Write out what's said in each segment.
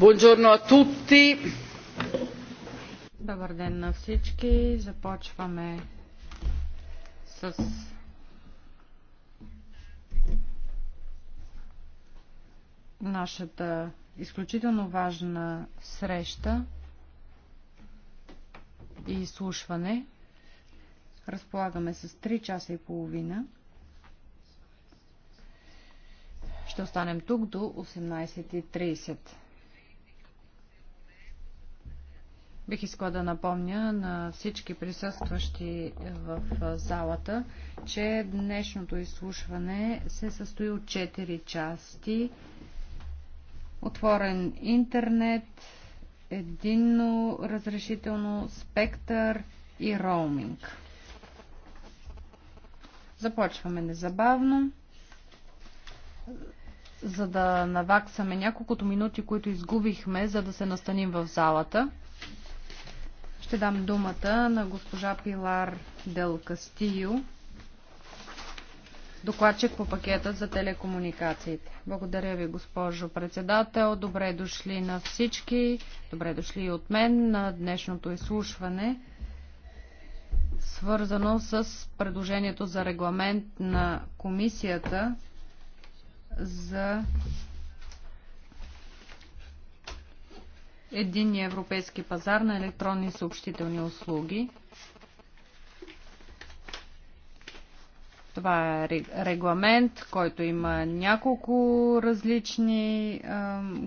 Buongiorno a tutti. Добър ден на всички. Започваме с нашата изключително важна среща и изслушване. Разполагаме с 3 часа и половина. Ще останем тук до 18.30. Бих искала да напомня на всички присъстващи в залата, че днешното изслушване се състои от 4 части. Отворен интернет, единно разрешително спектър и роуминг. Започваме незабавно за да наваксаме няколкото минути, които изгубихме, за да се настаним в залата. Ще дам думата на госпожа Пилар Дел Кастио, докладчик по пакета за телекомуникациите. Благодаря ви, госпожо председател. Добре дошли на всички. Добре дошли и от мен на днешното изслушване свързано с предложението за регламент на комисията за единния европейски пазар на електронни съобщителни услуги. Това е регламент, който има няколко различни е,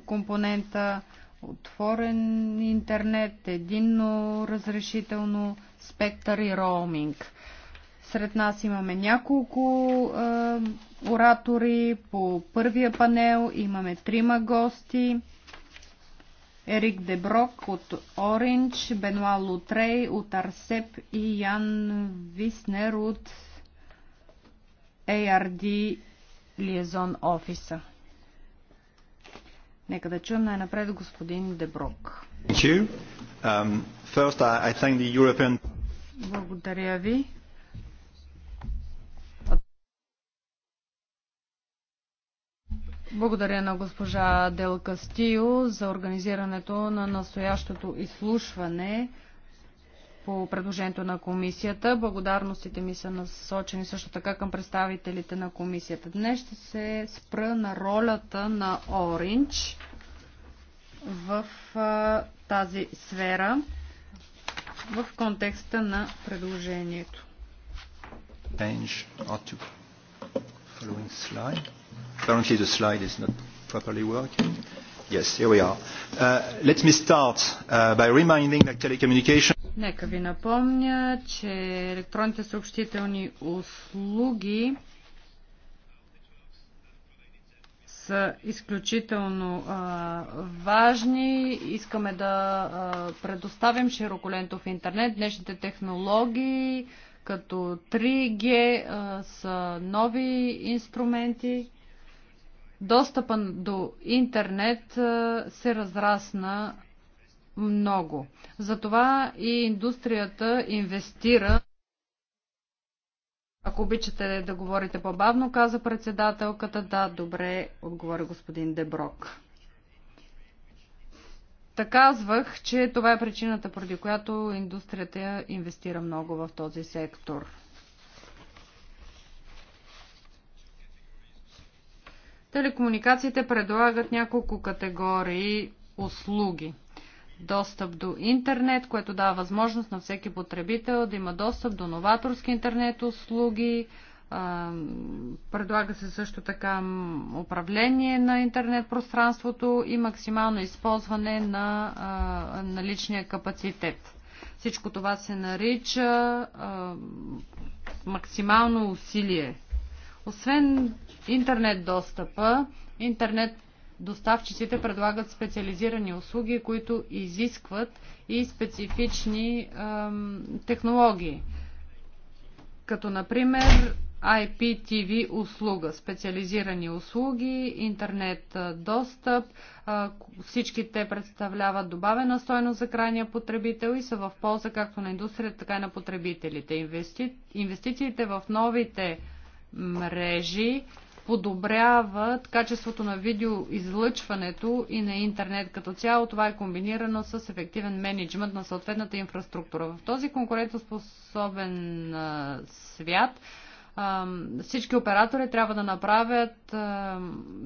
компонента. Отворен интернет, единно разрешително, спектър и роуминг. Сред нас имаме няколко е, оратори. По първия панел имаме трима гости. Ерик Деброк от Ориндж, Бенуа Лутрей от Арсеп и Ян Виснер от ARD Liaison Office. Нека да чуем най-напред господин Деброк. Um, Благодаря ви. Благодаря на госпожа Дел Кастио за организирането на настоящото изслушване по предложението на комисията. Благодарностите ми са насочени също така към представителите на комисията. Днес ще се спра на ролята на Оринч в тази сфера в контекста на предложението following slide. Apparently the slide is not properly working. Yes, here we are. Uh, let me start uh, by reminding that telecommunication... Нека ви напомня, че електронните съобщителни услуги са изключително а, важни. Искаме да а, предоставим широколентов интернет. Днешните технологии а, като 3G са нови инструменти. Достъпа до интернет се разрасна много. Затова и индустрията инвестира. Ако обичате да говорите по-бавно, каза председателката. Да, добре, отговори господин Деброк. Та казвах, че това е причината, поради която индустрията инвестира много в този сектор. Телекомуникациите предлагат няколко категории услуги. Достъп до интернет, което дава възможност на всеки потребител да има достъп до новаторски интернет услуги, Предлага се също така управление на интернет пространството и максимално използване на наличния капацитет. Всичко това се нарича максимално усилие. Освен интернет достъпа, интернет доставчиците предлагат специализирани услуги, които изискват и специфични технологии. Като, например, IPTV услуга, специализирани услуги, интернет достъп. Всички те представляват добавена стойност за крайния потребител и са в полза както на индустрията, така и на потребителите. Инвести... Инвестициите в новите мрежи подобряват качеството на видеоизлъчването и на интернет като цяло. Това е комбинирано с ефективен менеджмент на съответната инфраструктура. В този конкурентоспособен свят всички оператори трябва да направят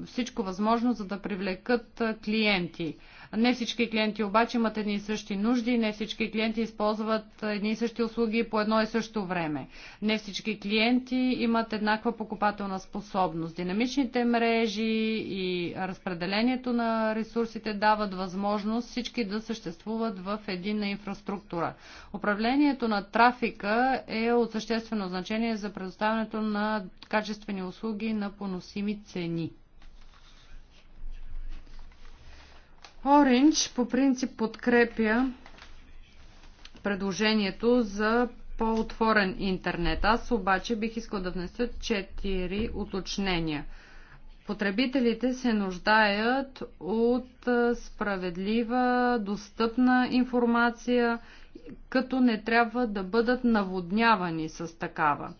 всичко възможно, за да привлекат клиенти. Не всички клиенти обаче имат едни и същи нужди, не всички клиенти използват едни и същи услуги по едно и също време. Не всички клиенти имат еднаква покупателна способност. Динамичните мрежи и разпределението на ресурсите дават възможност всички да съществуват в единна инфраструктура. Управлението на трафика е от съществено значение за предоставянето на качествени услуги на поносими цени. Orange по принцип подкрепя предложението за по-отворен интернет. Аз обаче бих искал да внеса 4 уточнения. Потребителите се нуждаят от справедлива, достъпна информация, като не трябва да бъдат наводнявани с такава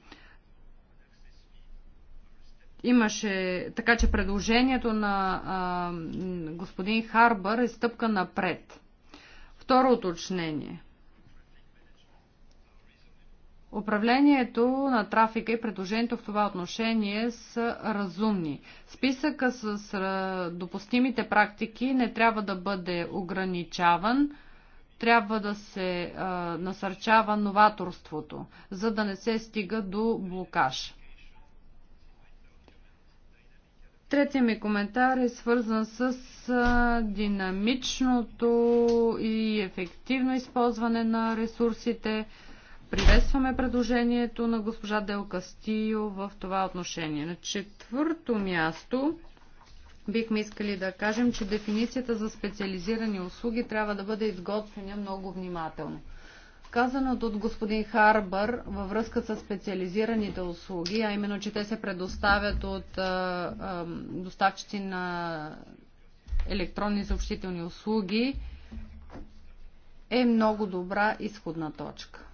имаше, така че предложението на а, господин Харбър е стъпка напред. Второ уточнение. Управлението на трафика и предложението в това отношение са разумни. Списъка с допустимите практики не трябва да бъде ограничаван, трябва да се а, насърчава новаторството, за да не се стига до блокаж. Третия ми коментар е свързан с динамичното и ефективно използване на ресурсите. Приветстваме предложението на госпожа Дел Кастио в това отношение. На четвърто място бихме искали да кажем, че дефиницията за специализирани услуги трябва да бъде изготвена много внимателно. Казаното от господин Харбър във връзка с специализираните услуги, а именно, че те се предоставят от а, а, доставчици на електронни съобщителни услуги, е много добра изходна точка.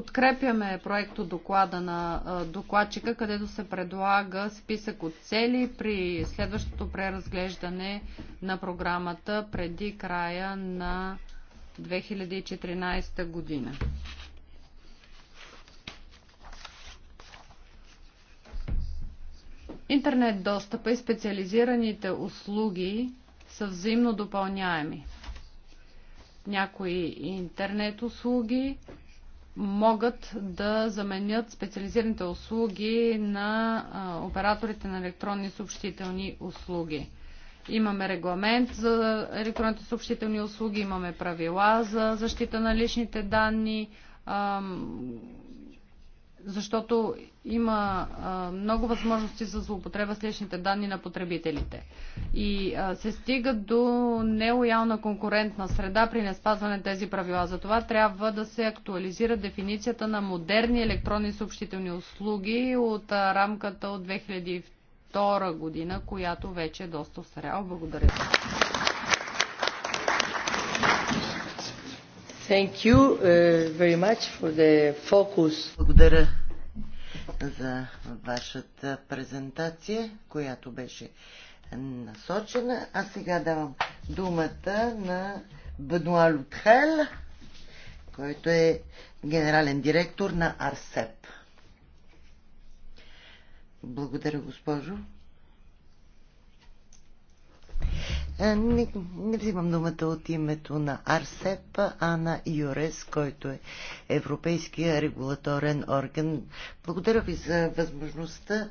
Подкрепяме проекто доклада на докладчика, където се предлага списък от цели при следващото преразглеждане на програмата преди края на 2014 година. Интернет достъпа и специализираните услуги са взаимно допълняеми. Някои интернет услуги могат да заменят специализираните услуги на операторите на електронни съобщителни услуги. Имаме регламент за електронните съобщителни услуги, имаме правила за защита на личните данни, защото има а, много възможности за злоупотреба с личните данни на потребителите. И а, се стига до нелоялна конкурентна среда при неспазване тези правила. Затова трябва да се актуализира дефиницията на модерни електронни съобщителни услуги от а, рамката от 2002 година, която вече е доста устаряла. Благодаря. Thank you, uh, very much for the focus. Благодаря за вашата презентация, която беше насочена. А сега давам думата на Бенуа Лутхел, който е генерален директор на Арсеп. Благодаря, госпожо. Е, не, не взимам думата от името на Арсеп, а на ЮРЕС, който е Европейския регулаторен орган. Благодаря ви за възможността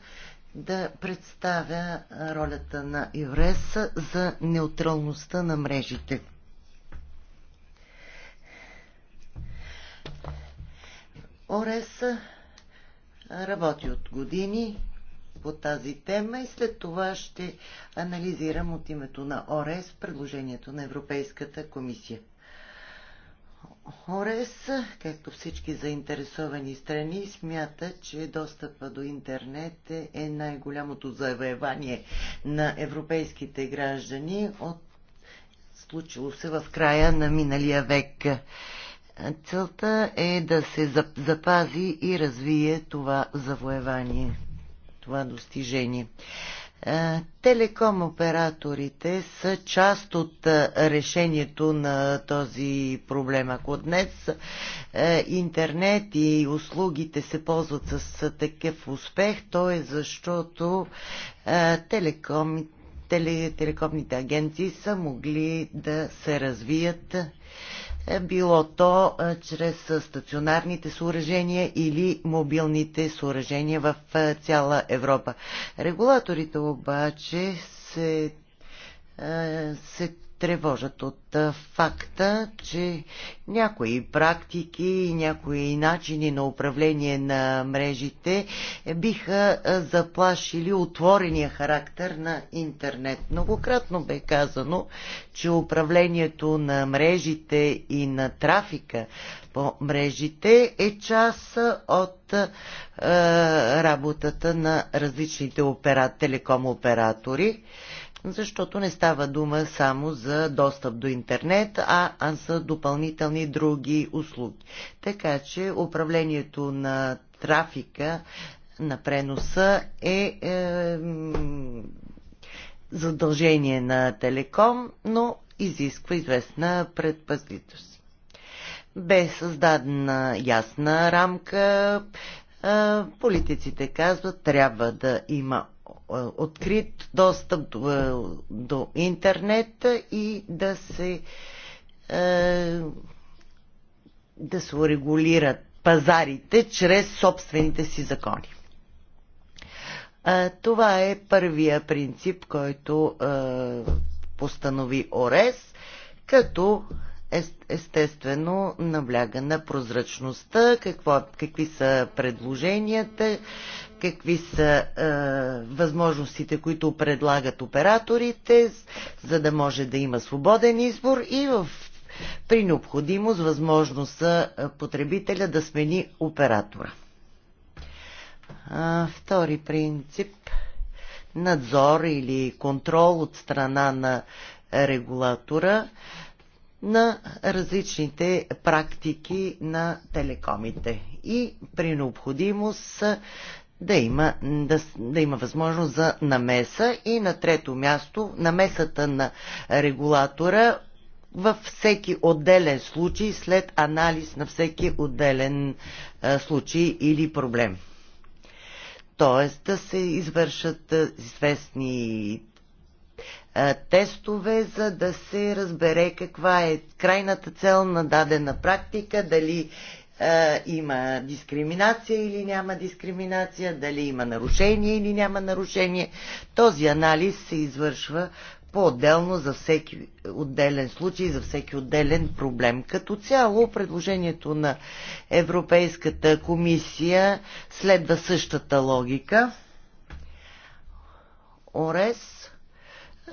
да представя ролята на ЮРЕС за неутралността на мрежите. ОРЕС работи от години по тази тема и след това ще анализирам от името на ОРЕС предложението на Европейската комисия. ОРЕС, както всички заинтересовани страни, смята, че достъпа до интернет е, е най-голямото завоевание на европейските граждани от случило се в края на миналия век. Целта е да се запази и развие това завоевание това достижение. Телеком операторите са част от решението на този проблем. Ако днес интернет и услугите се ползват с такъв успех, то е защото телеком, теле, телекомните агенции са могли да се развият е било то е, чрез стационарните съоръжения или мобилните съоръжения в е, цяла Европа. Регулаторите обаче се, се тревожат от факта, че някои практики и някои начини на управление на мрежите биха заплашили отворения характер на интернет. Многократно бе казано, че управлението на мрежите и на трафика по мрежите е част от е, работата на различните опера, телеком оператори защото не става дума само за достъп до интернет, а, а за допълнителни други услуги. Така че управлението на трафика на преноса е, е задължение на Телеком, но изисква известна предпазлитост. Бе създадена ясна рамка. Е, политиците казват, трябва да има е, открит достъп до, е, до интернет и да се е, да се урегулират пазарите чрез собствените си закони. Е, това е първия принцип, който е, постанови ОРЕС, като естествено набляга на прозрачността, какво, какви са предложенията, какви са е, възможностите, които предлагат операторите, за да може да има свободен избор и в, при необходимост възможност за е, потребителя да смени оператора. А, втори принцип надзор или контрол от страна на регулатора на различните практики на телекомите и при необходимост да има, да, да има възможност за намеса и на трето място намесата на регулатора във всеки отделен случай след анализ на всеки отделен а, случай или проблем. Тоест да се извършат а, известни а, тестове, за да се разбере каква е крайната цел на дадена практика, дали е, има дискриминация или няма дискриминация, дали има нарушение или няма нарушение. Този анализ се извършва по-отделно за всеки отделен случай, за всеки отделен проблем. Като цяло, предложението на Европейската комисия следва същата логика. ОРЕС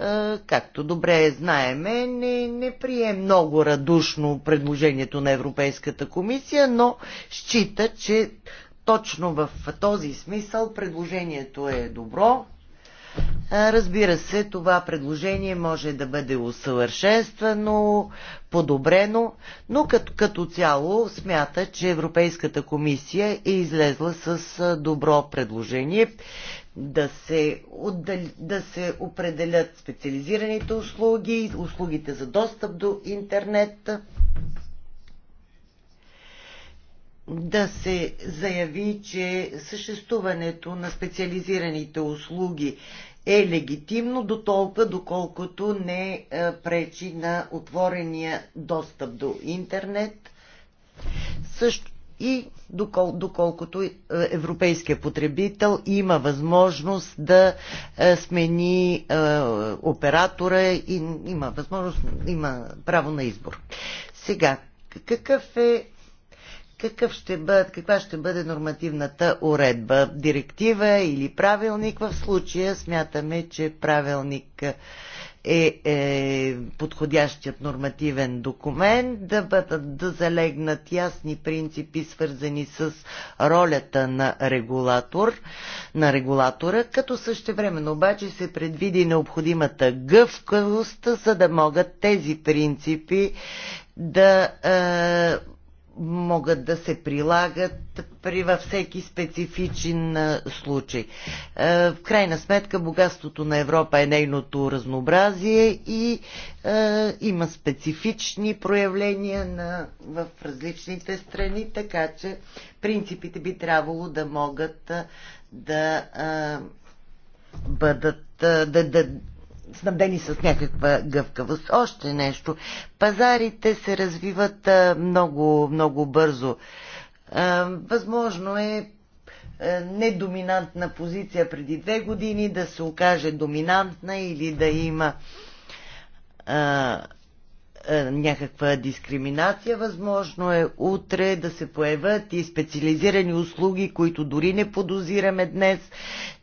е, както добре знаеме, не, не прие много радушно предложението на Европейската комисия, но счита, че точно в този смисъл предложението е добро. Е, разбира се, това предложение може да бъде усъвършенствано, подобрено, но като, като цяло смята, че Европейската комисия е излезла с е, добро предложение да се, отдали, да се определят специализираните услуги, услугите за достъп до интернет, да се заяви, че съществуването на специализираните услуги е легитимно до толкова, доколкото не е, пречи на отворения достъп до интернет. Също и докол, доколкото е, европейския потребител има възможност да е, смени е, оператора и има възможност, има право на избор. Сега, какъв е какъв ще бъде, каква ще бъде нормативната уредба? Директива или правилник? В случая смятаме, че правилник е, е подходящият нормативен документ, да бъдат да залегнат ясни принципи, свързани с ролята на регулатор, на регулатора, като същевременно обаче се предвиди необходимата гъвкавост, за да могат тези принципи да е, могат да се прилагат при във всеки специфичен случай. Е, в крайна сметка богатството на Европа е нейното разнообразие и е, има специфични проявления на, в различните страни, така че принципите би трябвало да могат да е, бъдат да, да, снабдени с някаква гъвкавост. Още нещо. Пазарите се развиват много, много бързо. Възможно е недоминантна позиция преди две години да се окаже доминантна или да има е, някаква дискриминация. Възможно е утре да се появят и специализирани услуги, които дори не подозираме днес,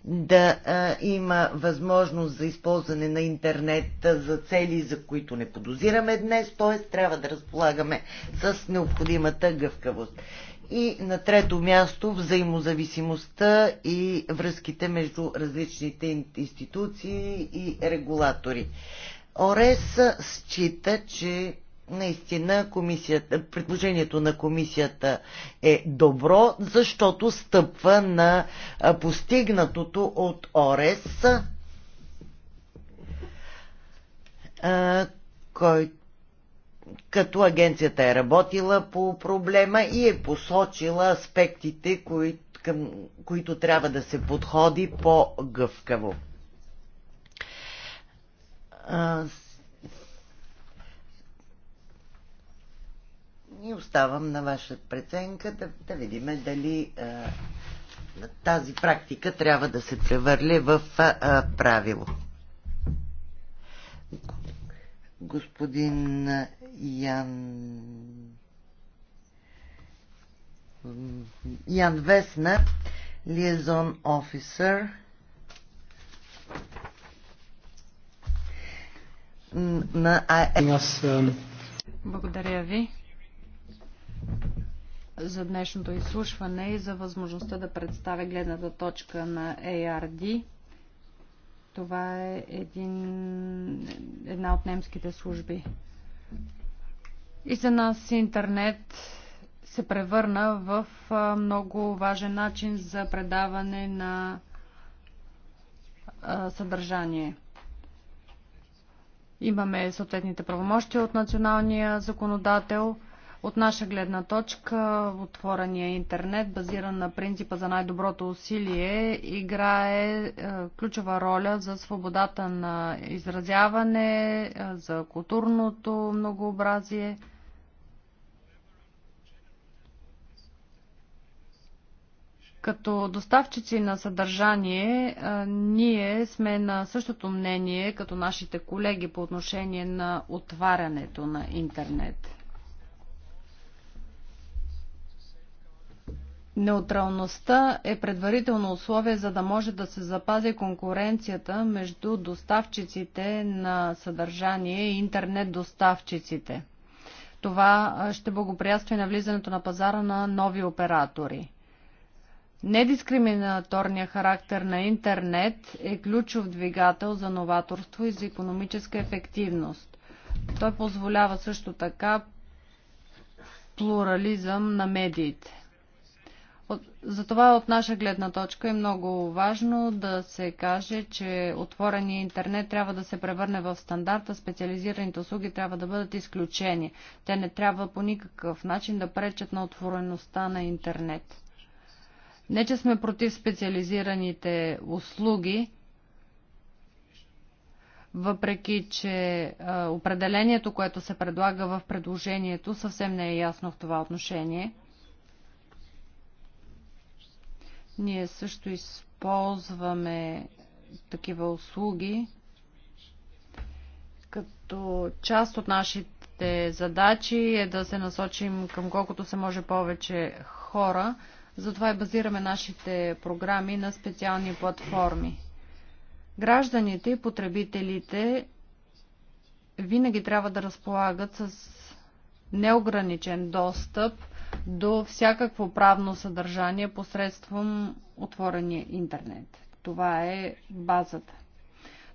да а, е, има възможност за използване на интернет е, за цели, за които не подозираме днес, т.е. трябва да разполагаме с необходимата гъвкавост. И на трето място взаимозависимостта и връзките между различните институции и регулатори. ОРЕС счита, че наистина комисията, предложението на комисията е добро, защото стъпва на постигнатото от ОРЕС, кой, като агенцията е работила по проблема и е посочила аспектите, кои, към които трябва да се подходи по-гъвкаво и оставам на ваша преценка да, да видим дали а, тази практика трябва да се превърли в а, правило. Господин Ян Ян Весна, Liaison Officer на АЕС. Е, Благодаря ви за днешното изслушване и за възможността да представя гледната точка на ARD. Е Това е един, една от немските служби. И за нас интернет се превърна в много важен начин за предаване на съдържание. Имаме съответните правомощия от националния законодател. От наша гледна точка, отворения интернет, базиран на принципа за най-доброто усилие, играе е, ключова роля за свободата на изразяване, е, за културното многообразие. Като доставчици на съдържание, ние сме на същото мнение като нашите колеги по отношение на отварянето на интернет. Неутралността е предварително условие, за да може да се запази конкуренцията между доставчиците на съдържание и интернет доставчиците. Това ще благоприятства и навлизането на пазара на нови оператори. Недискриминаторният характер на интернет е ключов двигател за новаторство и за економическа ефективност. Той позволява също така плурализъм на медиите. затова от наша гледна точка е много важно да се каже, че отворения интернет трябва да се превърне в стандарта, специализираните услуги трябва да бъдат изключени. Те не трябва по никакъв начин да пречат на отвореността на интернет. Не, че сме против специализираните услуги, въпреки че а, определението, което се предлага в предложението, съвсем не е ясно в това отношение. Ние също използваме такива услуги като част от нашите задачи е да се насочим към колкото се може повече хора, затова и базираме нашите програми на специални платформи. Гражданите и потребителите винаги трябва да разполагат с неограничен достъп до всякакво правно съдържание посредством отворения интернет. Това е базата.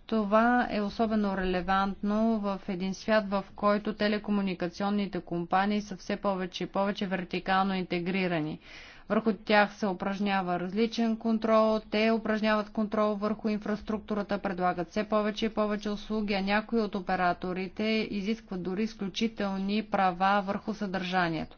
Това е особено релевантно в един свят, в който телекомуникационните компании са все повече и повече вертикално интегрирани. Върху тях се упражнява различен контрол, те упражняват контрол върху инфраструктурата, предлагат все повече и повече услуги, а някои от операторите изискват дори изключителни права върху съдържанието.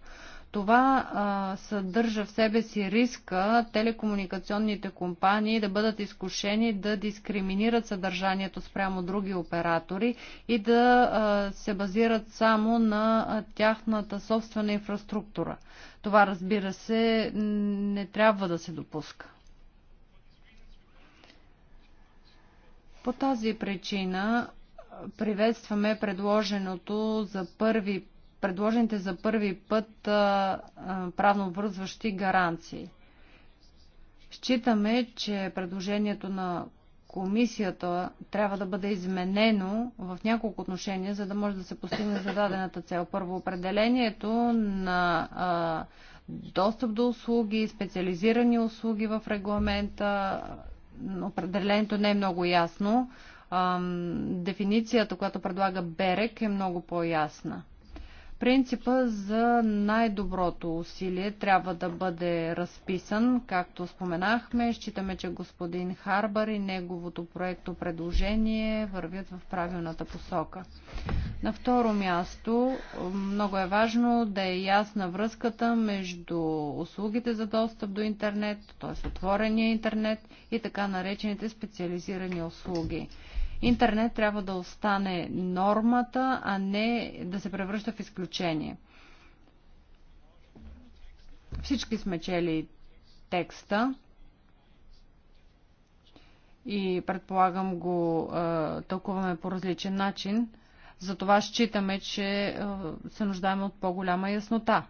Това а, съдържа в себе си риска телекомуникационните компании да бъдат изкушени да дискриминират съдържанието спрямо други оператори и да а, се базират само на а, тяхната собствена инфраструктура. Това, разбира се, не трябва да се допуска. По тази причина приветстваме предложеното за първи предложените за първи път а, а, правно обвързващи гаранции. Считаме, че предложението на комисията трябва да бъде изменено в няколко отношения, за да може да се постигне зададената цел. Първо, определението на а, достъп до услуги, специализирани услуги в регламента. Определението не е много ясно. А, дефиницията, която предлага Берек, е много по-ясна. Принципа за най-доброто усилие трябва да бъде разписан, както споменахме. Считаме, че господин Харбър и неговото проекто предложение вървят в правилната посока. На второ място, много е важно да е ясна връзката между услугите за достъп до интернет, т.е. отворения интернет и така наречените специализирани услуги. Интернет трябва да остане нормата, а не да се превръща в изключение. Всички сме чели текста и предполагам го тълкуваме по различен начин. Затова считаме, че се нуждаем от по-голяма яснота.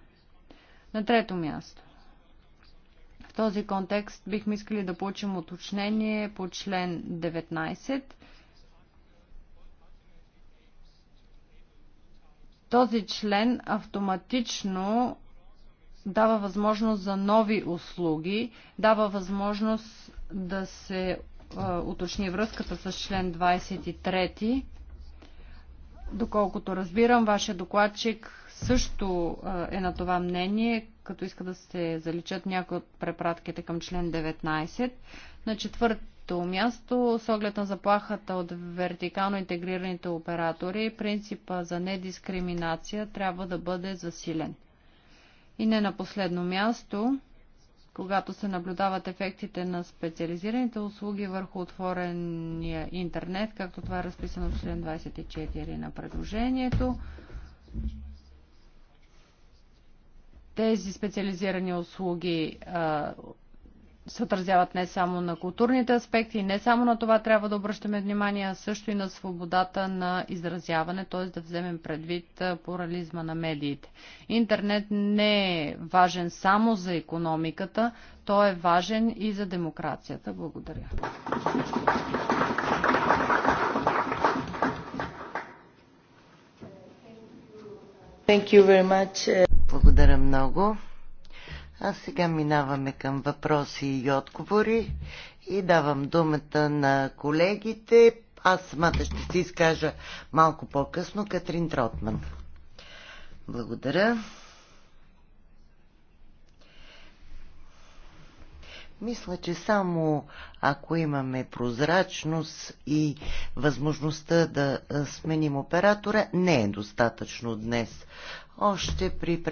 На трето място. В този контекст бихме искали да получим уточнение по член 19 Този член автоматично дава възможност за нови услуги, дава възможност да се уточни връзката с член 23. Доколкото разбирам, вашия докладчик също е на това мнение, като иска да се заличат някои от препратките към член 19. На четвърт следващо място, с оглед на заплахата от вертикално интегрираните оператори, принципа за недискриминация трябва да бъде засилен. И не на последно място, когато се наблюдават ефектите на специализираните услуги върху отворения интернет, както това е разписано в член 24 на предложението, тези специализирани услуги а, се отразяват не само на културните аспекти, не само на това трябва да обръщаме внимание, а също и на свободата на изразяване, т.е. да вземем предвид плурализма на медиите. Интернет не е важен само за економиката, той е важен и за демокрацията. Благодаря. Благодаря много. А сега минаваме към въпроси и отговори и давам думата на колегите. Аз самата ще си изкажа малко по-късно. Катрин Тротман. Благодаря. Мисля, че само ако имаме прозрачност и възможността да сменим оператора, не е достатъчно днес. Още при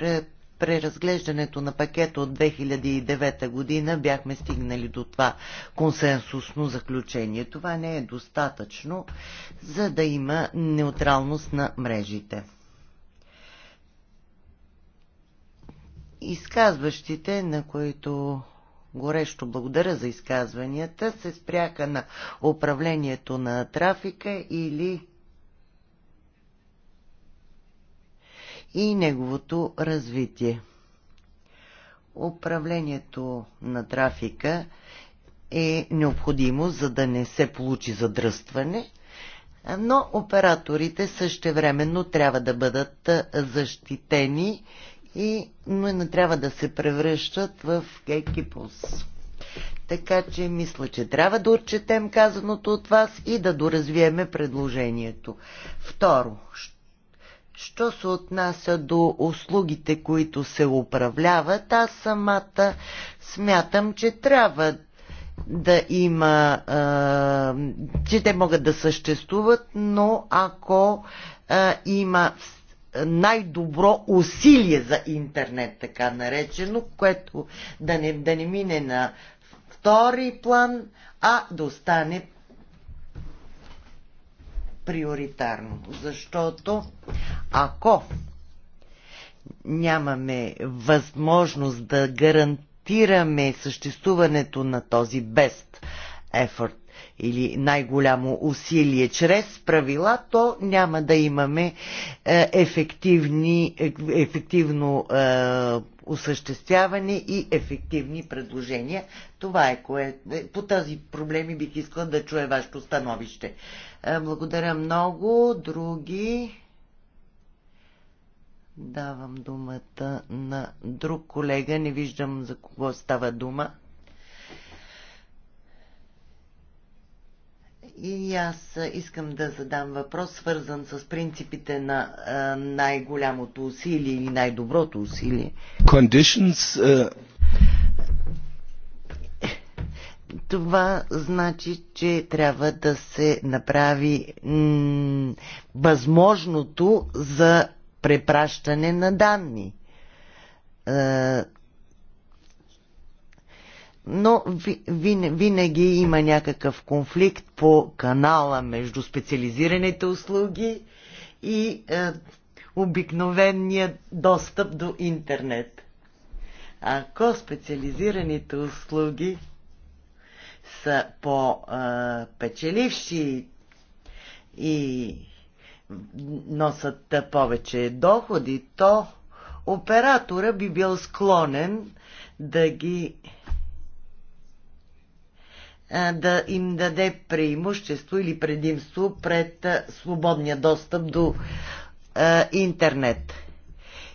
преразглеждането на пакета от 2009 година бяхме стигнали до това консенсусно заключение. Това не е достатъчно, за да има неутралност на мрежите. Изказващите, на които горещо благодаря за изказванията, се спряха на управлението на трафика или и неговото развитие. Управлението на трафика е необходимо, за да не се получи задръстване, но операторите същевременно трябва да бъдат защитени и но не трябва да се превръщат в гейкипус. Така че мисля, че трябва да отчетем казаното от вас и да доразвиеме предложението. Второ, Що се отнася до услугите, които се управляват, аз самата смятам, че трябва да има, а, че те могат да съществуват, но ако а, има най-добро усилие за интернет, така наречено, което да не, да не мине на втори план, а да остане приоритарно, защото ако нямаме възможност да гарантираме съществуването на този best effort или най-голямо усилие чрез правила, то няма да имаме е, ефективни, е, ефективно е, осъществяване и ефективни предложения. Това е кое. Е, по тази проблеми бих искала да чуя вашето становище. Благодаря много. Други. Давам думата на друг колега. Не виждам за кого става дума. И аз искам да задам въпрос, свързан с принципите на най-голямото усилие и най-доброто усилие. Conditions, uh... Това значи, че трябва да се направи възможното за препращане на данни но винаги има някакъв конфликт по канала между специализираните услуги и е, обикновения достъп до интернет. Ако специализираните услуги са по-печеливши и носят повече доходи, то оператора би бил склонен да ги да им даде преимущество или предимство пред свободния достъп до интернет.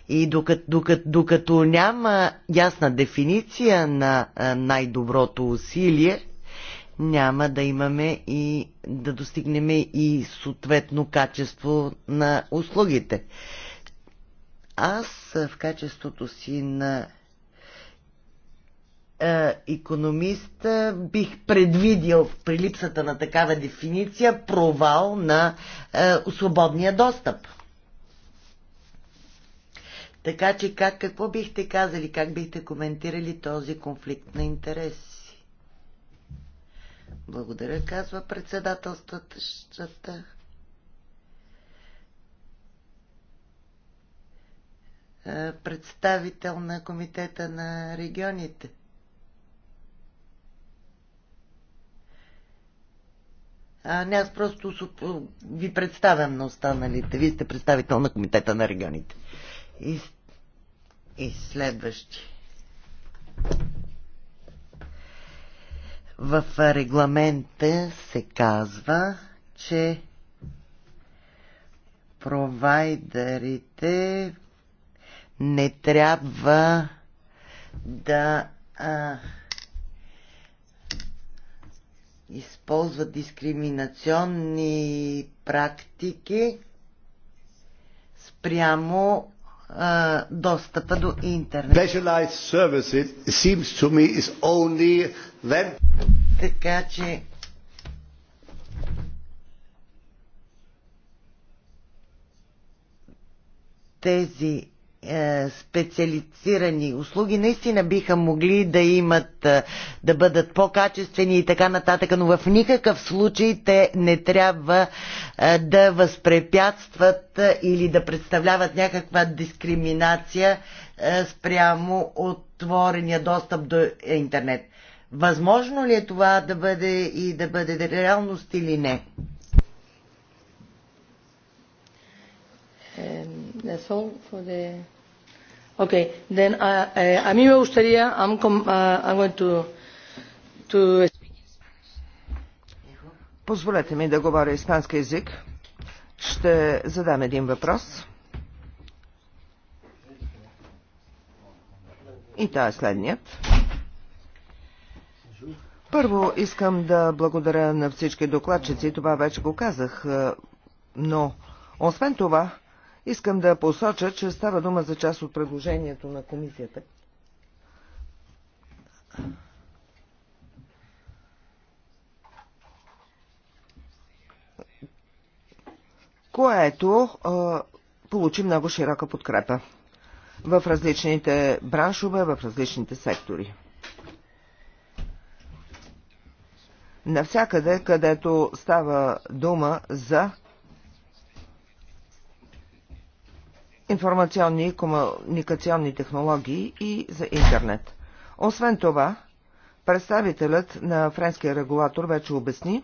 И докато, докато, докато няма ясна дефиниция на най-доброто усилие, няма да имаме и да достигнем и съответно качество на услугите. Аз в качеството си на економист е, бих предвидил при липсата на такава дефиниция провал на е, свободния достъп. Така че как, какво бихте казали, как бихте коментирали този конфликт на интереси? Благодаря, казва председателствата. Е, представител на комитета на регионите. А, не, аз просто ви представям на останалите. Вие сте представител на Комитета на регионите. И, и следващи. В регламента се казва, че провайдерите не трябва да а, използват дискриминационни практики спрямо а, достъпа до интернет. Така че тези е, специализирани услуги наистина биха могли да имат, е, да бъдат по-качествени и така нататък, но в никакъв случай те не трябва е, да възпрепятстват или да представляват някаква дискриминация спрямо отворения достъп до интернет. Възможно ли е това да бъде и да бъде реалност или не? Um, that's all for the. Okay, then uh, uh, a mí me gustaría. I'm, com, uh, I'm going to. to... Позволете ми да говоря испански език. Ще задам един въпрос. И това е следният. Първо искам да благодаря на всички докладчици, това вече го казах, е, но освен това Искам да посоча, че става дума за част от предложението на комисията. което а, получи много широка подкрепа в различните браншове, в различните сектори. Навсякъде, където става дума за информационни и комуникационни технологии и за интернет. Освен това, представителят на френския регулатор вече обясни,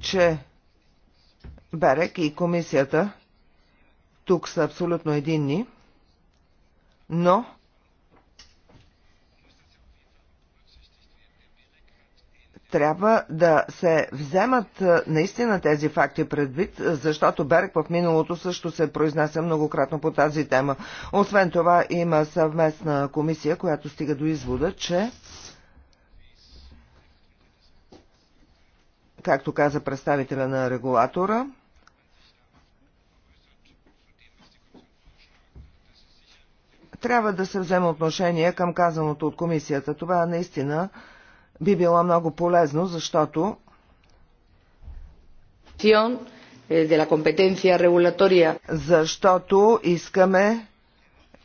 че Берек и комисията тук са абсолютно единни, но трябва да се вземат е, наистина тези факти предвид, е, защото Берг в миналото също се произнася многократно по тази тема. Освен това има съвместна комисия, която стига до извода, че както каза представителя на регулатора, трябва да се вземе отношение към казаното от комисията. Това наистина би било много полезно, защото eh, защото искаме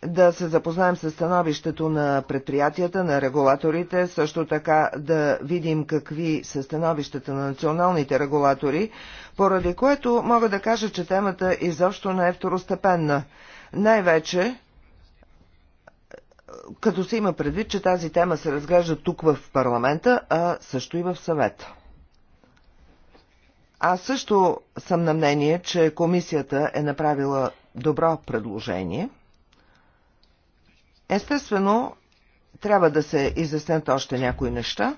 да се запознаем с становището на предприятията, на регулаторите, също така да видим какви са становищата на националните регулатори, поради което мога да кажа, че темата изобщо не е второстепенна. Най-вече като се има предвид, че тази тема се разглежда тук в парламента, а също и в съвета. Аз също съм на мнение, че комисията е направила добро предложение. Естествено, трябва да се изяснят още някои неща.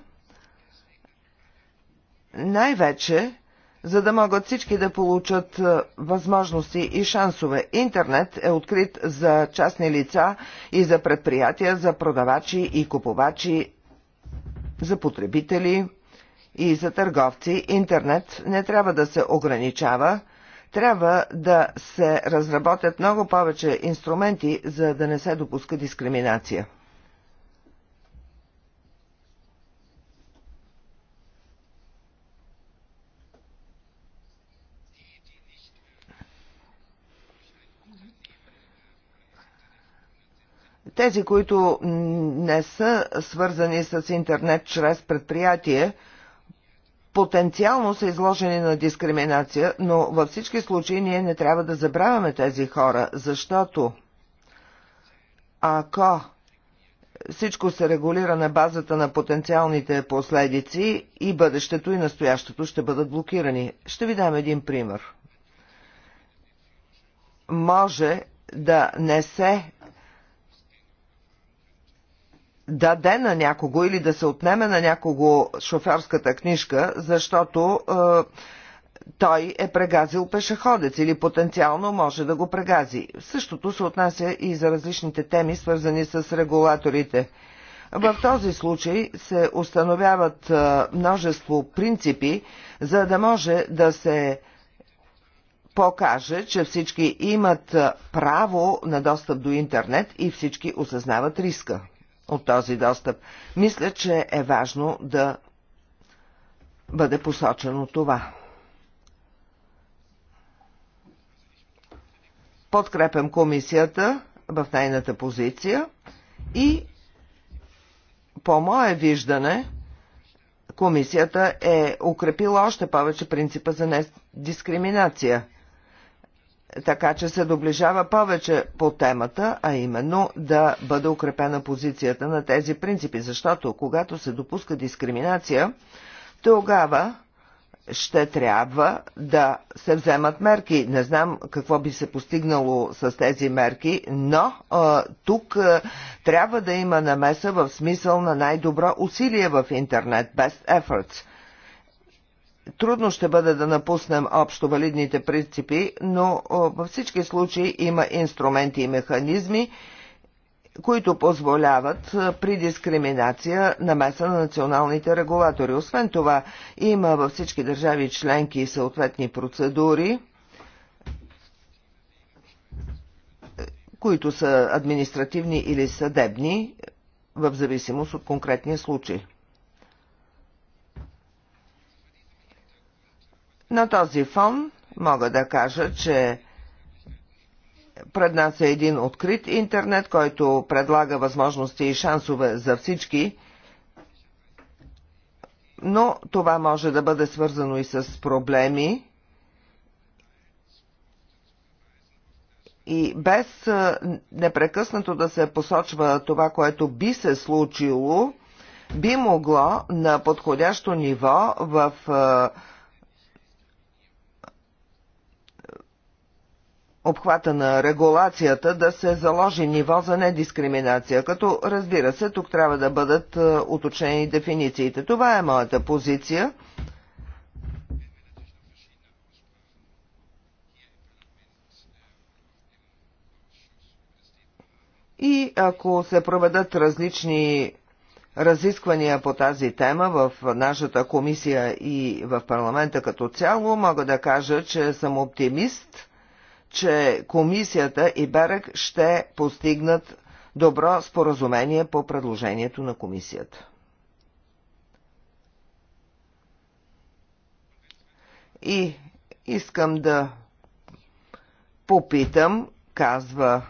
Най-вече за да могат всички да получат е, възможности и шансове. Интернет е открит за частни лица и за предприятия, за продавачи и купувачи, за потребители и за търговци. Интернет не трябва да се ограничава, трябва да се разработят много повече инструменти, за да не се допуска дискриминация. Тези, които не са свързани с интернет чрез предприятие, потенциално са изложени на дискриминация, но във всички случаи ние не трябва да забравяме тези хора, защото ако всичко се регулира на базата на потенциалните последици и бъдещето и настоящето ще бъдат блокирани. Ще ви дам един пример. Може да не се даде на някого или да се отнеме на някого шофьорската книжка, защото е, той е прегазил пешеходец или потенциално може да го прегази. Същото се отнася и за различните теми, свързани с регулаторите. В този случай се установяват е, множество принципи, за да може да се покаже, че всички имат е, право на достъп до интернет и всички осъзнават риска от този достъп. Мисля, че е важно да бъде посочено това. Подкрепям комисията в нейната позиция и по мое виждане комисията е укрепила още повече принципа за недискриминация така че се доближава повече по темата, а именно да бъде укрепена позицията на тези принципи, защото когато се допуска дискриминация, тогава ще трябва да се вземат мерки. Не знам какво би се постигнало с тези мерки, но а, тук а, трябва да има намеса в смисъл на най-добро усилие в интернет, best efforts трудно ще бъде да напуснем общо валидните принципи, но във всички случаи има инструменти и механизми, които позволяват при дискриминация намеса на националните регулатори. Освен това, има във всички държави членки и съответни процедури, които са административни или съдебни, в зависимост от конкретния случай. На този фон мога да кажа, че пред нас е един открит интернет, който предлага възможности и шансове за всички, но това може да бъде свързано и с проблеми и без непрекъснато да се посочва това, което би се случило, би могло на подходящо ниво в обхвата на регулацията да се заложи ниво за недискриминация, като разбира се, тук трябва да бъдат е, уточнени дефинициите. Това е моята позиция. И ако се проведат различни разисквания по тази тема в нашата комисия и в парламента като цяло, мога да кажа, че съм оптимист – че комисията и БЕРЕК ще постигнат добро споразумение по предложението на комисията. И искам да попитам, казва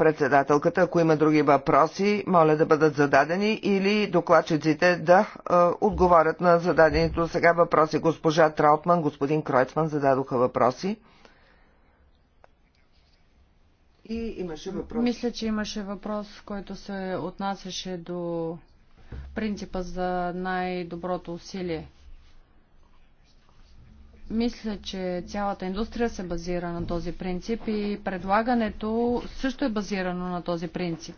Председателката, ако има други въпроси, моля да бъдат зададени или докладчиците да е, отговорят на зададените сега въпроси. Госпожа Траутман, господин Кройцман зададоха въпроси. И имаше въпрос. Мисля, че имаше въпрос, който се отнасяше до принципа за най-доброто усилие. Мисля, че цялата индустрия се базира на този принцип и предлагането също е базирано на този принцип.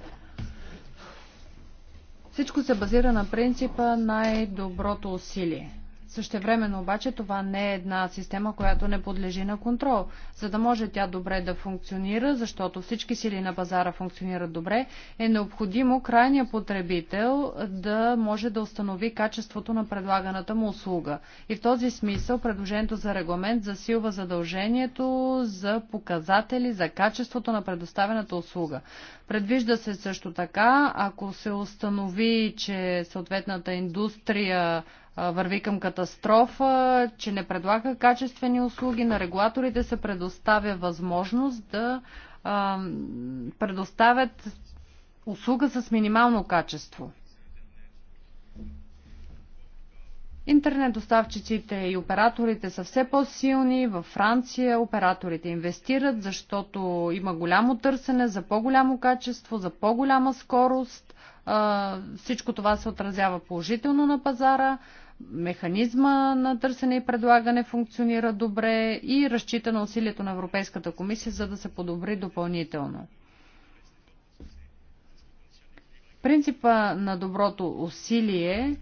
Всичко се базира на принципа най-доброто усилие. Същевременно обаче това не е една система, която не подлежи на контрол. За да може тя добре да функционира, защото всички сили на пазара функционират добре, е необходимо крайният потребител да може да установи качеството на предлаганата му услуга. И в този смисъл предложението за регламент засилва задължението за показатели за качеството на предоставената услуга. Предвижда се също така, ако се установи, че съответната индустрия върви към катастрофа, че не предлага качествени услуги. На регулаторите се предоставя възможност да предоставят услуга с минимално качество. Интернет доставчиците и операторите са все по-силни. Във Франция операторите инвестират, защото има голямо търсене за по-голямо качество, за по-голяма скорост. Всичко това се отразява положително на пазара механизма на търсене и предлагане функционира добре и разчита на усилието на Европейската комисия, за да се подобри допълнително. Принципа на доброто усилие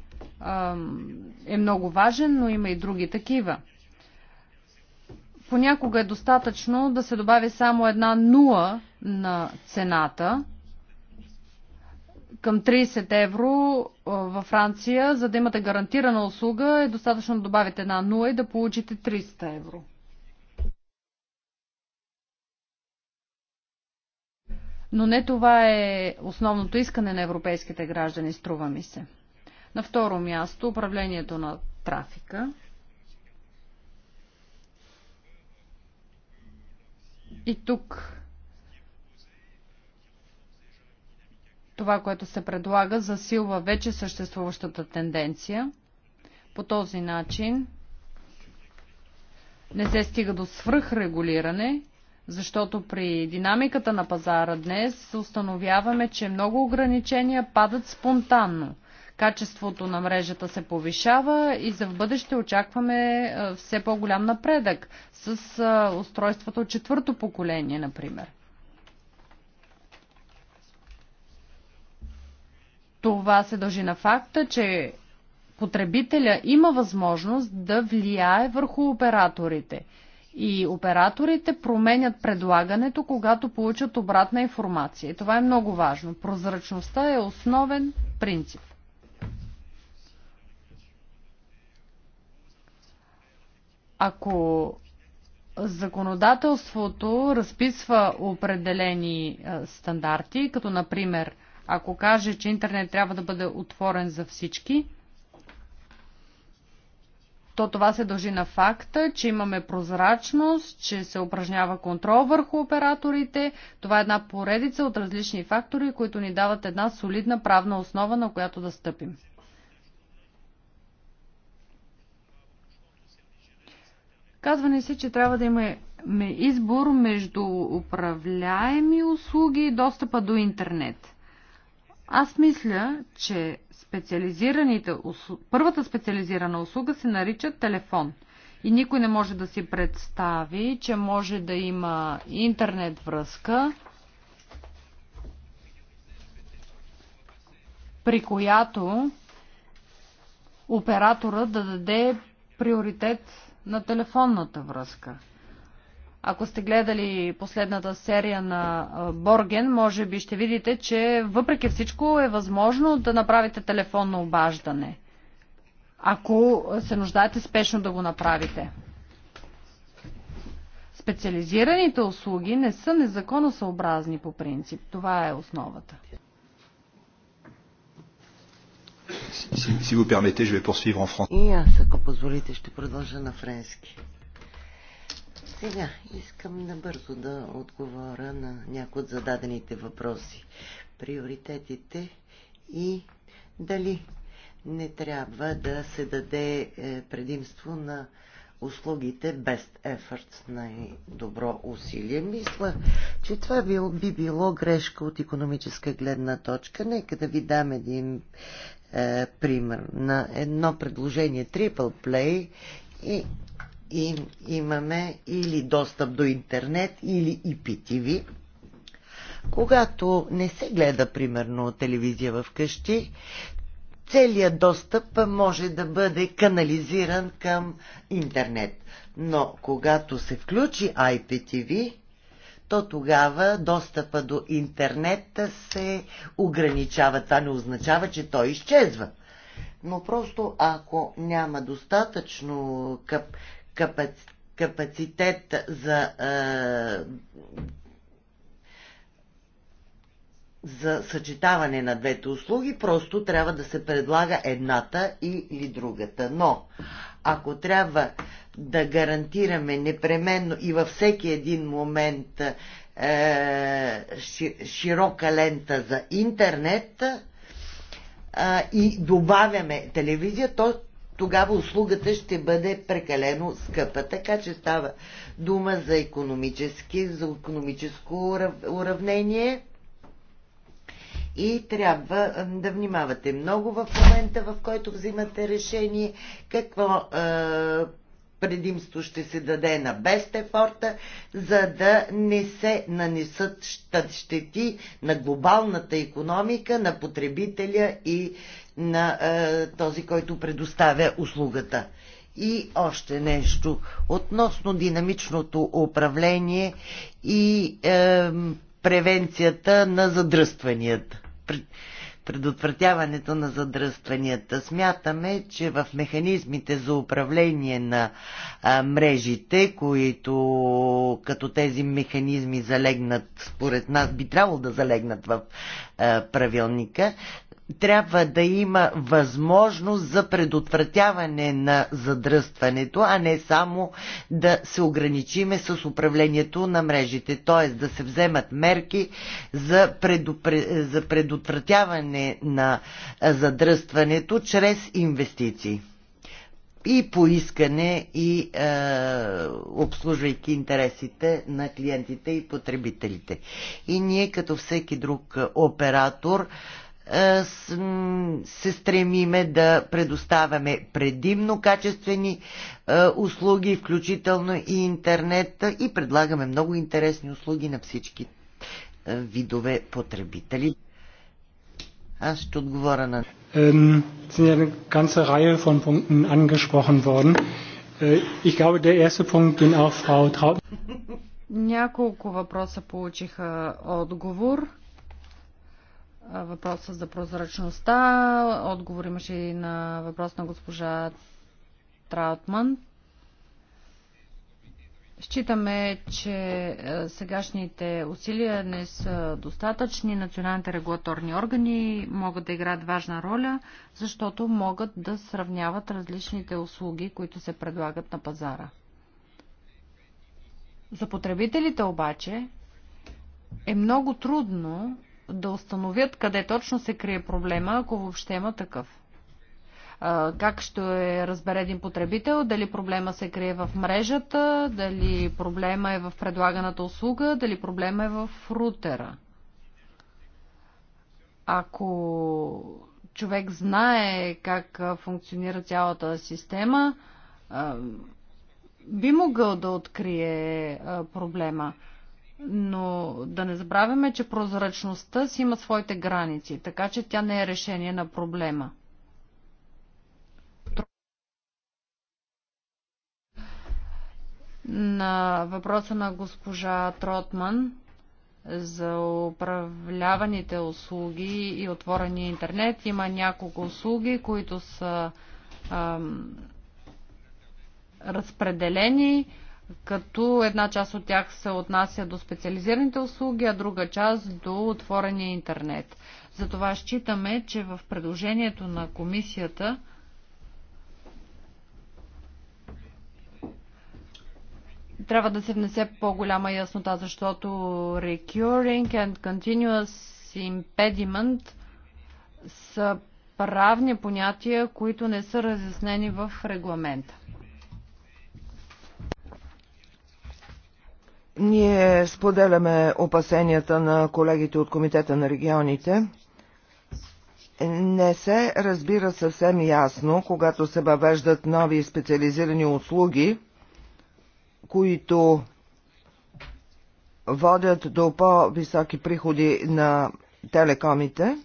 е много важен, но има и други такива. Понякога е достатъчно да се добави само една нула на цената – към 30 евро във Франция, за да имате гарантирана услуга, е достатъчно да добавите една нула и да получите 300 евро. Но не това е основното искане на европейските граждани, струва ми се. На второ място, управлението на трафика. И тук Това, което се предлага, засилва вече съществуващата тенденция. По този начин не се стига до свръхрегулиране, защото при динамиката на пазара днес установяваме, че много ограничения падат спонтанно. Качеството на мрежата се повишава и за в бъдеще очакваме все по-голям напредък с устройството от четвърто поколение, например. Това се дължи на факта, че потребителя има възможност да влияе върху операторите. И операторите променят предлагането, когато получат обратна информация. И това е много важно. Прозрачността е основен принцип. Ако законодателството разписва определени стандарти, като например ако каже, че интернет трябва да бъде отворен за всички, то това се дължи на факта, че имаме прозрачност, че се упражнява контрол върху операторите. Това е една поредица от различни фактори, които ни дават една солидна правна основа, на която да стъпим. Казва ни се, че трябва да имаме избор между управляеми услуги и достъпа до интернет. Аз мисля, че специализираните услу... първата специализирана услуга се нарича телефон. И никой не може да си представи, че може да има интернет връзка, при която оператора да даде приоритет на телефонната връзка. Ако сте гледали последната серия на Борген, може би ще видите, че въпреки всичко е възможно да направите телефонно обаждане, ако се нуждаете спешно да го направите. Специализираните услуги не са незаконосъобразни по принцип. Това е основата. И аз, ако позволите, ще продължа на френски. Сега искам набързо да отговоря на някои от зададените въпроси. Приоритетите и дали не трябва да се даде е, предимство на услугите best efforts, най-добро усилие. Мисля, че това би, би било грешка от економическа гледна точка. Нека да ви дам един е, пример на едно предложение Triple Play и им, имаме или достъп до интернет, или IPTV. Когато не се гледа, примерно, телевизия в къщи, целият достъп може да бъде канализиран към интернет. Но когато се включи IPTV, то тогава достъпа до интернет се ограничава. Това не означава, че той изчезва. Но просто ако няма достатъчно капаци... капацитет за, а, за съчетаване на двете услуги, просто трябва да се предлага едната или другата. Но, ако трябва да гарантираме непременно и във всеки един момент е, широка лента за интернет, и добавяме телевизия, то тогава услугата ще бъде прекалено скъпа. Така че става дума за економически, за економическо уравнение и трябва да внимавате много в момента, в който взимате решение, какво е, предимство ще се даде на Бестефорта, за да не се нанесат щети на глобалната економика, на потребителя и на е, този, който предоставя услугата. И още нещо относно динамичното управление и е, превенцията на задръстванията. Предотвратяването на задръстванията. Смятаме, че в механизмите за управление на а, мрежите, които като тези механизми залегнат, според нас би трябвало да залегнат в а, правилника, трябва да има възможност за предотвратяване на задръстването, а не само да се ограничиме с управлението на мрежите, т.е. да се вземат мерки за, предупр... за предотвратяване на задръстването чрез инвестиции и поискане и е, обслужвайки интересите на клиентите и потребителите. И ние, като всеки друг оператор, е, се стремиме да предоставяме предимно качествени е, услуги, включително и интернет и предлагаме много интересни услуги на всички е, видове потребители. Аз ще отговоря на... Ähm, sind ja рая от пункти von Punkten angesprochen worden. Äh, ich glaube, der erste Punkt, den auch Frau Traut... Няколко въпроса получиха отговор въпроса за прозрачността. Отговор имаше и на въпрос на госпожа Траутман. Считаме, че сегашните усилия не са достатъчни. Националните регулаторни органи могат да играят важна роля, защото могат да сравняват различните услуги, които се предлагат на пазара. За потребителите обаче е много трудно да установят къде точно се крие проблема, ако въобще има такъв. Как ще разбере един потребител дали проблема се крие в мрежата, дали проблема е в предлаганата услуга, дали проблема е в рутера? Ако човек знае как функционира цялата система, би могъл да открие проблема. Но да не забравяме, че прозрачността си има своите граници, така че тя не е решение на проблема. На въпроса на госпожа Тротман за управляваните услуги и отворения интернет има няколко услуги, които са ам, разпределени като една част от тях се отнася до специализираните услуги, а друга част до отворения интернет. Затова считаме, че в предложението на комисията трябва да се внесе по-голяма яснота, защото recurring and continuous impediment са правни понятия, които не са разяснени в регламента. Ние споделяме опасенията на колегите от Комитета на регионите. Не се разбира съвсем ясно, когато се въвеждат нови специализирани услуги, които водят до по-високи приходи на телекомите.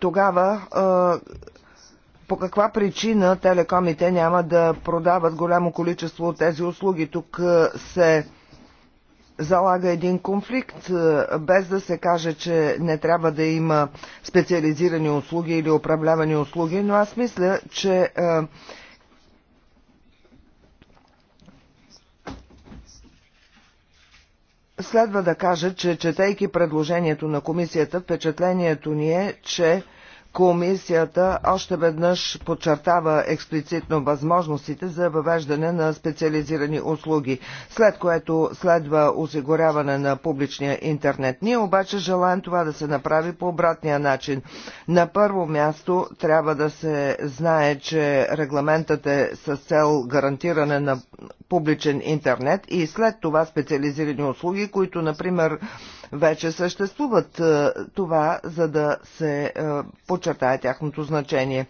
тогава по каква причина телекомите няма да продават голямо количество от тези услуги? Тук се залага един конфликт, без да се каже, че не трябва да има специализирани услуги или управлявани услуги, но аз мисля, че Следва да кажа, че четейки предложението на комисията, впечатлението ни е, че Комисията още веднъж подчертава експлицитно възможностите за въвеждане на специализирани услуги, след което следва осигуряване на публичния интернет. Ние обаче желаем това да се направи по обратния начин. На първо място трябва да се знае, че регламентът е с цел гарантиране на публичен интернет и след това специализирани услуги, които, например, вече съществуват е, това, за да се е, подчертая тяхното значение.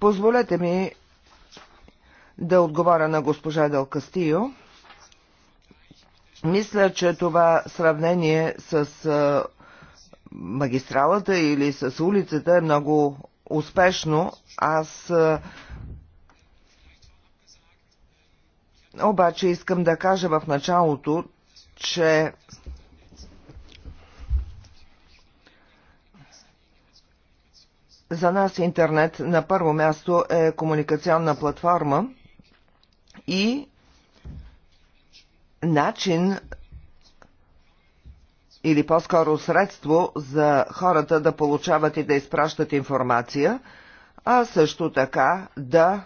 Позволете ми да отговаря на госпожа Дел Кастио. Мисля, че това сравнение с е, магистралата или с улицата е много успешно. Аз Обаче искам да кажа в началото, че за нас интернет на първо място е комуникационна платформа и начин или по-скоро средство за хората да получават и да изпращат информация, а също така да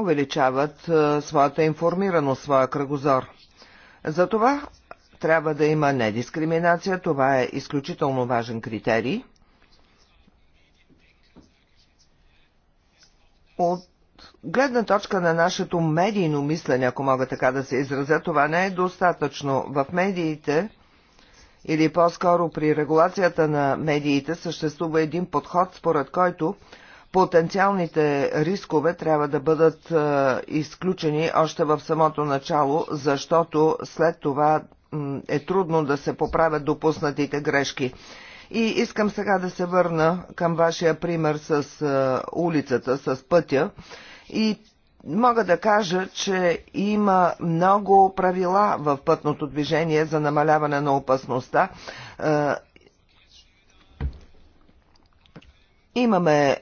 увеличават е, своята информираност, своя кръгозор. Затова трябва да има недискриминация, това е изключително важен критерий. От гледна точка на нашето медийно мислене, ако мога така да се изразя, това не е достатъчно. В медиите или по-скоро при регулацията на медиите съществува един подход, според който потенциалните рискове трябва да бъдат е, изключени още в самото начало, защото след това е трудно да се поправят допуснатите грешки. И искам сега да се върна към вашия пример с е, улицата, с пътя. И мога да кажа, че има много правила в пътното движение за намаляване на опасността е, Имаме е,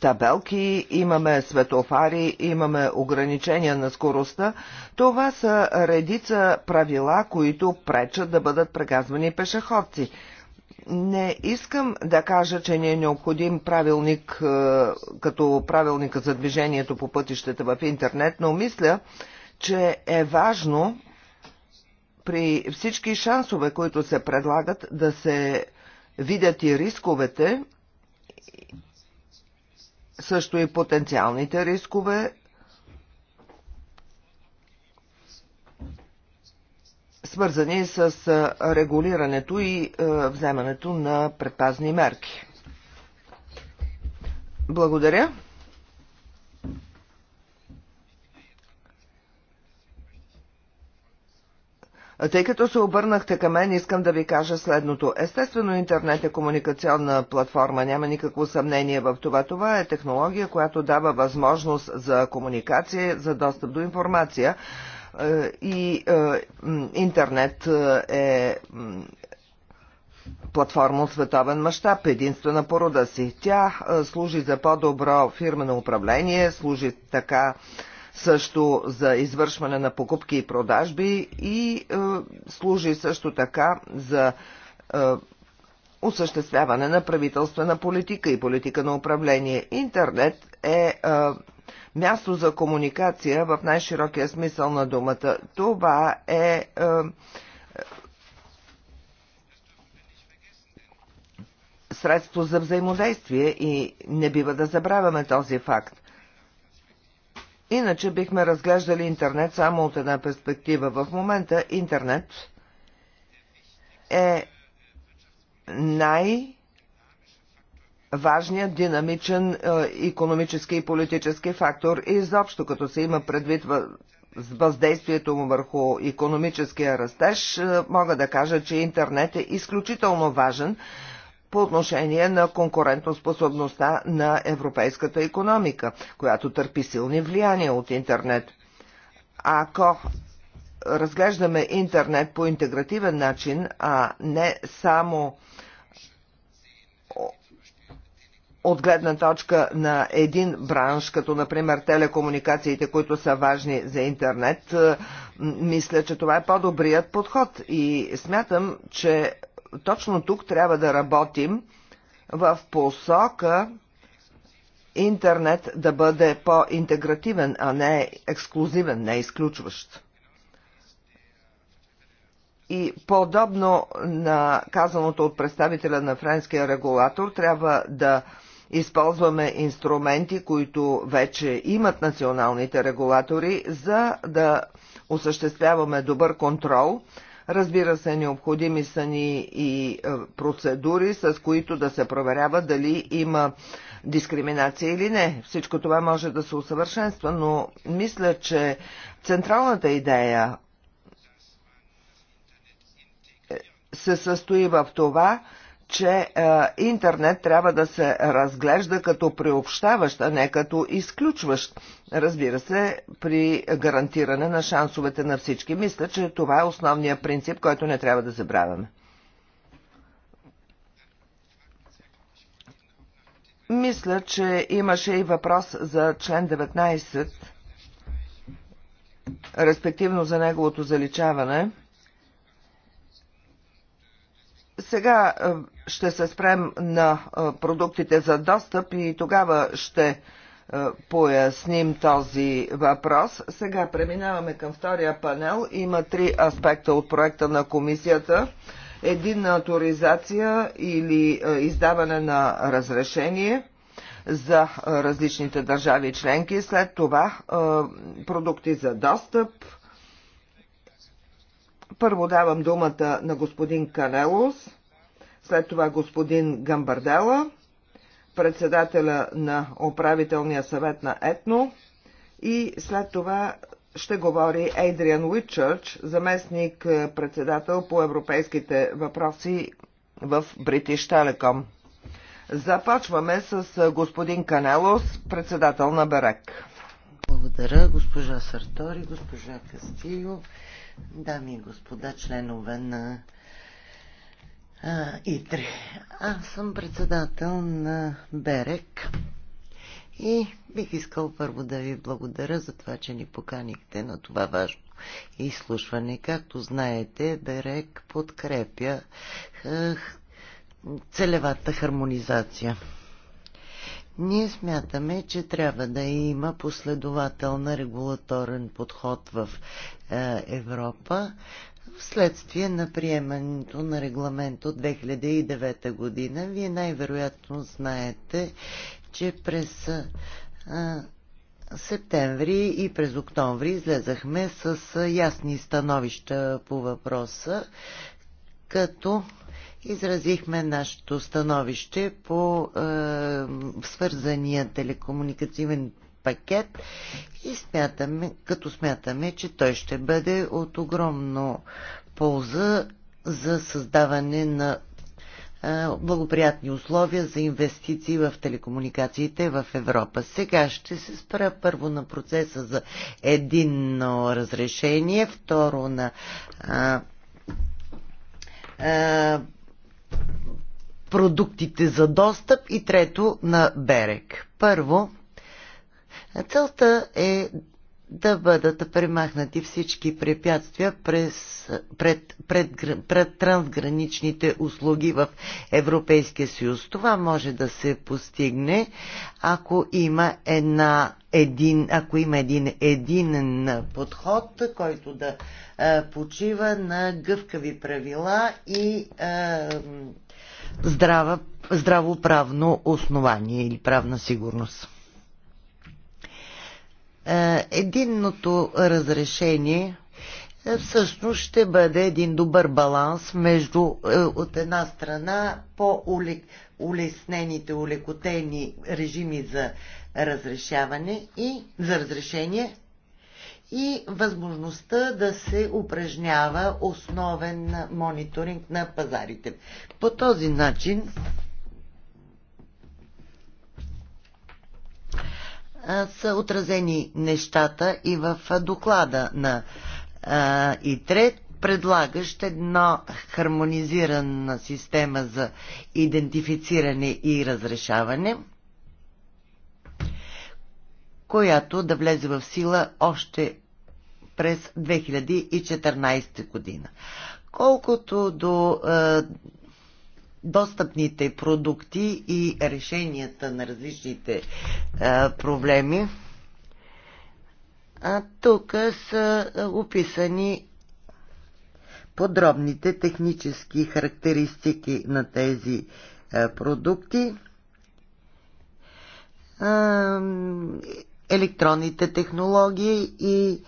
табелки, имаме светофари, имаме ограничения на скоростта. Това са редица правила, които пречат да бъдат прегазвани пешеходци. Не искам да кажа, че не е необходим правилник е, като правилника за движението по пътищата в интернет, но мисля, че е важно при всички шансове, които се предлагат, да се видят и рисковете, също и потенциалните рискове. свързани с регулирането и вземането на предпазни мерки. Благодаря. Тъй като се обърнахте към мен, искам да ви кажа следното. Естествено, интернет е комуникационна платформа, няма никакво съмнение в това. Това е технология, която дава възможност за комуникация, за достъп до информация. Е, и е, интернет е, е платформа от световен мащаб, единствена порода си. Тя служи за по-добро фирмено управление, служи така също за извършване на покупки и продажби и е, служи също така за е, осъществяване на правителствена политика и политика на управление. Интернет е, е място за комуникация в най-широкия смисъл на думата. Това е, е средство за взаимодействие и не бива да забравяме този факт. Иначе бихме разглеждали интернет само от една перспектива. В момента интернет е най- важният динамичен економически и политически фактор и изобщо като се има предвид въздействието му върху економическия растеж, е, мога да кажа, че интернет е изключително важен по отношение на конкурентоспособността на европейската економика, която търпи силни влияния от интернет. Ако разглеждаме интернет по интегративен начин, а не само от гледна точка на един бранш, като например телекомуникациите, които са важни за интернет, мисля, че това е по-добрият подход и смятам, че точно тук трябва да работим в посока интернет да бъде по-интегративен, а не ексклюзивен, не изключващ. И подобно на казаното от представителя на френския регулатор, трябва да използваме инструменти, които вече имат националните регулатори, за да осъществяваме добър контрол – Разбира се, необходими са ни и е, процедури, с които да се проверява дали има дискриминация или не. Всичко това може да се усъвършенства, но мисля, че централната идея е, се състои в това, че а, е, интернет трябва да се разглежда като приобщаващ, а не като изключващ. Разбира се, при гарантиране на шансовете на всички. Мисля, че това е основният принцип, който не трябва да забравяме. Мисля, че имаше и въпрос за член 19, респективно за неговото заличаване – сега е, ще се спрем на е, продуктите за достъп и тогава ще е, поясним този въпрос. Сега преминаваме към втория панел. Има три аспекта от проекта на комисията. Един авторизация или издаване на разрешение за различните държави членки. След това продукти за достъп първо давам думата на господин Канелос, след това господин Гамбардела, председателя на управителния съвет на Етно и след това ще говори Ейдриан Уитчърч, заместник е, председател по европейските въпроси в British Telecom. Започваме с е, господин Канелос, председател на Берек. Благодаря, госпожа Сартори, госпожа Кастио дами и господа, членове на а, ИТРИ. Аз съм председател на БЕРЕК и бих искал първо да ви благодаря за това, че ни поканихте на това важно изслушване. Както знаете, БЕРЕК подкрепя целевата хармонизация. Ние смятаме, че трябва да има последователна регулаторен подход в е, Европа, вследствие на приемането на регламент от 2009 година. Вие най-вероятно знаете, че през е, септември и през октомври излезахме с е, ясни становища по въпроса, като изразихме нашето становище по е, свързания телекомуникативен пакет и смятаме, като смятаме, че той ще бъде от огромно полза за създаване на е, благоприятни условия за инвестиции в телекомуникациите в Европа. Сега ще се спра първо на процеса за единно разрешение, второ на а, е, а, е, продуктите за достъп и трето на Берег. Първо, целта е да бъдат премахнати всички препятствия през, пред, пред, пред трансграничните услуги в Европейския съюз. Това може да се постигне, ако има една един, ако има един единен подход, който да е, почива на гъвкави правила и е, здрава, здравоправно основание или правна сигурност. Е, единното разрешение е, всъщност ще бъде един добър баланс между е, от една страна по улеснените, улекотени режими за разрешаване и за разрешение и възможността да се упражнява основен мониторинг на пазарите. По този начин са отразени нещата и в доклада на ИТРЕ, предлагащ една хармонизирана система за идентифициране и разрешаване, която да влезе в сила още през 2014 година. Колкото до достъпните продукти и решенията на различните а, проблеми. А тук са описани подробните технически характеристики на тези а, продукти. А, електронните технологии и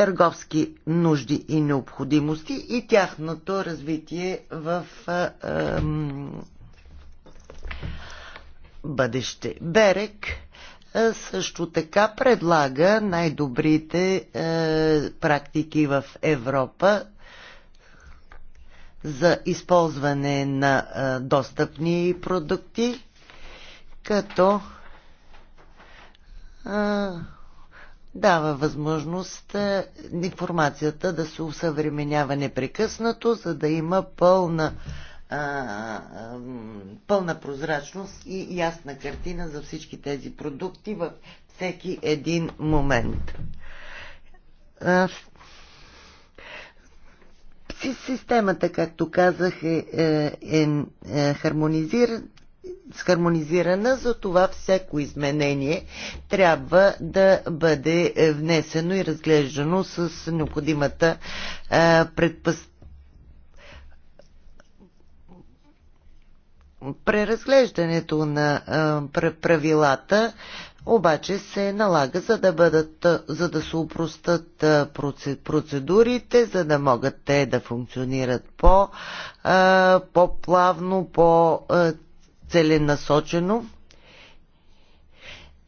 търговски нужди и необходимости и тяхното развитие в а, а, бъдеще. Берек също така предлага най-добрите практики в Европа за използване на а, достъпни продукти, като а, дава възможност е, информацията да се усъвременява непрекъснато, за да има пълна, а, пълна прозрачност и ясна картина за всички тези продукти във всеки един момент. Системата, както казах, е, е, е хармонизирана схармонизирана, за това всяко изменение трябва да бъде е, внесено и разглеждано с необходимата е, предпъс... Преразглеждането на е, правилата обаче се налага, за да, бъдат, за да се упростат процедурите, за да могат те да функционират по, по-плавно, по-плавно целенасочено,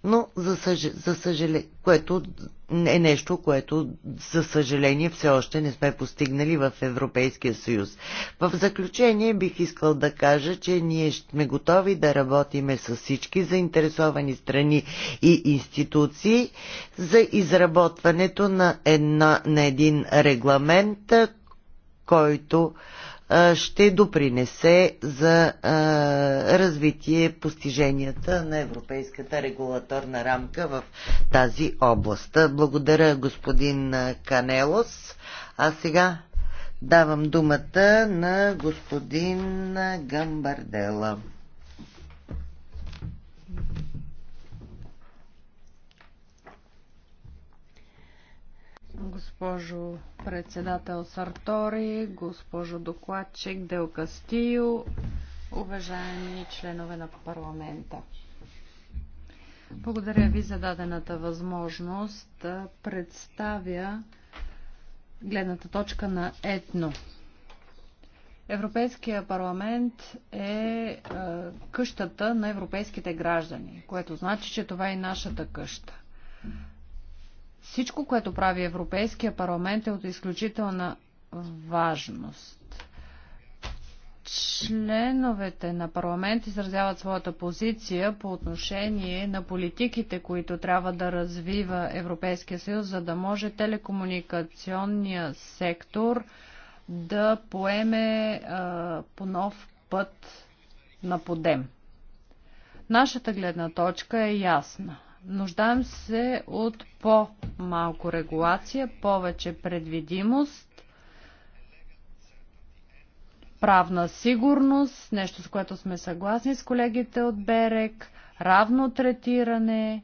но за, съж... за съжаление, което е нещо, което за съжаление все още не сме постигнали в Европейския съюз. В заключение бих искал да кажа, че ние сме готови да работиме с всички заинтересовани страни и институции за изработването на, една, на един регламент, който ще допринесе за развитие постиженията на европейската регулаторна рамка в тази област. Благодаря господин Канелос. А сега давам думата на господин Гамбардела. госпожо председател Сартори, госпожо докладчик Дел Кастио, уважаеми членове на парламента. Благодаря ви за дадената възможност да представя гледната точка на етно. Европейския парламент е, е къщата на европейските граждани, което значи, че това е нашата къща. Всичко, което прави Европейския парламент е от изключителна важност. Членовете на парламент изразяват своята позиция по отношение на политиките, които трябва да развива Европейския съюз, за да може телекомуникационния сектор да поеме а, по нов път на подем. Нашата гледна точка е ясна, Нуждаем се от по-малко регулация, повече предвидимост, правна сигурност, нещо с което сме съгласни с колегите от Берек, равно третиране.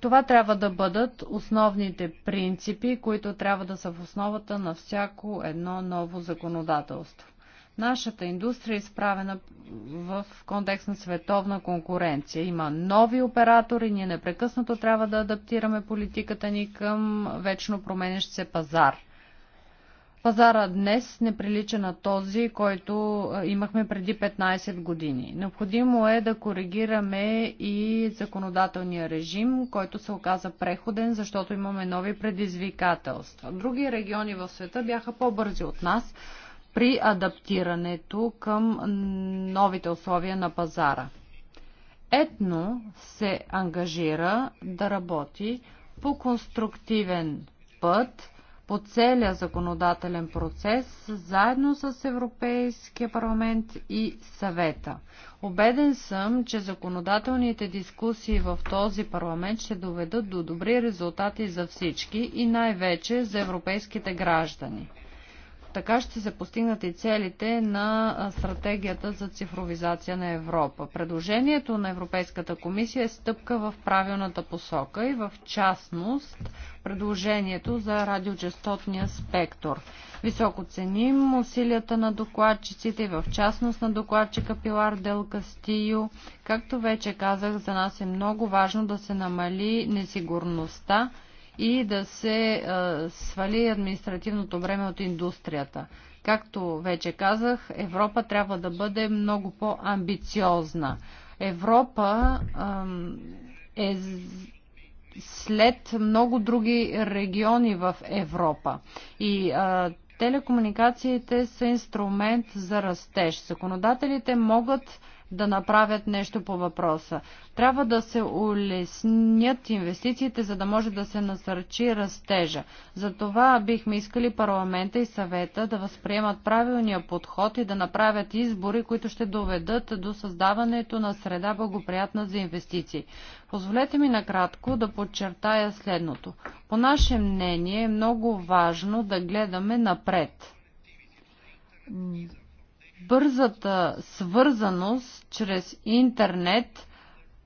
Това трябва да бъдат основните принципи, които трябва да са в основата на всяко едно ново законодателство. Нашата индустрия е изправена в контекст на световна конкуренция. Има нови оператори, ние непрекъснато трябва да адаптираме политиката ни към вечно променящ се пазар. Пазара днес не прилича на този, който имахме преди 15 години. Необходимо е да коригираме и законодателния режим, който се оказа преходен, защото имаме нови предизвикателства. Други региони в света бяха по-бързи от нас, при адаптирането към новите условия на пазара. Етно се ангажира да работи по конструктивен път по целия законодателен процес заедно с Европейския парламент и съвета. Обеден съм, че законодателните дискусии в този парламент ще доведат до добри резултати за всички и най-вече за европейските граждани. Така ще се постигнат и целите на стратегията за цифровизация на Европа. Предложението на Европейската комисия е стъпка в правилната посока и в частност предложението за радиочастотния спектър. Високо ценим усилията на докладчиците и в частност на докладчика Пилар Дел Кастио. Както вече казах, за нас е много важно да се намали несигурността, и да се свали административното време от индустрията. Както вече казах, Европа трябва да бъде много по-амбициозна. Европа е след много други региони в Европа. И а, телекомуникациите са инструмент за растеж. Законодателите могат да направят нещо по въпроса. Трябва да се улеснят инвестициите, за да може да се насърчи растежа. Затова бихме искали парламента и съвета да възприемат правилния подход и да направят избори, които ще доведат до създаването на среда благоприятна за инвестиции. Позволете ми накратко да подчертая следното. По наше мнение е много важно да гледаме напред бързата свързаност чрез интернет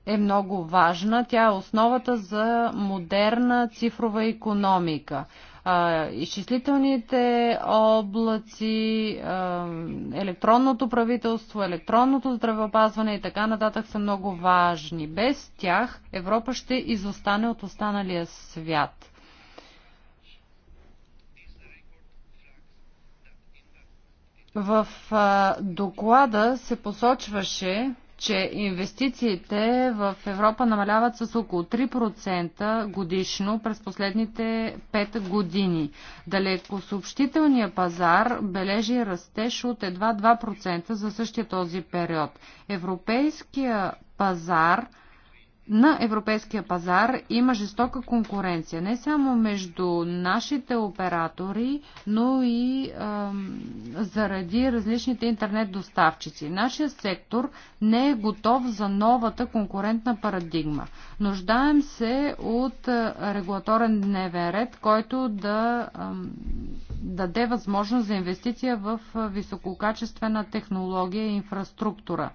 е много важна. Тя е основата за модерна цифрова економика. Изчислителните облаци, електронното правителство, електронното здравеопазване и така нататък са много важни. Без тях Европа ще изостане от останалия свят. В доклада се посочваше, че инвестициите в Европа намаляват с около 3% годишно през последните 5 години. Далекосъобщителният пазар бележи растеж от едва 2% за същия този период. Европейския пазар на европейския пазар има жестока конкуренция, не само между нашите оператори, но и ем, заради различните интернет доставчици. Нашия сектор не е готов за новата конкурентна парадигма. Нуждаем се от регулаторен дневен ред, който да ем, даде възможност за инвестиция в висококачествена технология и инфраструктура.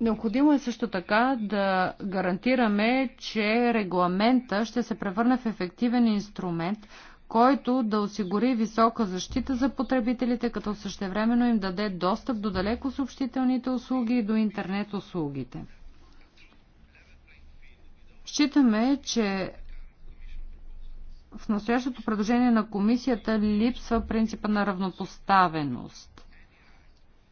Необходимо е също така да гарантираме, че регламента ще се превърне в ефективен инструмент, който да осигури висока защита за потребителите, като същевременно им даде достъп до далеко съобщителните услуги и до интернет услугите. Считаме, че в настоящото предложение на комисията липсва принципа на равнопоставеност.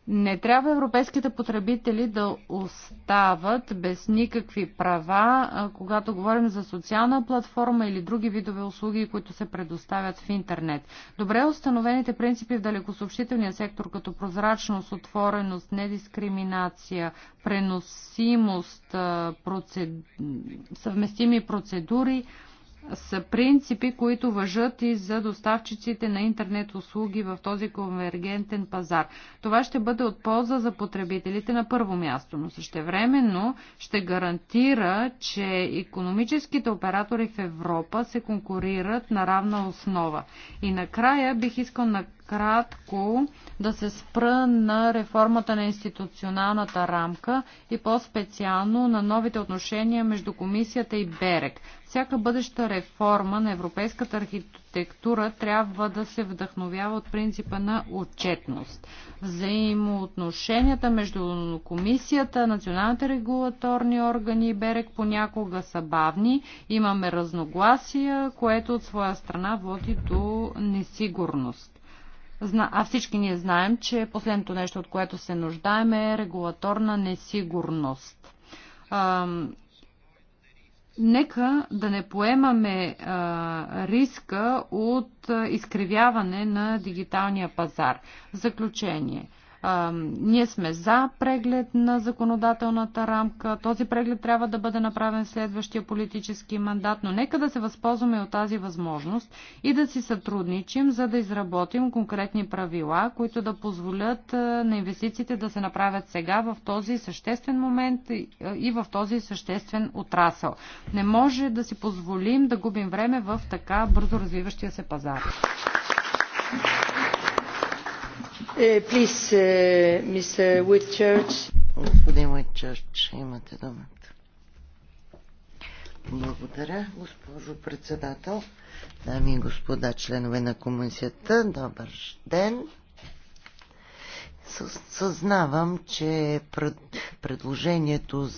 Не трябва европейските потребители да остават без никакви права, когато говорим за социална платформа или други видове услуги, които се предоставят в интернет. Добре установените принципи в далекосъобщителния сектор, като прозрачност, отвореност, недискриминация, преносимост, процед... съвместими процедури, са принципи, които въжат и за доставчиците на интернет услуги в този конвергентен пазар. Това ще бъде от полза за потребителите на първо място, но същевременно ще гарантира, че економическите оператори в Европа се конкурират на равна основа. И накрая бих искал на Кратко да се спра на реформата на институционалната рамка и по-специално на новите отношения между комисията и БЕРЕК. Всяка бъдеща реформа на европейската архитектура трябва да се вдъхновява от принципа на отчетност. Взаимоотношенията между комисията, националните регулаторни органи и Берег понякога са бавни, имаме разногласия, което от своя страна води до несигурност. А всички ние знаем, че последното нещо, от което се нуждаем е регулаторна несигурност. А, нека да не поемаме а, риска от изкривяване на дигиталния пазар. В заключение – а, ние сме за преглед на законодателната рамка. Този преглед трябва да бъде направен в следващия политически мандат, но нека да се възползваме от тази възможност и да си сътрудничим, за да изработим конкретни правила, които да позволят на инвестициите да се направят сега в този съществен момент и в този съществен отрасъл. Не може да си позволим да губим време в така бързо развиващия се пазар. Uh, uh, Господин Уитчърч, имате думата. Благодаря, госпожо председател, дами и господа членове на комисията. Добър ден. Съзнавам, че предложението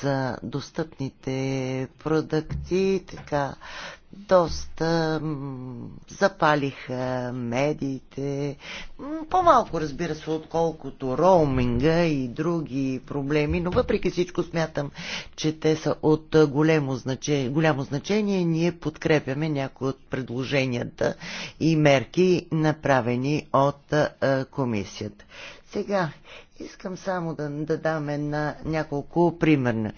за достъпните продукти така доста запалиха медиите. По-малко, разбира се, отколкото роуминга и други проблеми, но въпреки всичко смятам, че те са от големо значение. Голямо значение. Ние подкрепяме някои от предложенията и мерки, направени от комисията. Сега искам само да, да дам една няколко примерна.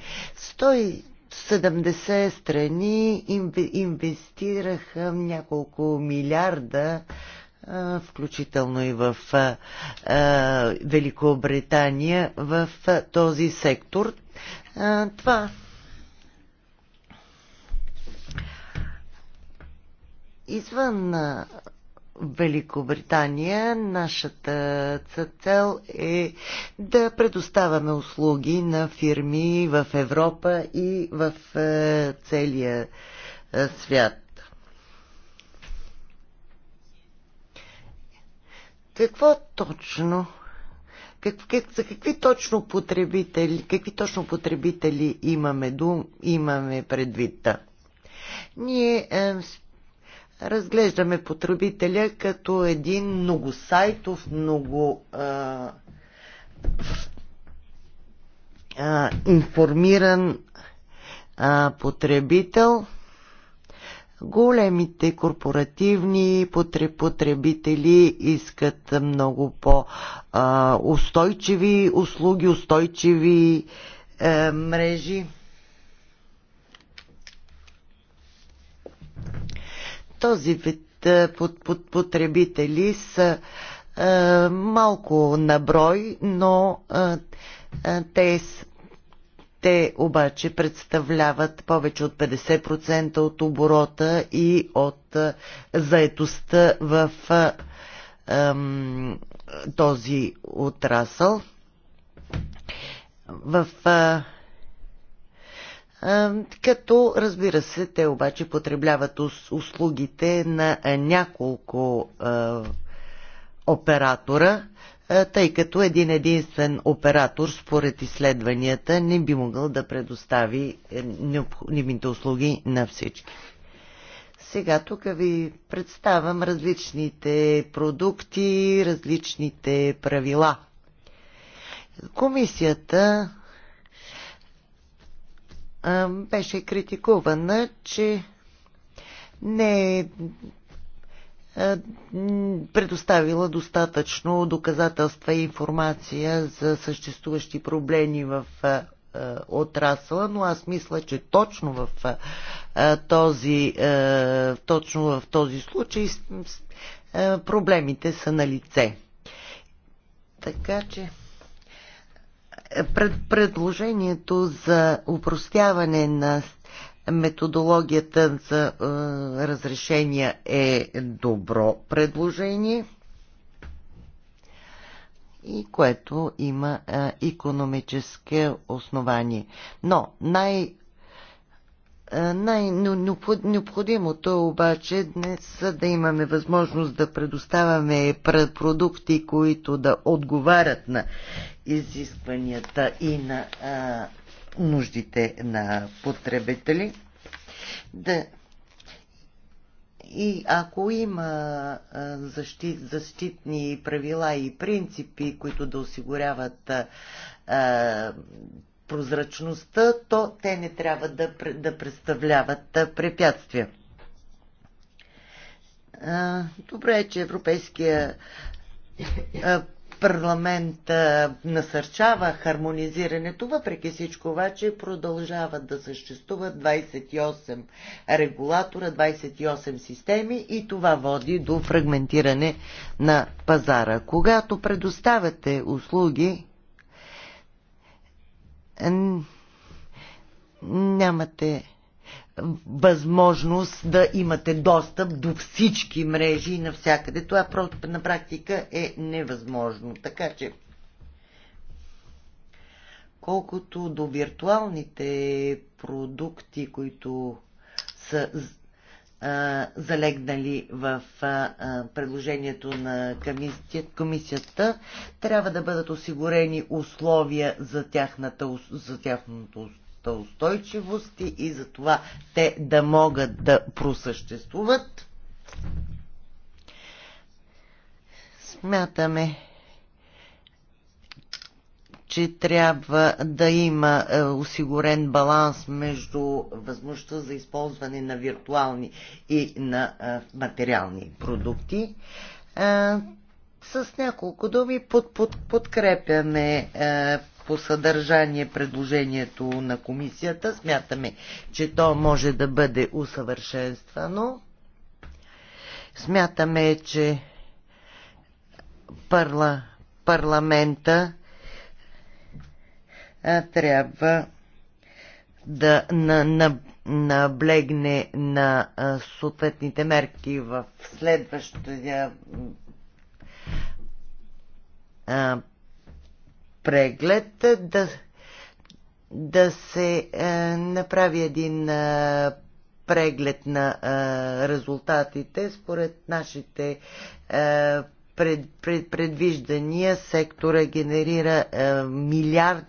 70 страни инвестираха няколко милиарда, включително и в Великобритания, в този сектор. Това извън Великобритания нашата цел е да предоставяме услуги на фирми в Европа и в е, целия е, свят. Какво точно? Как, как, за какви точно потребители, какви точно потребители имаме, дум, имаме предвид? Ние е, разглеждаме потребителя като един многосайтов, много а, а, информиран а, потребител. Големите корпоративни потребители искат много по-устойчиви услуги, устойчиви е, мрежи този вид потребители са малко на брой, но те, те обаче представляват повече от 50% от оборота и от заетостта в този отрасъл. В е, като разбира се, те обаче потребляват услугите на е, няколко е, оператора, тъй като един единствен оператор, според изследванията, не би могъл да предостави необходимите услуги на всички. Сега тук ви представям различните продукти, различните правила. Комисията беше критикувана, че не е предоставила достатъчно доказателства и информация за съществуващи проблеми в отрасъла, но аз мисля, че точно в този, точно в този случай проблемите са на лице. Така че пред предложението за упростяване на методологията за е, разрешения е добро предложение и което има е, економическо основание. Но най- най-необходимото е обаче днес е да имаме възможност да предоставяме продукти, които да отговарят на изискванията и на а, нуждите на потребители. Да. И ако има защит, защитни правила и принципи, които да осигуряват а, прозрачността, то те не трябва да, да представляват препятствия. Добре е, че Европейския парламент насърчава хармонизирането, въпреки всичко обаче продължават да съществуват 28 регулатора, 28 системи и това води до фрагментиране на пазара. Когато предоставяте услуги, нямате възможност да имате достъп до всички мрежи и навсякъде. Това просто на практика е невъзможно. Така че, колкото до виртуалните продукти, които са а, залегнали в а, а, предложението на комисията, комисията, трябва да бъдат осигурени условия за, тяхната, за тяхното тяхната устойчивост и за това те да могат да просъществуват. Смятаме, че трябва да има е, осигурен баланс между възможността за използване на виртуални и на е, материални продукти. Е, с няколко думи под, под, подкрепяме по съдържание предложението на комисията. Смятаме, че то може да бъде усъвършенствано. Смятаме, че парла, парламента а, трябва да на, на, наблегне на а, съответните мерки в следващия преглед, да, да се е, направи един е, преглед на е, резултатите според нашите е, пред, пред, предвиждания. Сектора генерира е, милиард,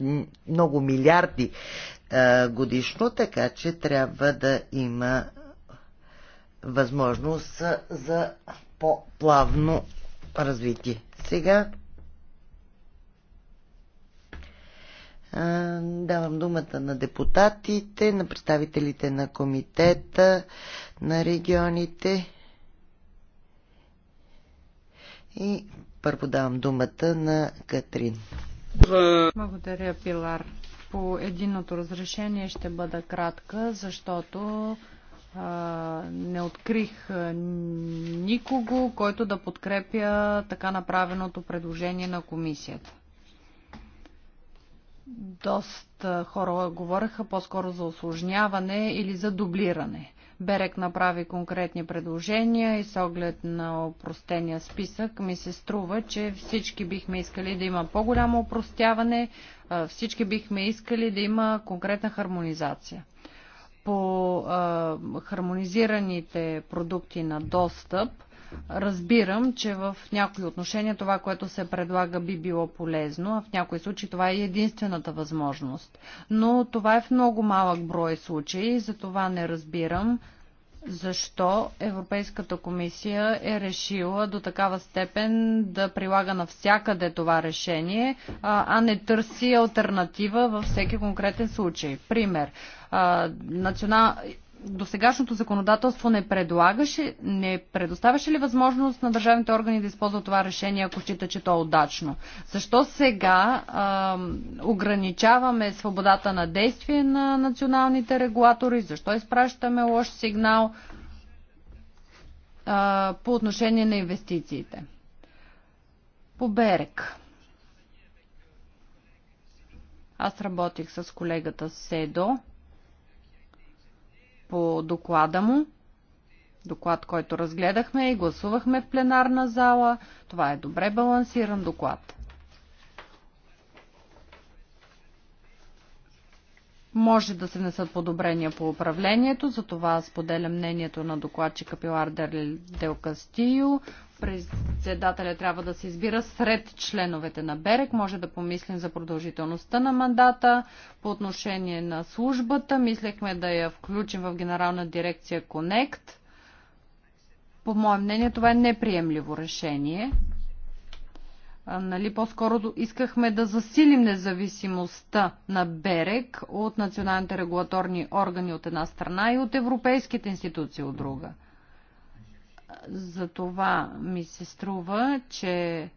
много милиарди е, годишно, така че трябва да има възможност за по-плавно развитие. Сега Давам думата на депутатите, на представителите на комитета, на регионите. И първо давам думата на Катрин. Благодаря, Пилар. По единото разрешение ще бъда кратка, защото а, не открих никого, който да подкрепя така направеното предложение на комисията. Доста хора говореха по-скоро за осложняване или за дублиране. Берек направи конкретни предложения и с оглед на опростения списък ми се струва, че всички бихме искали да има по-голямо опростяване, всички бихме искали да има конкретна хармонизация. По хармонизираните продукти на достъп Разбирам, че в някои отношения това, което се предлага, би било полезно, а в някои случаи това е единствената възможност. Но това е в много малък брой случаи, за това не разбирам защо Европейската комисия е решила до такава степен да прилага навсякъде това решение, а не търси альтернатива във всеки конкретен случай. Пример. Национал досегашното законодателство не предлагаше, не предоставяше ли възможност на държавните органи да използват това решение, ако считат, че то е удачно? Защо сега а, ограничаваме свободата на действие на националните регулатори? Защо изпращаме лош сигнал а, по отношение на инвестициите? По Берек. Аз работих с колегата Седо по доклада му. Доклад, който разгледахме и гласувахме в пленарна зала. Това е добре балансиран доклад. Може да се несат подобрения по управлението, за това споделя мнението на докладчика Пилар Дел Кастио. Председателя трябва да се избира сред членовете на Берек. Може да помислим за продължителността на мандата. По отношение на службата, мислехме да я включим в Генерална дирекция Connect. По мое мнение, това е неприемливо решение. Нали, по-скоро искахме да засилим независимостта на Берек от националните регулаторни органи от една страна и от европейските институции от друга – за това ми се струва, че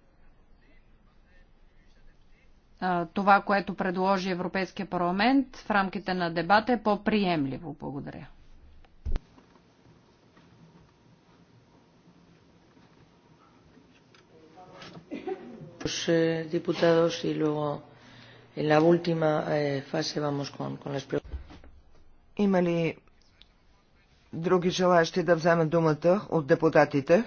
това, което предложи Европейския парламент в рамките на дебата е по-приемливо. Благодаря. Има ли други желаящи да вземат думата от депутатите?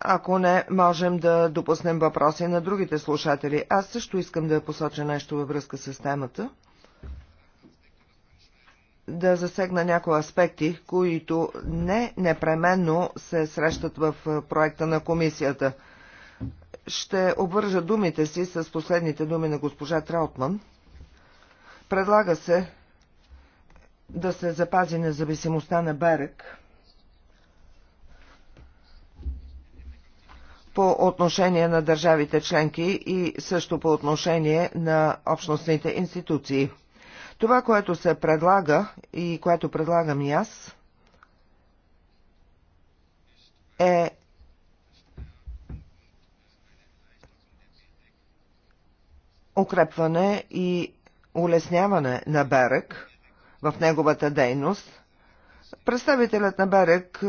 Ако не, можем да допуснем въпроси на другите слушатели. Аз също искам да посоча нещо във връзка с темата. Да засегна някои аспекти, които не непременно се срещат в проекта на комисията. Ще обвържа думите си с последните думи на госпожа Траутман. Предлага се да се запази независимостта на Берек по отношение на държавите членки и също по отношение на общностните институции. Това, което се предлага и което предлагам и аз, е укрепване и улесняване на Берек в неговата дейност. Представителят на Берек е,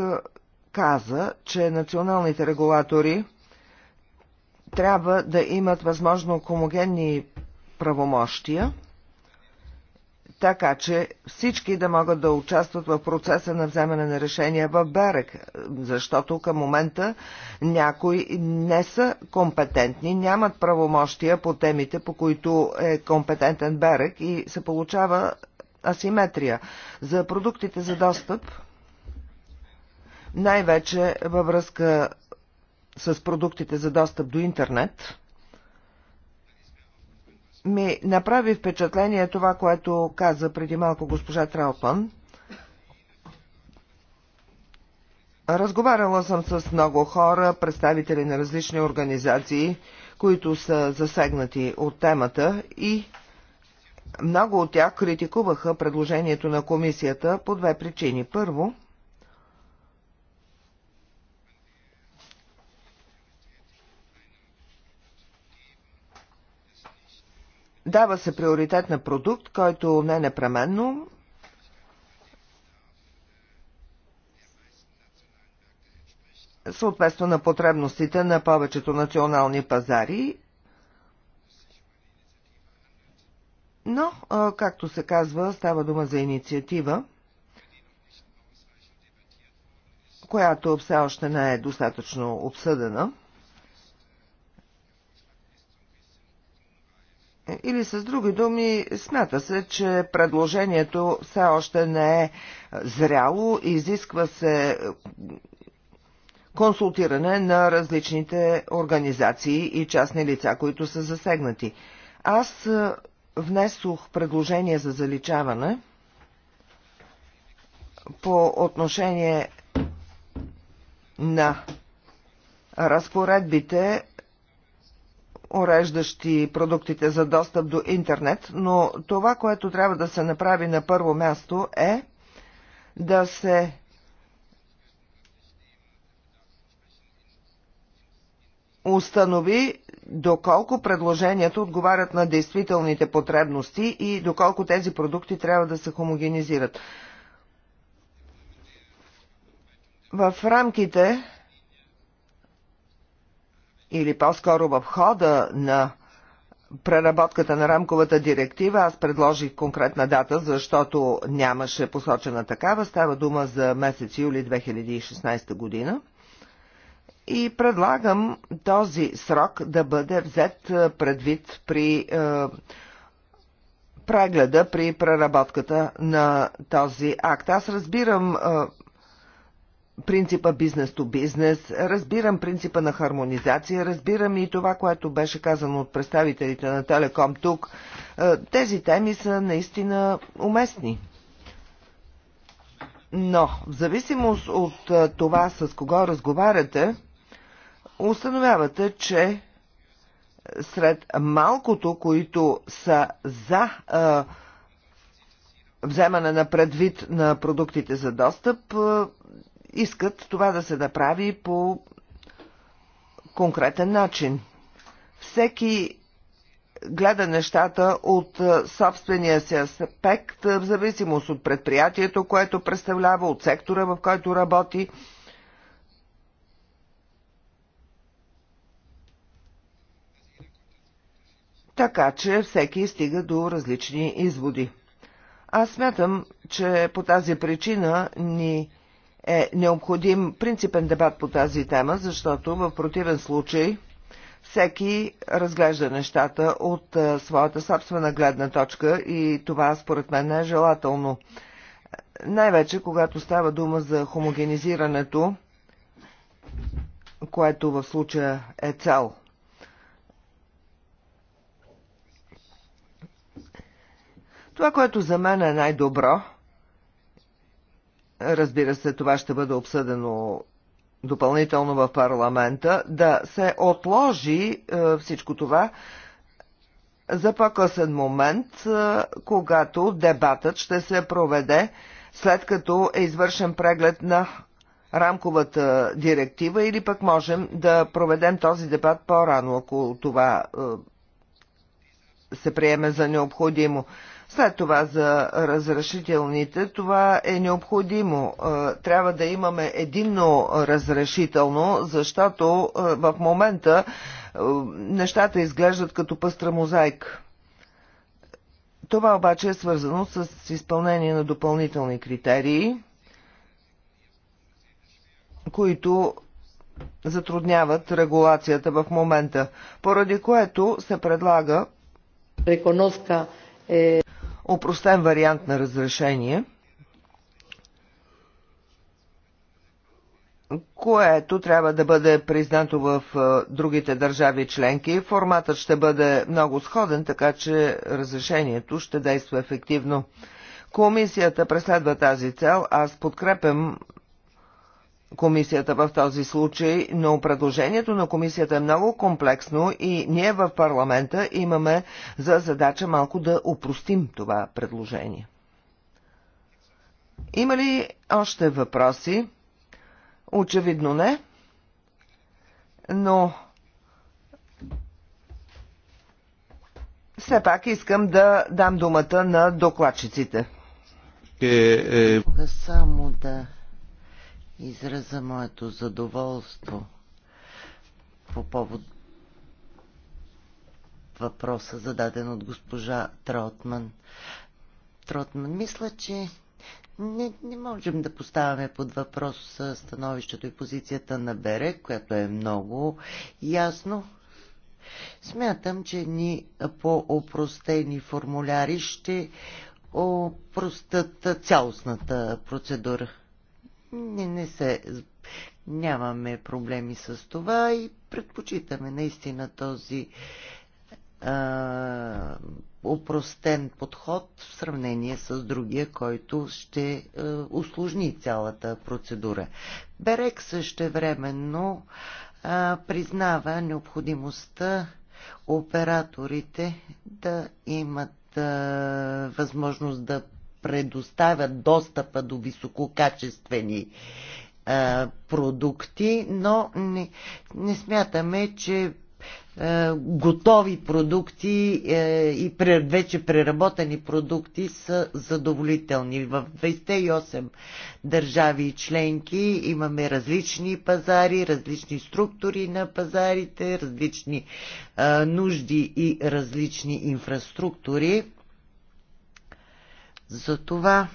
каза, че националните регулатори трябва да имат възможно хомогенни правомощия, така че всички да могат да участват в процеса на вземане на решения в Берек, защото към момента някои не са компетентни, нямат правомощия по темите, по които е компетентен БЕРЕК и се получава асиметрия. За продуктите за достъп, най-вече във връзка с продуктите за достъп до интернет, ми направи впечатление това, което каза преди малко госпожа Траутман. Разговаряла съм с много хора, представители на различни организации, които са засегнати от темата и много от тях критикуваха предложението на комисията по две причини. Първо, дава се приоритет на продукт, който не непременно съответства на потребностите на повечето национални пазари Но, както се казва, става дума за инициатива, която все още не е достатъчно обсъдена. Или с други думи, смята се, че предложението все още не е зряло, изисква се консултиране на различните организации и частни лица, които са засегнати. Аз внесох предложение за заличаване по отношение на разпоредбите, уреждащи продуктите за достъп до интернет, но това, което трябва да се направи на първо място е да се установи доколко предложенията отговарят на действителните потребности и доколко тези продукти трябва да се хомогенизират. В рамките или по-скоро в хода на преработката на рамковата директива, аз предложих конкретна дата, защото нямаше посочена такава. Става дума за месец юли 2016 година и предлагам този срок да бъде взет е, предвид при е, прегледа, при преработката на този акт. Аз разбирам е, принципа бизнес то бизнес, разбирам принципа на хармонизация, разбирам и това, което беше казано от представителите на Телеком тук. Тези теми са наистина уместни. Но, в зависимост от това с кого разговаряте, установявате, че сред малкото, които са за а, вземане на предвид на продуктите за достъп, а, искат това да се направи по конкретен начин. Всеки гледа нещата от собствения си аспект, в зависимост от предприятието, което представлява, от сектора, в който работи. така че всеки стига до различни изводи. Аз смятам, че по тази причина ни е необходим принципен дебат по тази тема, защото в противен случай всеки разглежда нещата от своята собствена гледна точка и това според мен не е желателно. Най-вече когато става дума за хомогенизирането, което в случая е цел Това, което за мен е най-добро, разбира се, това ще бъде обсъдено допълнително в парламента, да се отложи е, всичко това за по-късен момент, е, когато дебатът ще се проведе след като е извършен преглед на рамковата директива или пък можем да проведем този дебат по-рано, ако това е, се приеме за необходимо. След това за разрешителните, това е необходимо. Е, трябва да имаме единно разрешително, защото е, в момента е, нещата изглеждат като пъстра мозайк. Това обаче е свързано с изпълнение на допълнителни критерии, които затрудняват регулацията в момента, поради което се предлага опростен вариант на разрешение, което трябва да бъде признато в другите държави членки. Форматът ще бъде много сходен, така че разрешението ще действа ефективно. Комисията преследва тази цел. Аз подкрепям комисията в този случай, но предложението на комисията е много комплексно и ние в парламента имаме за задача малко да упростим това предложение. Има ли още въпроси? Очевидно не, но все пак искам да дам думата на докладчиците. Е, е... Само да израза моето задоволство по повод въпроса, зададен от госпожа Тротман. Тротман, мисля, че не, не можем да поставяме под въпрос становището и позицията на Берек, което е много ясно. Смятам, че ни по-опростени формуляри ще опростат цялостната процедура не, не се, нямаме проблеми с това и предпочитаме наистина този а, упростен подход в сравнение с другия, който ще а, усложни цялата процедура. Берек временно а, признава необходимостта операторите да имат а, възможност да предоставят достъпа до висококачествени а, продукти, но не, не смятаме, че а, готови продукти а, е, и вече преработени продукти са задоволителни. В 28 държави и членки имаме различни пазари, различни структури на пазарите, различни а, нужди и различни инфраструктури затова това.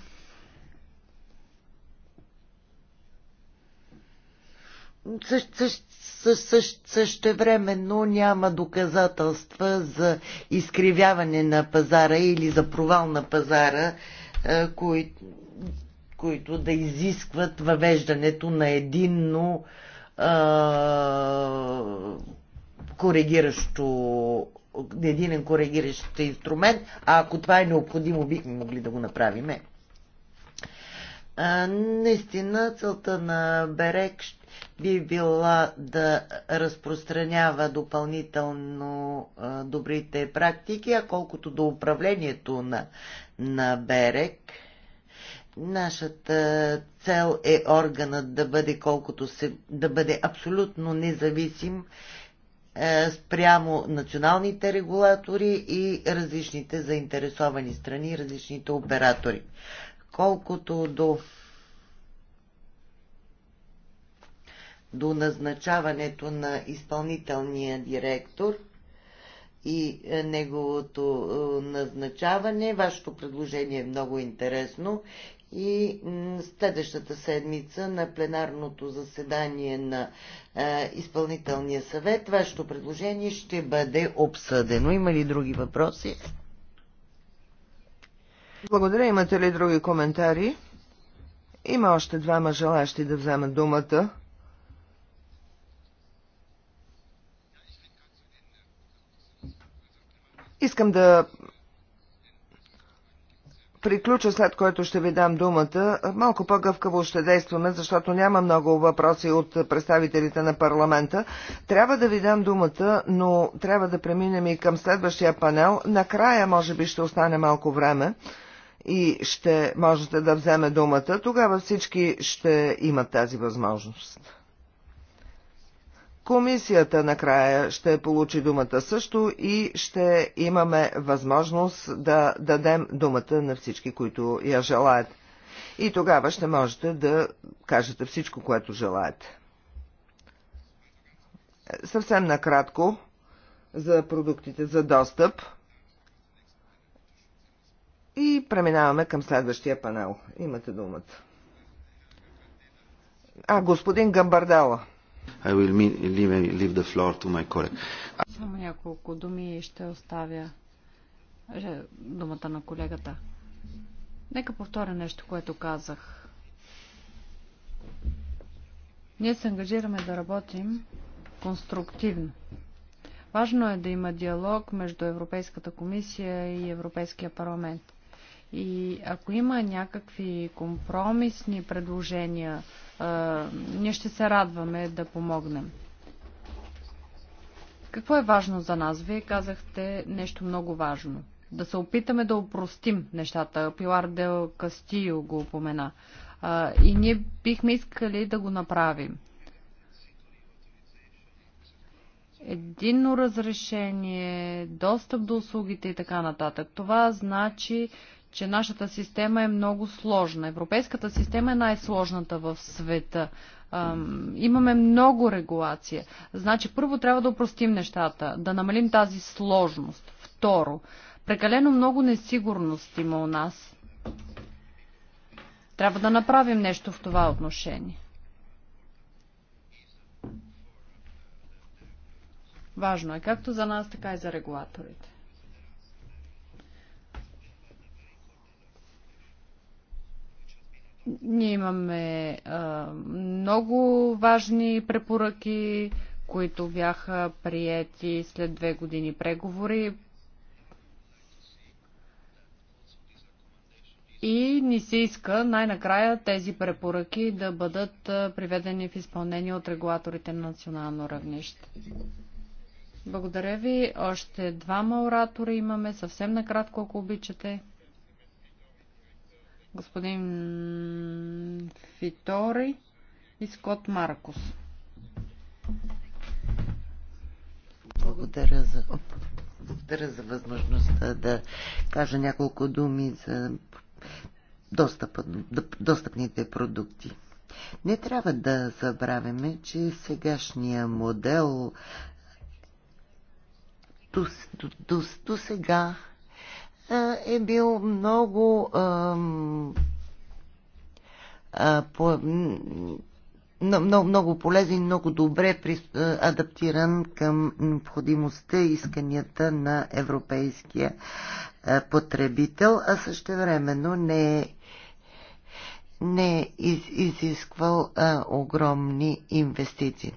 същевременно няма доказателства за изкривяване на пазара или за провал на пазара, е, кои, които да изискват въвеждането на единно а, е, коригиращо единен коригиращ инструмент, а ако това е необходимо, бихме могли да го направим. А, наистина, целта на Берек би била да разпространява допълнително а, добрите практики, а колкото до управлението на, на Берек, нашата цел е органът да бъде колкото се, да бъде абсолютно независим е, спрямо националните регулатори и различните заинтересовани страни, различните оператори. Колкото до до назначаването на изпълнителния директор и е, неговото е, назначаване. Вашето предложение е много интересно и следващата седмица на пленарното заседание на е, изпълнителния съвет вашето предложение ще бъде обсъдено. Има ли други въпроси? Благодаря. Имате ли други коментари? Има още двама желащи да вземат думата. Искам да приключа, след което ще ви дам думата. Малко по-гъвкаво ще действаме, защото няма много въпроси от представителите на парламента. Трябва да ви дам думата, но трябва да преминем и към следващия панел. Накрая, може би, ще остане малко време и ще можете да вземе думата. Тогава всички ще имат тази възможност. Комисията накрая ще получи думата също и ще имаме възможност да дадем думата на всички, които я желаят. И тогава ще можете да кажете всичко, което желаете. Съвсем накратко за продуктите за достъп. И преминаваме към следващия панел. Имате думата. А, господин Гамбардала. I will leave, leave the floor to my colleague. Само няколко думи и ще оставя е, думата на колегата. Нека повторя нещо, което казах. Ние се ангажираме да работим конструктивно. Важно е да има диалог между Европейската комисия и Европейския парламент. И ако има някакви компромисни предложения, ние ще се радваме да помогнем. Какво е важно за нас? Вие казахте нещо много важно. Да се опитаме да упростим нещата. Пилар Дел Кастио го упомена. И ние бихме искали да го направим. единно разрешение, достъп до услугите и така нататък. Това значи че нашата система е много сложна. Европейската система е най-сложната в света. Имаме много регулация. Значи, първо трябва да упростим нещата, да намалим тази сложност. Второ, прекалено много несигурност има у нас. Трябва да направим нещо в това отношение. Важно е както за нас, така и за регулаторите. Ние имаме а, много важни препоръки, които бяха приети след две години преговори. И ни се иска най-накрая тези препоръки да бъдат приведени в изпълнение от регулаторите на национално равнище. Благодаря ви. Още двама оратори имаме. Съвсем накратко, ако обичате господин Фитори и Скот Маркос. Благодаря за, благодаря за възможността да кажа няколко думи за достъп, достъпните продукти. Не трябва да забравяме, че сегашния модел до, до, до, до сега е бил много много, много полезен, много добре адаптиран към необходимостта и исканията на европейския потребител, а времено не е не е из, изисквал а, огромни инвестиции.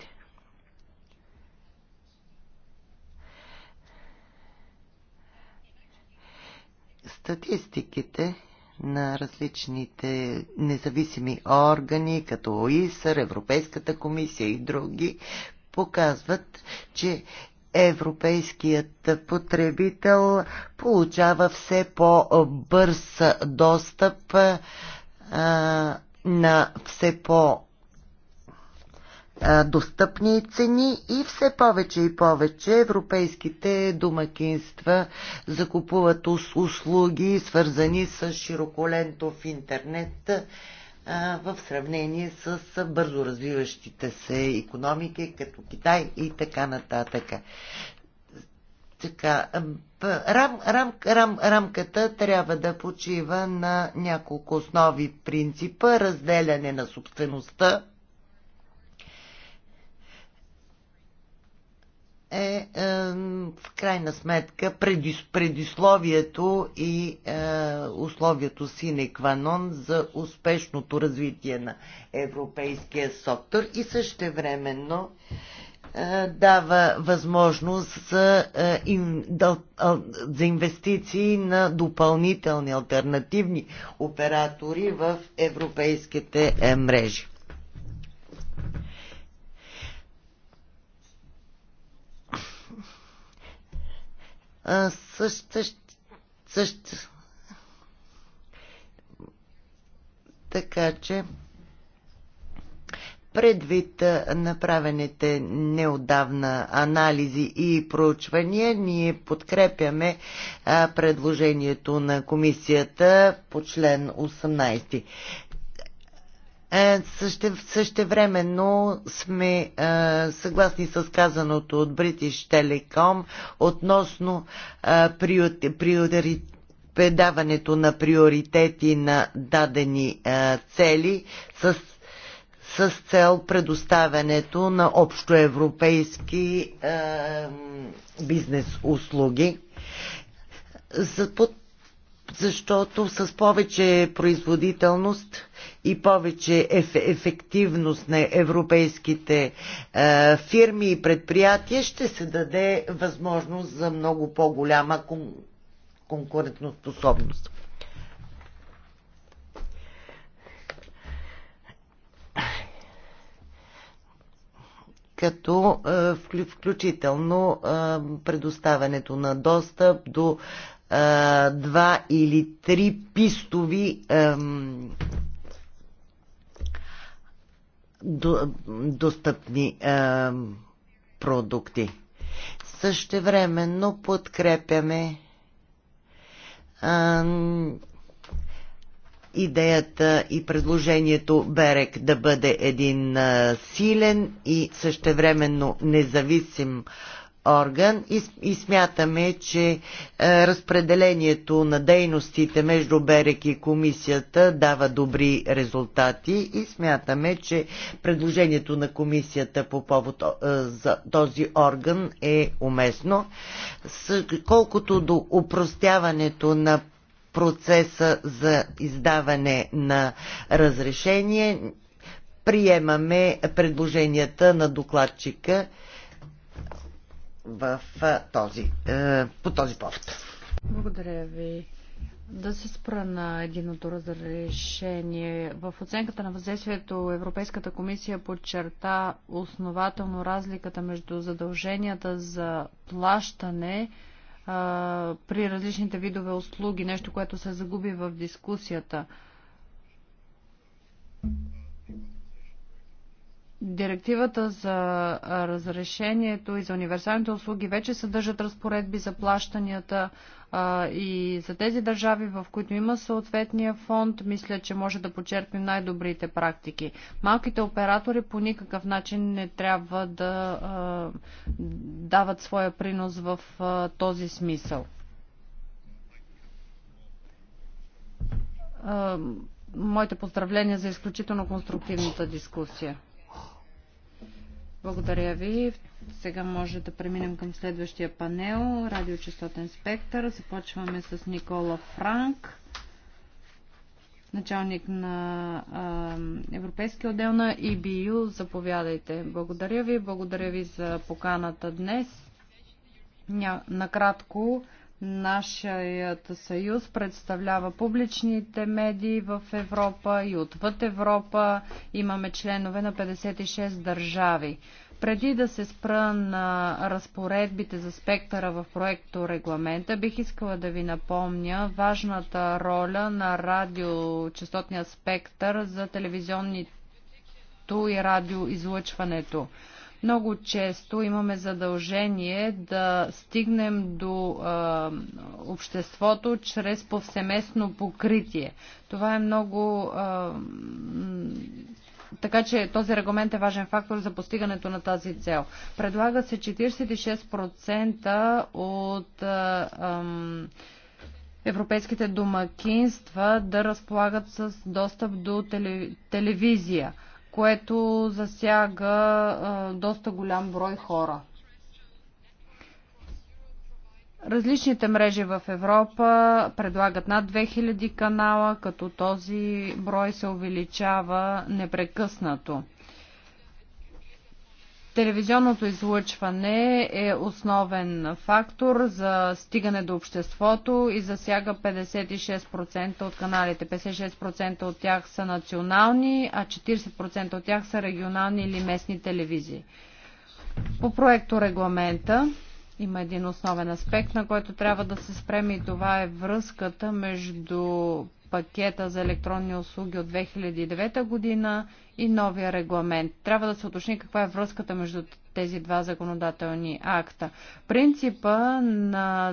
статистиките на различните независими органи, като ОИСър, Европейската комисия и други, показват, че европейският потребител получава все по-бърз достъп а, на все по- достъпни цени и все повече и повече европейските домакинства закупуват услуги, свързани с широколентов интернет в сравнение с бързо развиващите се економики, като Китай и така нататък. Така, рам, рам, рам, рамката трябва да почива на няколко основи принципа разделяне на собствеността, е, е в крайна сметка предис, предисловието и е, условието на кванон за успешното развитие на европейския соктор и същевременно е, дава възможност за, е, за инвестиции на допълнителни альтернативни оператори в европейските е, мрежи. също, също, Така че предвид направените неодавна анализи и проучвания, ние подкрепяме предложението на комисията по член 18. Е, съще, същевременно сме е, съгласни с казаното от British Telecom относно е, приори, приори, предаването на приоритети на дадени е, цели с, с цел предоставянето на общоевропейски е, бизнес услуги. За, защото с повече производителност и повече еф, ефективност на европейските е, фирми и предприятия, ще се даде възможност за много по-голяма кон, конкурентоспособност. като е, включително е, предоставянето на достъп до е, два или три пистови до, достъпни е, продукти. Същевременно подкрепяме е, идеята и предложението Берек да бъде един е, силен и същевременно независим е, орган и, и смятаме, че е, разпределението на дейностите между Берек и комисията дава добри резултати и смятаме, че предложението на комисията по повод е, за този орган е уместно. С, колкото до упростяването на процеса за издаване на разрешение, приемаме предложенията на докладчика в този, по този повод. Благодаря ви. Да се спра на единото разрешение. В оценката на въздействието Европейската комисия подчерта основателно разликата между задълженията за плащане а, при различните видове услуги, нещо, което се загуби в дискусията. Директивата за разрешението и за универсалните услуги вече съдържат разпоредби за плащанията и за тези държави, в които има съответния фонд, мисля, че може да почерпим най-добрите практики. Малките оператори по никакъв начин не трябва да дават своя принос в този смисъл моите поздравления за изключително конструктивната дискусия. Благодаря ви. Сега може да преминем към следващия панел. Радиочастотен спектър. Започваме с Никола Франк, началник на Европейския отдел на EBU. Заповядайте. Благодаря ви. Благодаря ви за поканата днес. накратко Нашият съюз представлява публичните медии в Европа и отвъд Европа. Имаме членове на 56 държави. Преди да се спра на разпоредбите за спектъра в проекто регламента, бих искала да ви напомня важната роля на радиочастотния спектър за телевизионното и радиоизлъчването. Много често имаме задължение да стигнем до а, обществото чрез повсеместно покритие. Това е много. А, така че този регламент е важен фактор за постигането на тази цел. Предлага се 46% от. А, ам, европейските домакинства да разполагат с достъп до телевизия което засяга доста голям брой хора. Различните мрежи в Европа предлагат над 2000 канала, като този брой се увеличава непрекъснато. Телевизионното излъчване е основен фактор за стигане до обществото и засяга 56% от каналите. 56% от тях са национални, а 40% от тях са регионални или местни телевизии. По проекто регламента има един основен аспект, на който трябва да се спреме и това е връзката между пакета за електронни услуги от 2009 година и новия регламент. Трябва да се уточни каква е връзката между тези два законодателни акта. Принципа на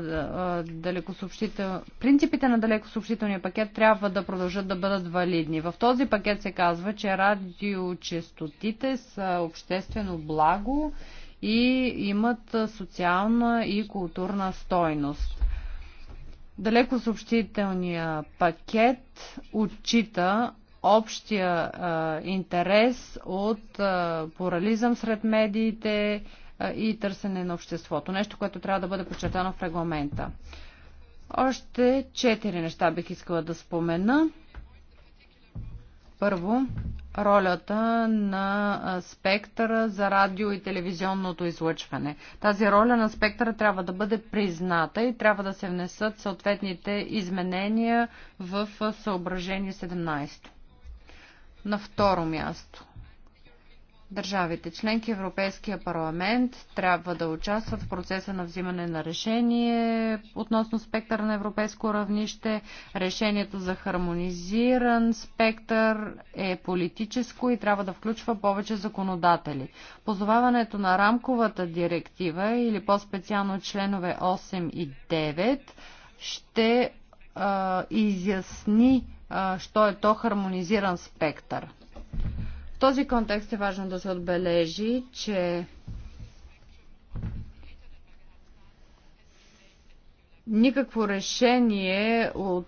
далекосъобщител... Принципите на далекосъобщителния пакет трябва да продължат да бъдат валидни. В този пакет се казва, че радиочестотите са обществено благо и имат социална и културна стойност. Далеко съобщителния пакет отчита общия а, интерес от а, плурализъм сред медиите а, и търсене на обществото. Нещо, което трябва да бъде подчертано в регламента. Още четири неща бих искала да спомена. Първо, ролята на спектъра за радио и телевизионното излъчване. Тази роля на спектъра трябва да бъде призната и трябва да се внесат съответните изменения в съображение 17. На второ място, Държавите членки Европейския парламент трябва да участват в процеса на взимане на решение относно спектър на европейско равнище. Решението за хармонизиран спектър е политическо и трябва да включва повече законодатели. Позоваването на рамковата директива или по-специално членове 8 и 9 ще а, изясни а, що е то хармонизиран спектър този контекст е важно да се отбележи, че никакво решение от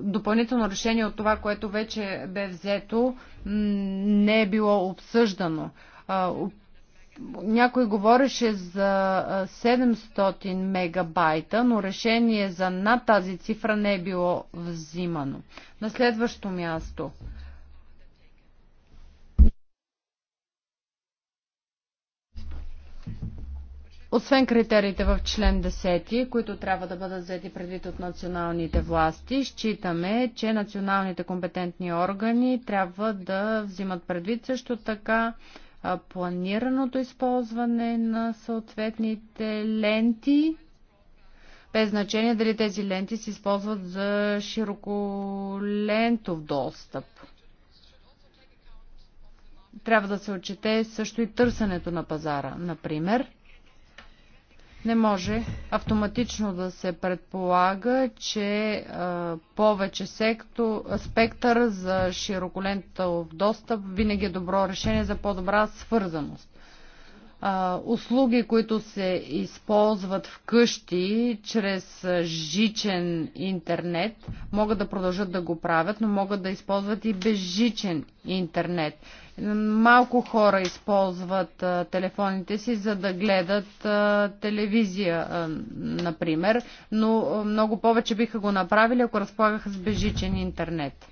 допълнително решение от това, което вече бе взето, не е било обсъждано. Някой говореше за 700 мегабайта, но решение за над тази цифра не е било взимано. На следващо място – Освен критериите в член 10, които трябва да бъдат взети предвид от националните власти, считаме, че националните компетентни органи трябва да взимат предвид също така планираното използване на съответните ленти, без значение дали тези ленти се използват за широколентов достъп. Трябва да се отчете също и търсенето на пазара, например – не може автоматично да се предполага, че повече секто, спектър за широколентов достъп винаги е добро решение за по-добра свързаност а, услуги, които се използват вкъщи чрез жичен интернет, могат да продължат да го правят, но могат да използват и безжичен интернет. Малко хора използват а, телефоните си, за да гледат а, телевизия, а, например, но а, много повече биха го направили, ако разполагаха с безжичен интернет.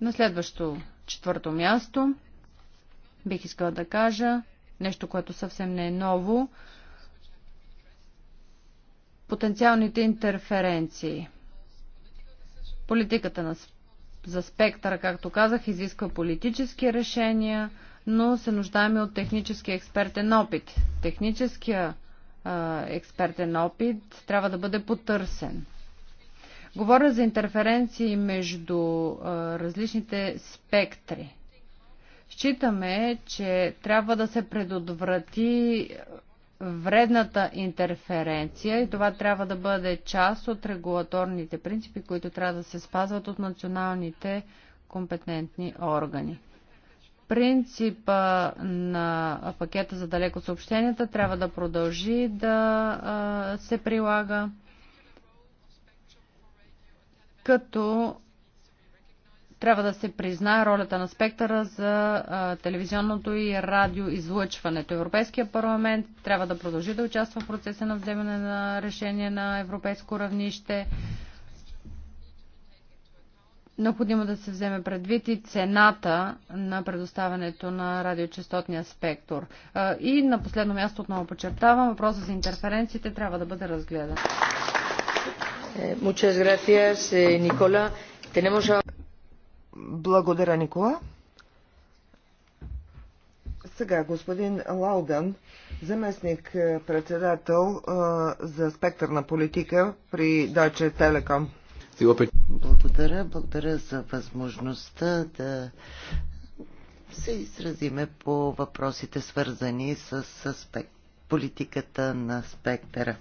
На следващо четвърто място, бих искала да кажа нещо, което съвсем не е ново. Потенциалните интерференции. Политиката на, за спектъра, както казах, изисква политически решения, но се нуждаем от технически експертен опит. Техническия а, експертен опит трябва да бъде потърсен. Говоря за интерференции между различните спектри. Считаме, че трябва да се предотврати вредната интерференция и това трябва да бъде част от регулаторните принципи, които трябва да се спазват от националните компетентни органи. Принципа на пакета за далеко съобщенията трябва да продължи да се прилага като трябва да се признае ролята на спектъра за телевизионното и радио излъчването. Европейския парламент трябва да продължи да участва в процеса на вземане на решение на европейско равнище. Необходимо да се вземе предвид и цената на предоставянето на радиочастотния спектър. И на последно място отново подчертавам, въпросът за интерференциите трябва да бъде разгледан. Eh, благодаря, Никола. Сега господин Лаудан, заместник е, председател е, за спектърна политика при Deutsche Telekom. Благодаря, благодаря за възможността да се изразиме по въпросите свързани с, с политиката на спектъра.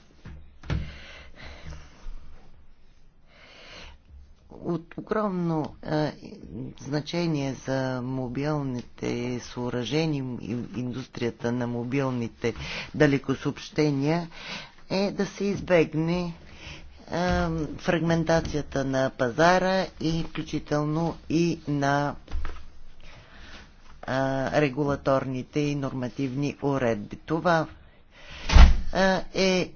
от огромно а, е, значение за мобилните съоръжения и индустрията на мобилните далекосъобщения е да се избегне а, е, фрагментацията на пазара и включително и на а, е, регулаторните и нормативни уредби. Това а, е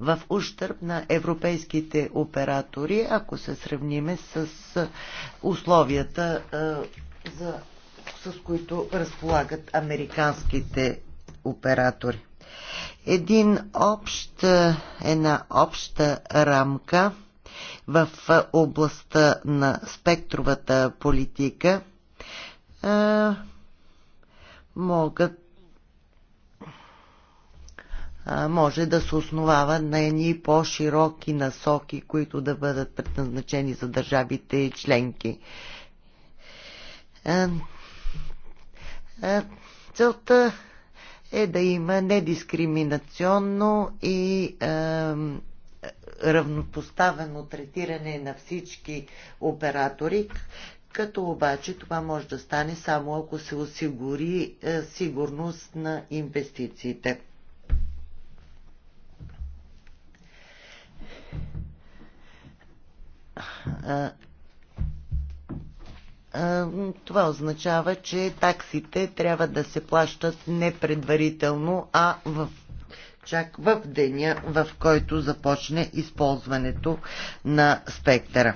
в ущърп на европейските оператори, ако се сравниме с условията, за, с които разполагат американските оператори. Един общ, една обща рамка в областта на спектровата политика могат може да се основава на едни по-широки насоки, които да бъдат предназначени за държавите и членки. Е, е, целта е да има недискриминационно и е, равнопоставено третиране на всички оператори, като обаче това може да стане само ако се осигури сигурност на инвестициите. това означава, че таксите трябва да се плащат не предварително, а в, чак в деня, в който започне използването на спектъра.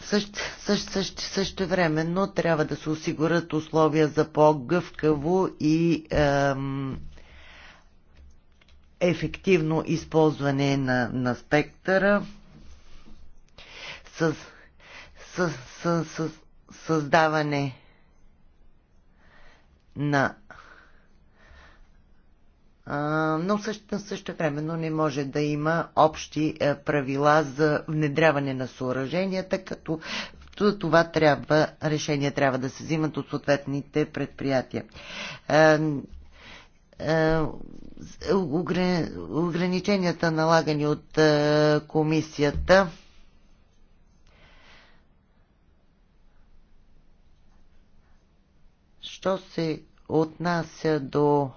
Също, също, също, също времено трябва да се осигурят условия за по-гъвкаво и ем, ефективно използване на, на спектъра създаване на но също, също но не може да има общи е, правила за внедряване на съоръженията, като това трябва, решение трябва да се взимат от съответните предприятия. Е, е, ограниченията налагани от комисията Що се отнася до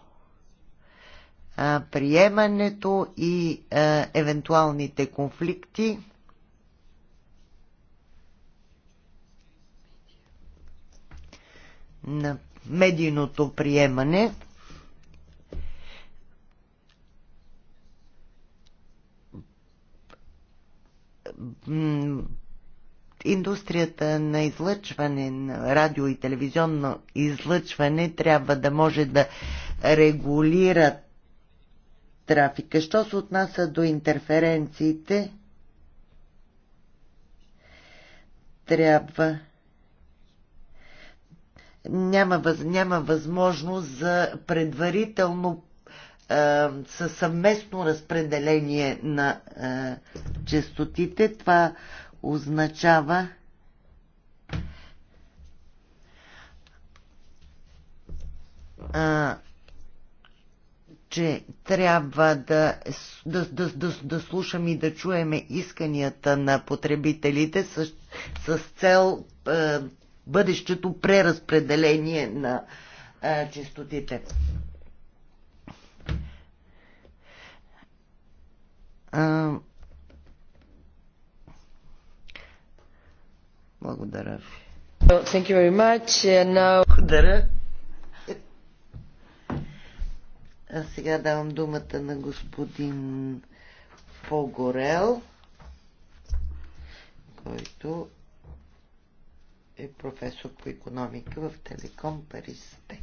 а, приемането и а, евентуалните конфликти, на медийното приемане, индустрията на излъчване, на радио и телевизионно излъчване трябва да може да регулира трафика. Що се отнася до интерференциите, трябва няма, въз, няма възможност за предварително със съвместно разпределение на а, частотите. Това означава а, че трябва да, да, да, да, да слушам и да чуеме исканията на потребителите с, с цел а, бъдещето преразпределение на а, чистотите. А, Благодаря ви. Thank you very much. now... Благодаря. А сега давам думата на господин Погорел, който е професор по економика в Телеком Парис Тек.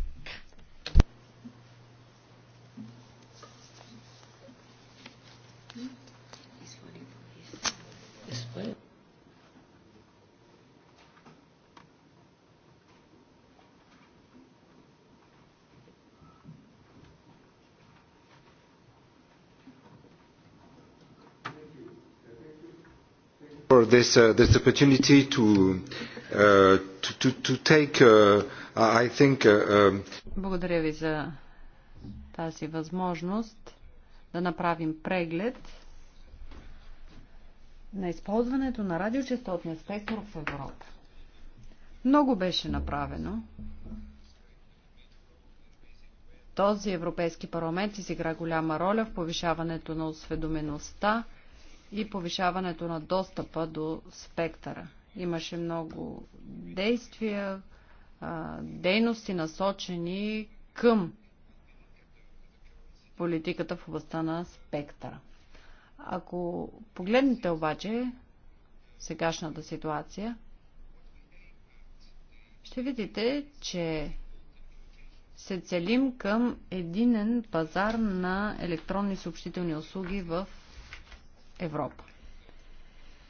Mm-hmm. this, uh, this opportunity to, uh, to, to, to take, uh, I think... Uh, um, Благодаря ви за тази възможност да направим преглед на използването на радиочастотния спектър в Европа. Много беше направено. Този Европейски парламент изигра голяма роля в повишаването на осведомеността и повишаването на достъпа до спектъра. Имаше много действия, дейности насочени към политиката в областта на спектъра. Ако погледнете обаче сегашната ситуация, ще видите, че се целим към единен пазар на електронни съобщителни услуги в Европа.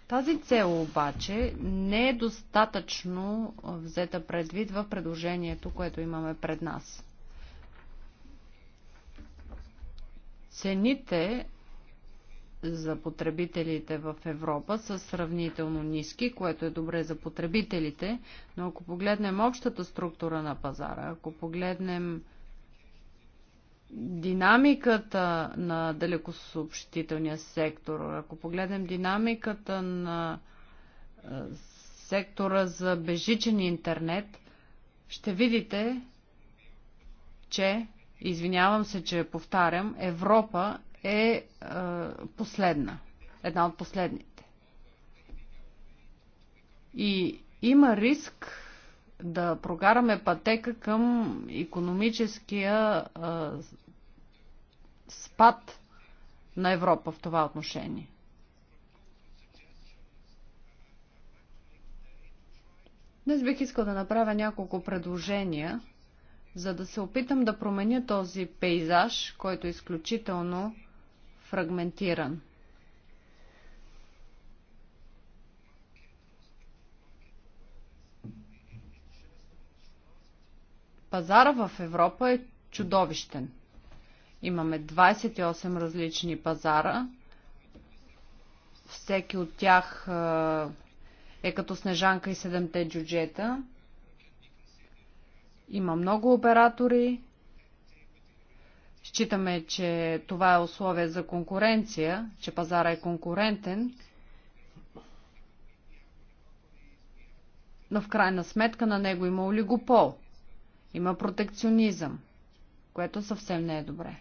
Тази цел обаче не е достатъчно взета предвид в предложението, което имаме пред нас. Цените за потребителите в Европа са сравнително ниски, което е добре за потребителите, но ако погледнем общата структура на пазара, ако погледнем динамиката на далекосъобщителния сектор, ако погледнем динамиката на сектора за бежичен интернет, ще видите, че, извинявам се, че повтарям, Европа е, последна. Една от последните. И има риск да прогараме пътека към економическия спад на Европа в това отношение. Днес бих искал да направя няколко предложения, за да се опитам да променя този пейзаж, който е изключително фрагментиран. Пазара в Европа е чудовищен. Имаме 28 различни пазара. Всеки от тях е като снежанка и седемте джуджета. Има много оператори. Считаме, че това е условие за конкуренция, че пазара е конкурентен. Но в крайна сметка на него има олигопол. Има протекционизъм, което съвсем не е добре.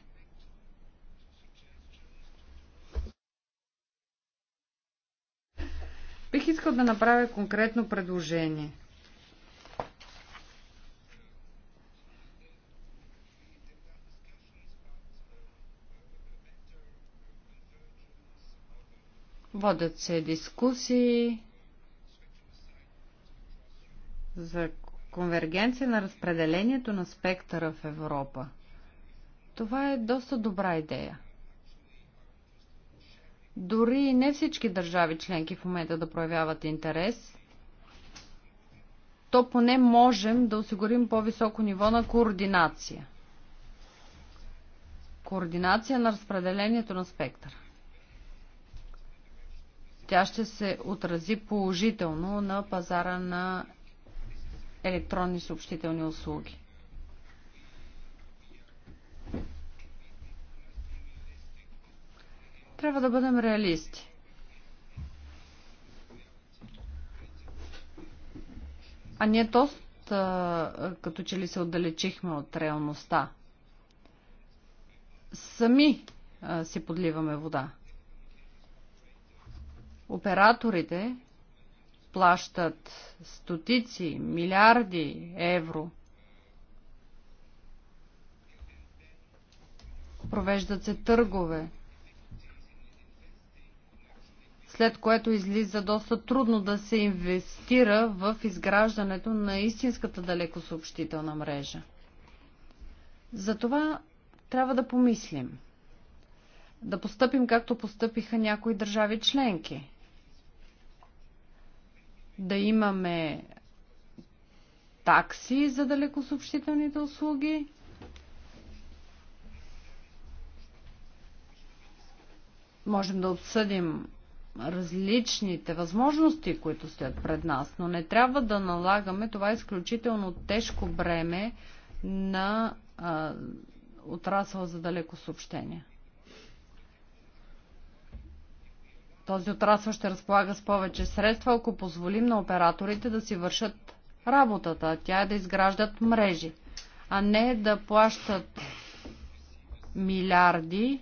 Бих искал да направя конкретно предложение. Водят се дискусии за конвергенция на разпределението на спектъра в Европа. Това е доста добра идея. Дори не всички държави членки в момента да проявяват интерес, то поне можем да осигурим по-високо ниво на координация. Координация на разпределението на спектъра. Тя ще се отрази положително на пазара на електронни съобщителни услуги. Трябва да бъдем реалисти. А ние доста като че ли се отдалечихме от реалността. Сами си подливаме вода. Операторите плащат стотици, милиарди евро. Провеждат се търгове, след което излиза доста трудно да се инвестира в изграждането на истинската далекосъобщителна мрежа. Затова трябва да помислим. Да постъпим както постъпиха някои държави членки. Да имаме такси за далекосъобщителните услуги, можем да обсъдим различните възможности, които стоят пред нас, но не трябва да налагаме това изключително тежко бреме на а, отрасъл за далеко съобщение. Този отрасъл ще разполага с повече средства, ако позволим на операторите да си вършат работата. Тя е да изграждат мрежи, а не да плащат милиарди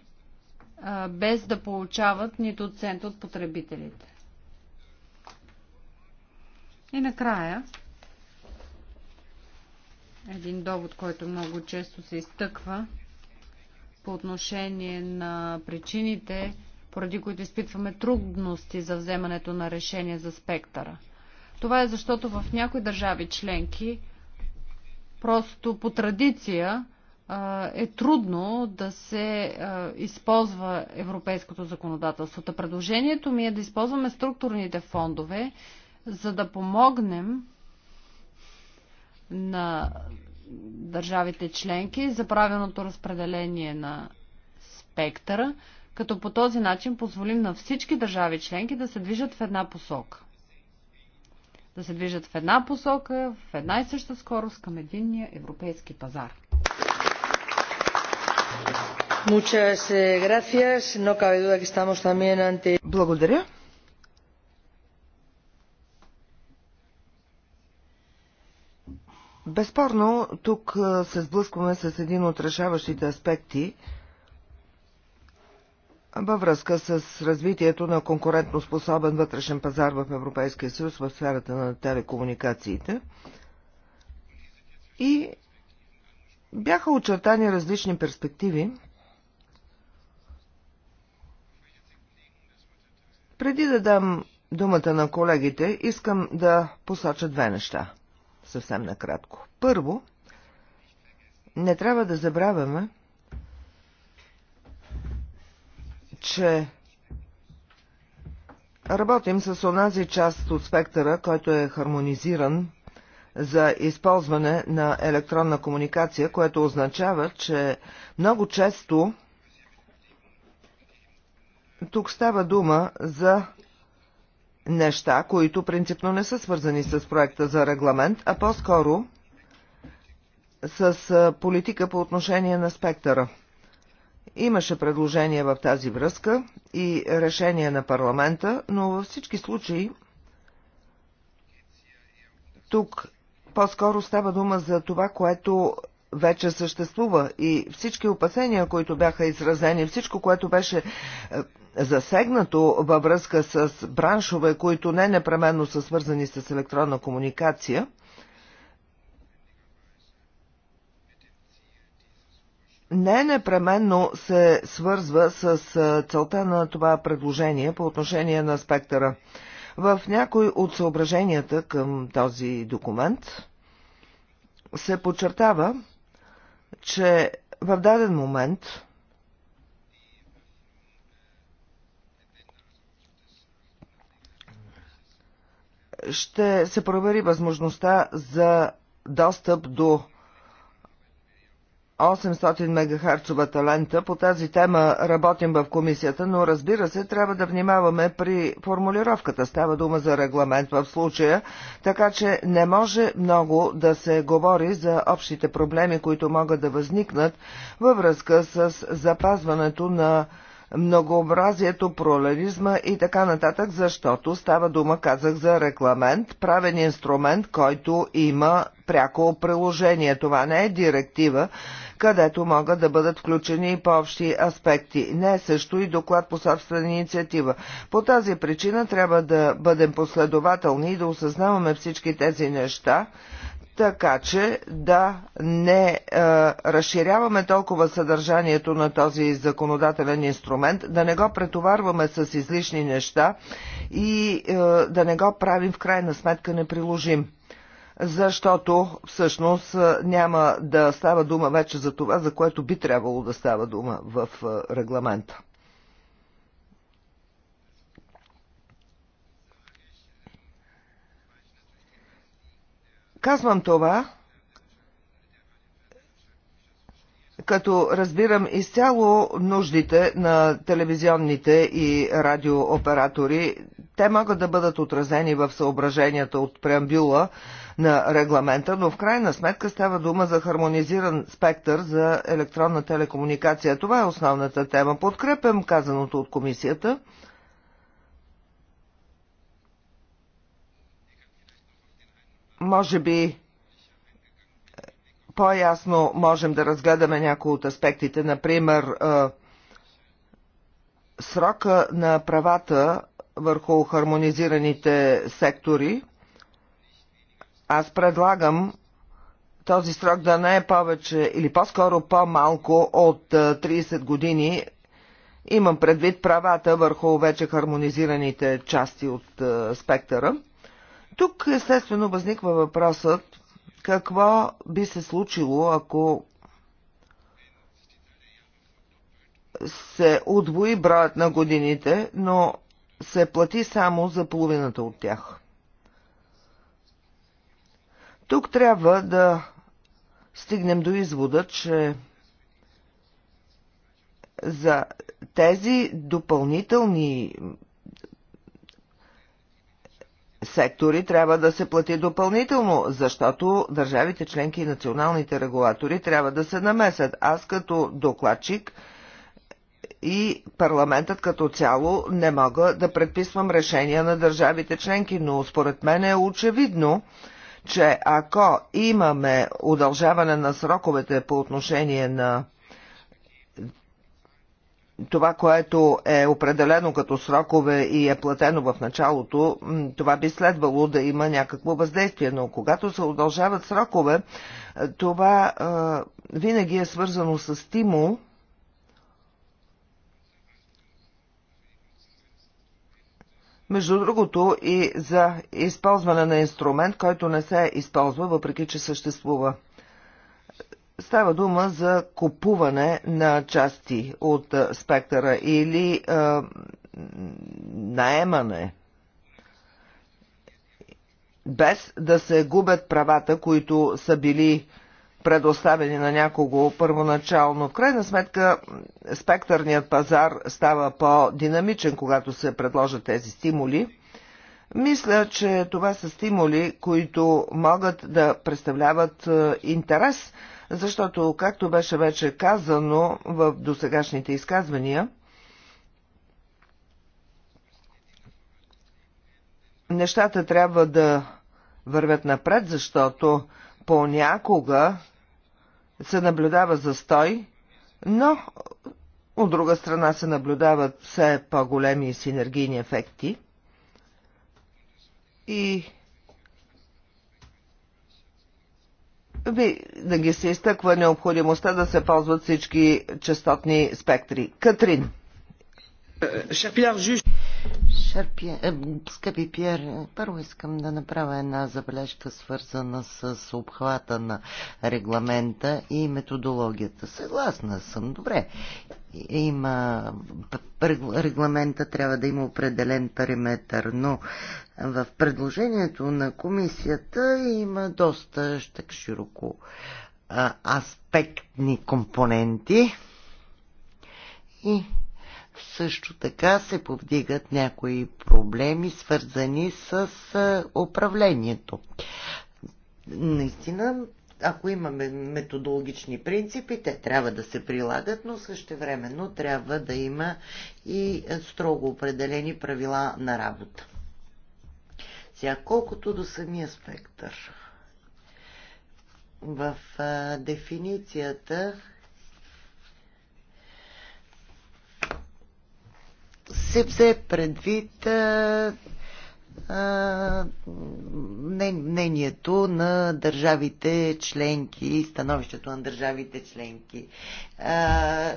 без да получават нито цент от потребителите. И накрая, един довод, който много често се изтъква по отношение на причините, поради които изпитваме трудности за вземането на решение за спектъра. Това е защото в някои държави членки просто по традиция е трудно да се използва европейското законодателство. Та предложението ми е да използваме структурните фондове, за да помогнем на държавите членки за правилното разпределение на спектъра, като по този начин позволим на всички държави членки да се движат в една посока. Да се движат в една посока, в една и съща скорост към единния европейски пазар. Eh, Благодаря. Безспорно, тук се сблъскваме с един от решаващите аспекти във връзка с развитието на способен вътрешен пазар в Европейския съюз в сферата на телекомуникациите. И бяха очертани различни перспективи – Преди да дам думата на колегите, искам да посоча две неща. Съвсем накратко. Първо, не трябва да забравяме, че работим с онази част от спектъра, който е хармонизиран за използване на електронна комуникация, което означава, че много често тук става дума за неща, които принципно не са свързани с проекта за регламент, а по-скоро с политика по отношение на спектъра. Имаше предложение в тази връзка и решение на парламента, но във всички случаи тук по-скоро става дума за това, което вече съществува и всички опасения, които бяха изразени, всичко, което беше е, засегнато във връзка с браншове, които не непременно са свързани с електронна комуникация. не непременно се свързва с целта на това предложение по отношение на спектъра. В някои от съображенията към този документ се подчертава, че в даден момент ще се провери възможността за достъп до 800 мегахарцовата лента. По тази тема работим в комисията, но разбира се, трябва да внимаваме при формулировката. Става дума за регламент в случая, така че не може много да се говори за общите проблеми, които могат да възникнат във връзка с запазването на многообразието, пролеризма и така нататък, защото става дума, казах, за рекламент, правен инструмент, който има пряко приложение. Това не е директива, където могат да бъдат включени и по-общи аспекти. Не е също и доклад по собствена инициатива. По тази причина трябва да бъдем последователни и да осъзнаваме всички тези неща, така че да не е, разширяваме толкова съдържанието на този законодателен инструмент, да не го претоварваме с излишни неща и е, да не го правим в крайна сметка неприложим. Защото всъщност е, няма да става дума вече за това, за което би трябвало да става дума в е, регламента. Казвам това, като разбирам изцяло нуждите на телевизионните и радиооператори. Те могат да бъдат отразени в съображенията от преамбюла на регламента, но в крайна сметка става дума за хармонизиран спектър за електронна телекомуникация. Това е основната тема. Подкрепям казаното от комисията. може би е, по-ясно можем да разгледаме някои от аспектите, например е, срока на правата върху хармонизираните сектори. Аз предлагам този срок да не е повече или по-скоро по-малко от 30 е, години. Имам предвид правата върху вече хармонизираните части от спектъра. Тук естествено възниква въпросът какво би се случило, ако се удвои броят на годините, но се плати само за половината от тях. Тук трябва да стигнем до извода, че за тези допълнителни сектори трябва да се плати допълнително, защото държавите членки и националните регулатори трябва да се намесят. Аз като докладчик и парламентът като цяло не мога да предписвам решения на държавите членки, но според мен е очевидно, че ако имаме удължаване на сроковете по отношение на това, което е определено като срокове и е платено в началото, това би следвало да има някакво въздействие. Но когато се удължават срокове, е, това е, винаги е свързано с стимул Между другото и за използване на инструмент, който не се използва, въпреки че съществува. Става дума за купуване на части от спектъра или е, наемане, без да се губят правата, които са били предоставени на някого първоначално. В крайна сметка спектърният пазар става по-динамичен, когато се предложат тези стимули. Мисля, че това са стимули, които могат да представляват интерес – защото, както беше вече казано в досегашните изказвания, нещата трябва да вървят напред, защото понякога се наблюдава застой, но от друга страна се наблюдават все по-големи синергийни ефекти и винаги се изтъква необходимостта да се ползват всички частотни спектри. Катрин. Шапиар, е, е, just... Шарпи... Е, скъпи Пьер, първо искам да направя една забележка, свързана с обхвата на регламента и методологията. Съгласна съм, добре. Има... Регламента трябва да има определен периметр, но в предложението на комисията има доста щък широко аспектни компоненти и също така се повдигат някои проблеми, свързани с управлението. Наистина, ако имаме методологични принципи, те трябва да се прилагат, но същевременно трябва да има и строго определени правила на работа. Сега, колкото до самия спектър, в дефиницията се взе предвид а, а, мнението на държавите членки становището на държавите членки. А,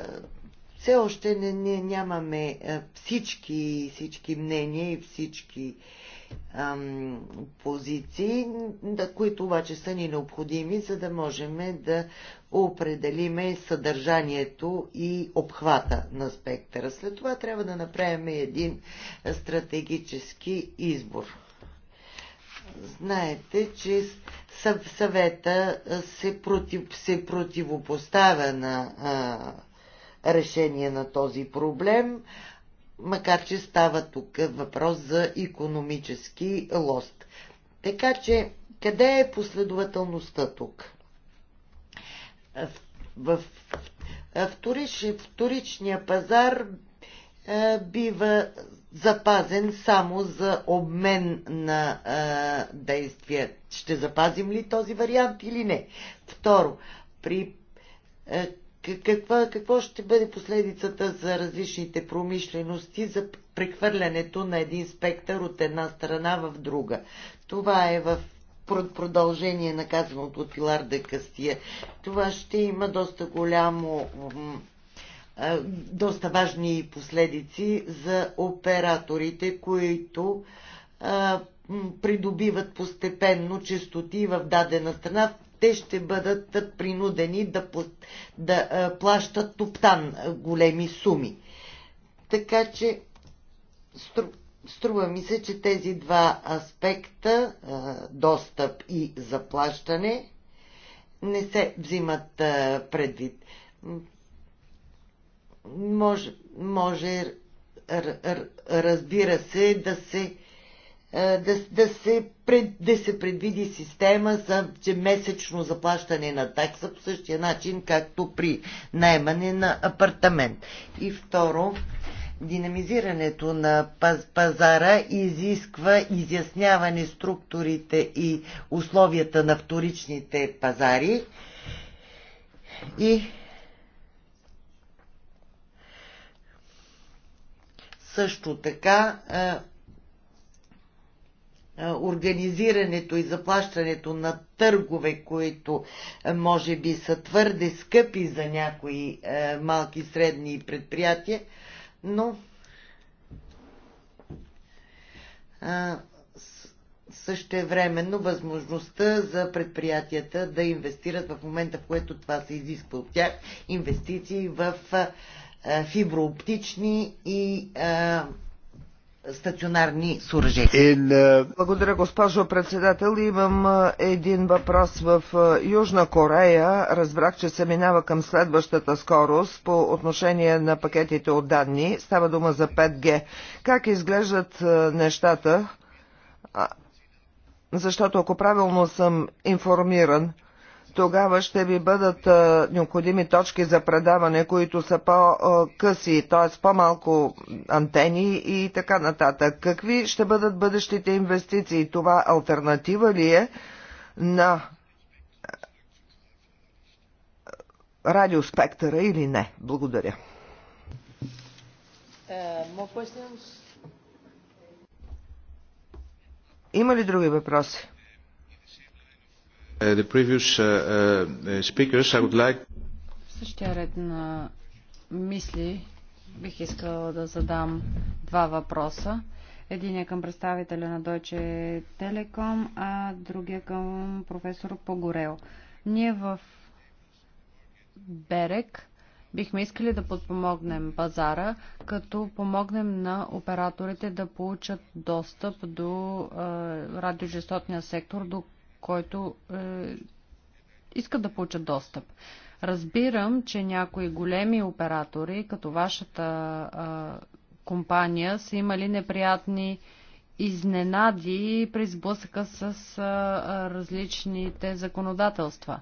все още не, не, нямаме всички, всички мнения и всички а, позиции, да, които обаче са ни необходими, за да можем да определиме съдържанието и обхвата на спектъра. След това трябва да направим един стратегически избор. Знаете, че съвета се, против, се противопоставя на а, решение на този проблем макар че става тук въпрос за економически лост. Така че, къде е последователността тук? В, вторич, вторичния пазар е, бива запазен само за обмен на а, е, действия. Ще запазим ли този вариант или не? Второ, при а, е, каква, какво ще бъде последицата за различните промишлености за прехвърлянето на един спектър от една страна в друга. Това е в продължение на казаното от Пилар де Кастия. Това ще има доста голямо доста важни последици за операторите, които придобиват постепенно честоти в дадена страна, те ще бъдат принудени да, да плащат топтан големи суми. Така че стру, струва ми се, че тези два аспекта, достъп и заплащане, не се взимат предвид. Може, може разбира се, да се е, да, да, се пред, да се предвиди система за че месечно заплащане на такса по същия начин, както при найемане на апартамент. И второ, динамизирането на пазара изисква изясняване структурите и условията на вторичните пазари и също така е, организирането и заплащането на търгове, които може би са твърде скъпи за някои малки и средни предприятия, но времено възможността за предприятията да инвестират в момента, в което това се изисква от тях, инвестиции в фиброоптични и стационарни съоръжения. Е, Благодаря, госпожо председател. Имам един въпрос в Южна Корея. Разбрах, че се минава към следващата скорост по отношение на пакетите от данни. Става дума за 5G. Как изглеждат нещата? Защото ако правилно съм информиран, тогава ще ви бъдат необходими точки за предаване, които са по-къси, т.е. по-малко антени и така нататък. Какви ще бъдат бъдещите инвестиции? Това альтернатива ли е на радиоспектъра или не? Благодаря. Е, Има ли други въпроси? Uh, the previous uh, uh, speakers, I would like... В същия ред на мисли бих искала да задам два въпроса. Един е към представителя на Deutsche Telekom, а другия към професор Погорел. Ние в Берек бихме искали да подпомогнем пазара, като помогнем на операторите да получат достъп до е, сектор, до който е, искат да получат достъп. Разбирам, че някои големи оператори, като вашата е, компания, са имали неприятни изненади при сблъсъка с е, различните законодателства.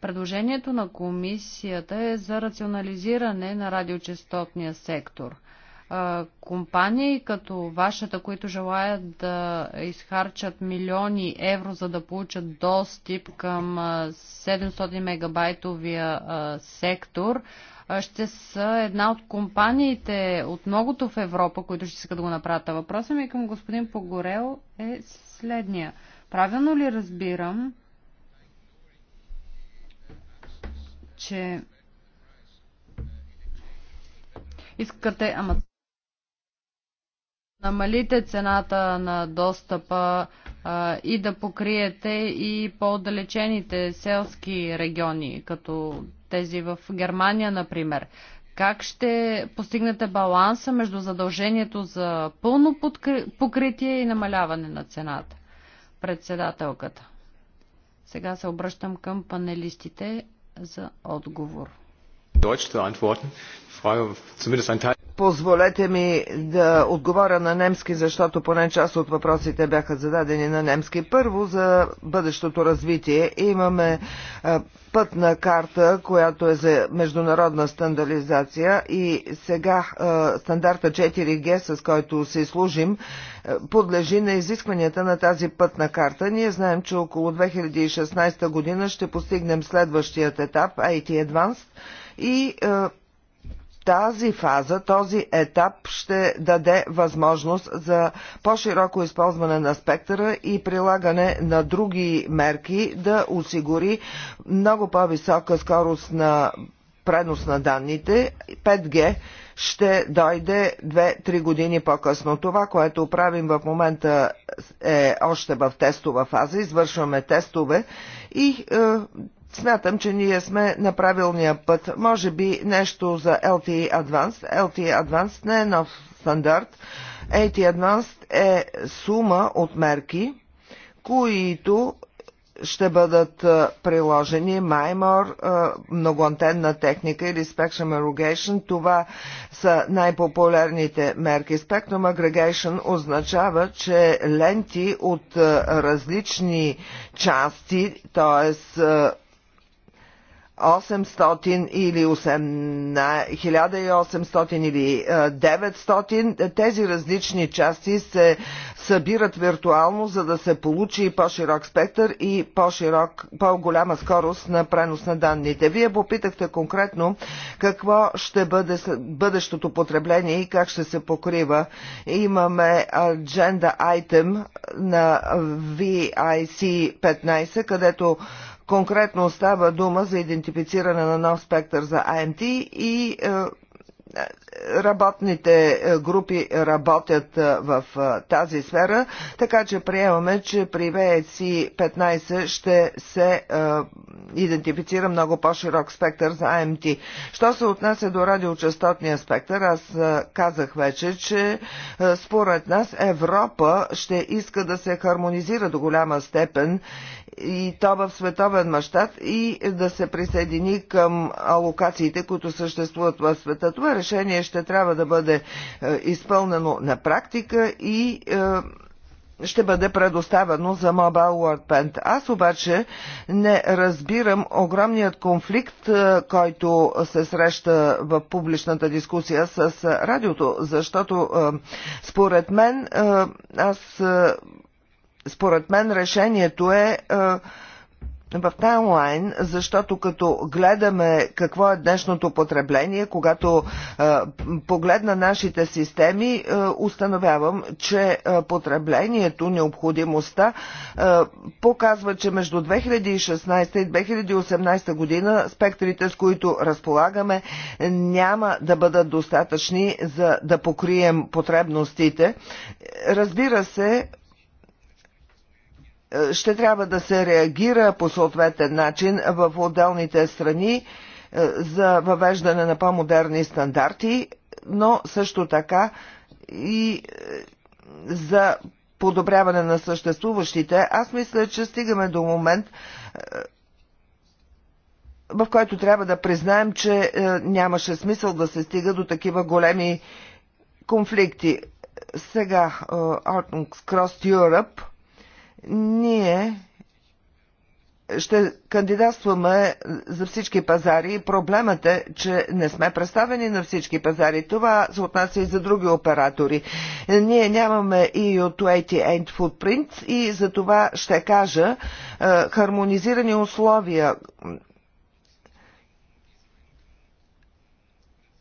Предложението на комисията е за рационализиране на радиочастотния сектор – компании като вашата, които желаят да изхарчат милиони евро, за да получат достъп към 700 мегабайтовия сектор, ще са една от компаниите от многото в Европа, които ще искат да го направят. Въпросът ми към господин Погорел е следния. Правилно ли разбирам, че искате, ама намалите цената на достъпа а, и да покриете и по-отдалечените селски региони, като тези в Германия, например. Как ще постигнете баланса между задължението за пълно покритие и намаляване на цената? Председателката. Сега се обръщам към панелистите за отговор. Позволете ми да отговоря на немски, защото поне част от въпросите бяха зададени на немски. Първо за бъдещото развитие. Имаме е, пътна карта, която е за международна стандализация и сега е, стандарта 4G, с който се служим, е, подлежи на изискванията на тази пътна карта. Ние знаем, че около 2016 година ще постигнем следващият етап IT Advanced и е, тази фаза, този етап ще даде възможност за по-широко използване на спектъра и прилагане на други мерки да осигури много по-висока скорост на пренос на данните. 5G ще дойде 2-3 години по-късно. Това, което правим в момента е още в тестова фаза. Извършваме тестове и е, Смятам, че ние сме на правилния път. Може би нещо за LTE Advanced. LTE Advanced не е нов стандарт. LTE Advanced е сума от мерки, които ще бъдат приложени маймор, многоантенна техника или Spectrum Aggregation. Това са най-популярните мерки. Spectrum Aggregation означава, че ленти от различни части, т.е 800 или 8, 1800 или 900, е, тези различни части се събират виртуално, за да се получи по-широк спектър и по-широк, по-голяма скорост на пренос на данните. Вие попитахте конкретно какво ще бъде бъдещото потребление и как ще се покрива. Имаме Agenda Item на VIC 15, където Конкретно става дума за идентифициране на нов спектър за АМТ и е, работните е, групи работят е, в е, тази сфера, така че приемаме, че при VSC-15 ще се идентифицира много по-широк спектър за АМТ. Що се отнася до радиочастотния спектър, аз казах вече, че според нас Европа ще иска да се хармонизира до голяма степен и то в световен мащаб и да се присъедини към алокациите, които съществуват в света. Това решение ще трябва да бъде е, изпълнено на практика и е, ще бъде предоставено за Mobile World Paint. Аз обаче не разбирам огромният конфликт, е, който се среща в публичната дискусия с радиото, защото според мен аз според мен решението е в онлайн, защото като гледаме какво е днешното потребление, когато а, е, погледна нашите системи, а, е, установявам, че а, е, потреблението, необходимостта а, показва, че между 2016 и 2018 година спектрите, с които разполагаме, няма да бъдат достатъчни за да покрием потребностите. Разбира се, ще трябва да се реагира по съответен начин в отделните страни е, за въвеждане на по-модерни стандарти, но също така и е, за подобряване на съществуващите. Аз мисля, че стигаме до момент, е, в който трябва да признаем, че нямаше смисъл да се стига до такива големи конфликти. Сега Артнукс Cross Europe – ние ще кандидатстваме за всички пазари и проблемът е, че не сме представени на всички пазари. Това се отнася и за други оператори. Ние нямаме и от 88 Footprint и за това ще кажа е, хармонизирани условия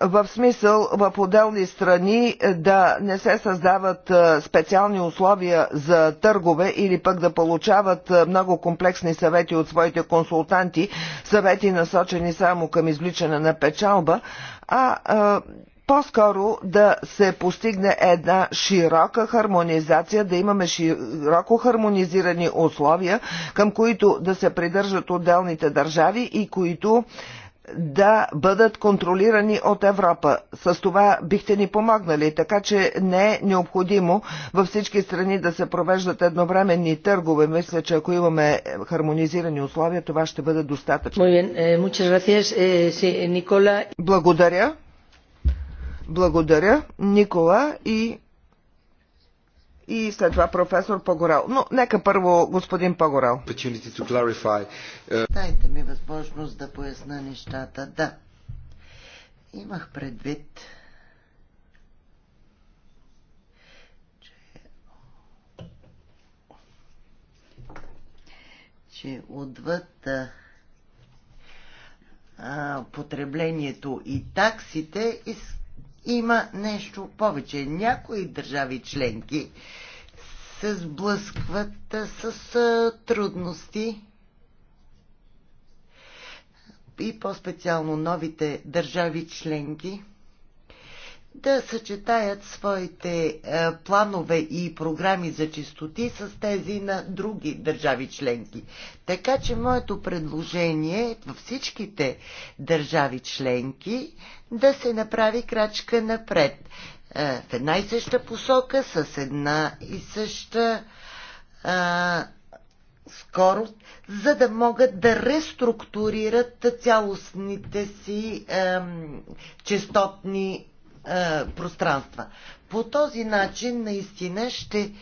в смисъл в отделни страни да не се създават специални условия за търгове или пък да получават много комплексни съвети от своите консултанти, съвети насочени само към извличане на печалба, а по-скоро да се постигне една широка хармонизация, да имаме широко хармонизирани условия, към които да се придържат отделните държави и които да бъдат контролирани от Европа. С това бихте ни помогнали, така че не е необходимо във всички страни да се провеждат едновременни търгове. Мисля, че ако имаме хармонизирани условия, това ще бъде достатъчно. Eh, eh, Благодаря. Благодаря, Никола и и след това професор Погорал. Но нека първо господин Погорал. Е, Дайте ми възможност да поясна нещата. Да. Имах предвид, че, че отвъд а, потреблението и таксите из има нещо повече. Някои държави членки се сблъскват с трудности и по-специално новите държави членки да съчетаят своите е, планове и програми за чистоти с тези на други държави членки. Така че моето предложение е във всичките държави членки да се направи крачка напред. Е, в една и съща посока, с една и съща е, скорост, за да могат да реструктурират цялостните си е, частотни е, пространства. По този начин наистина ще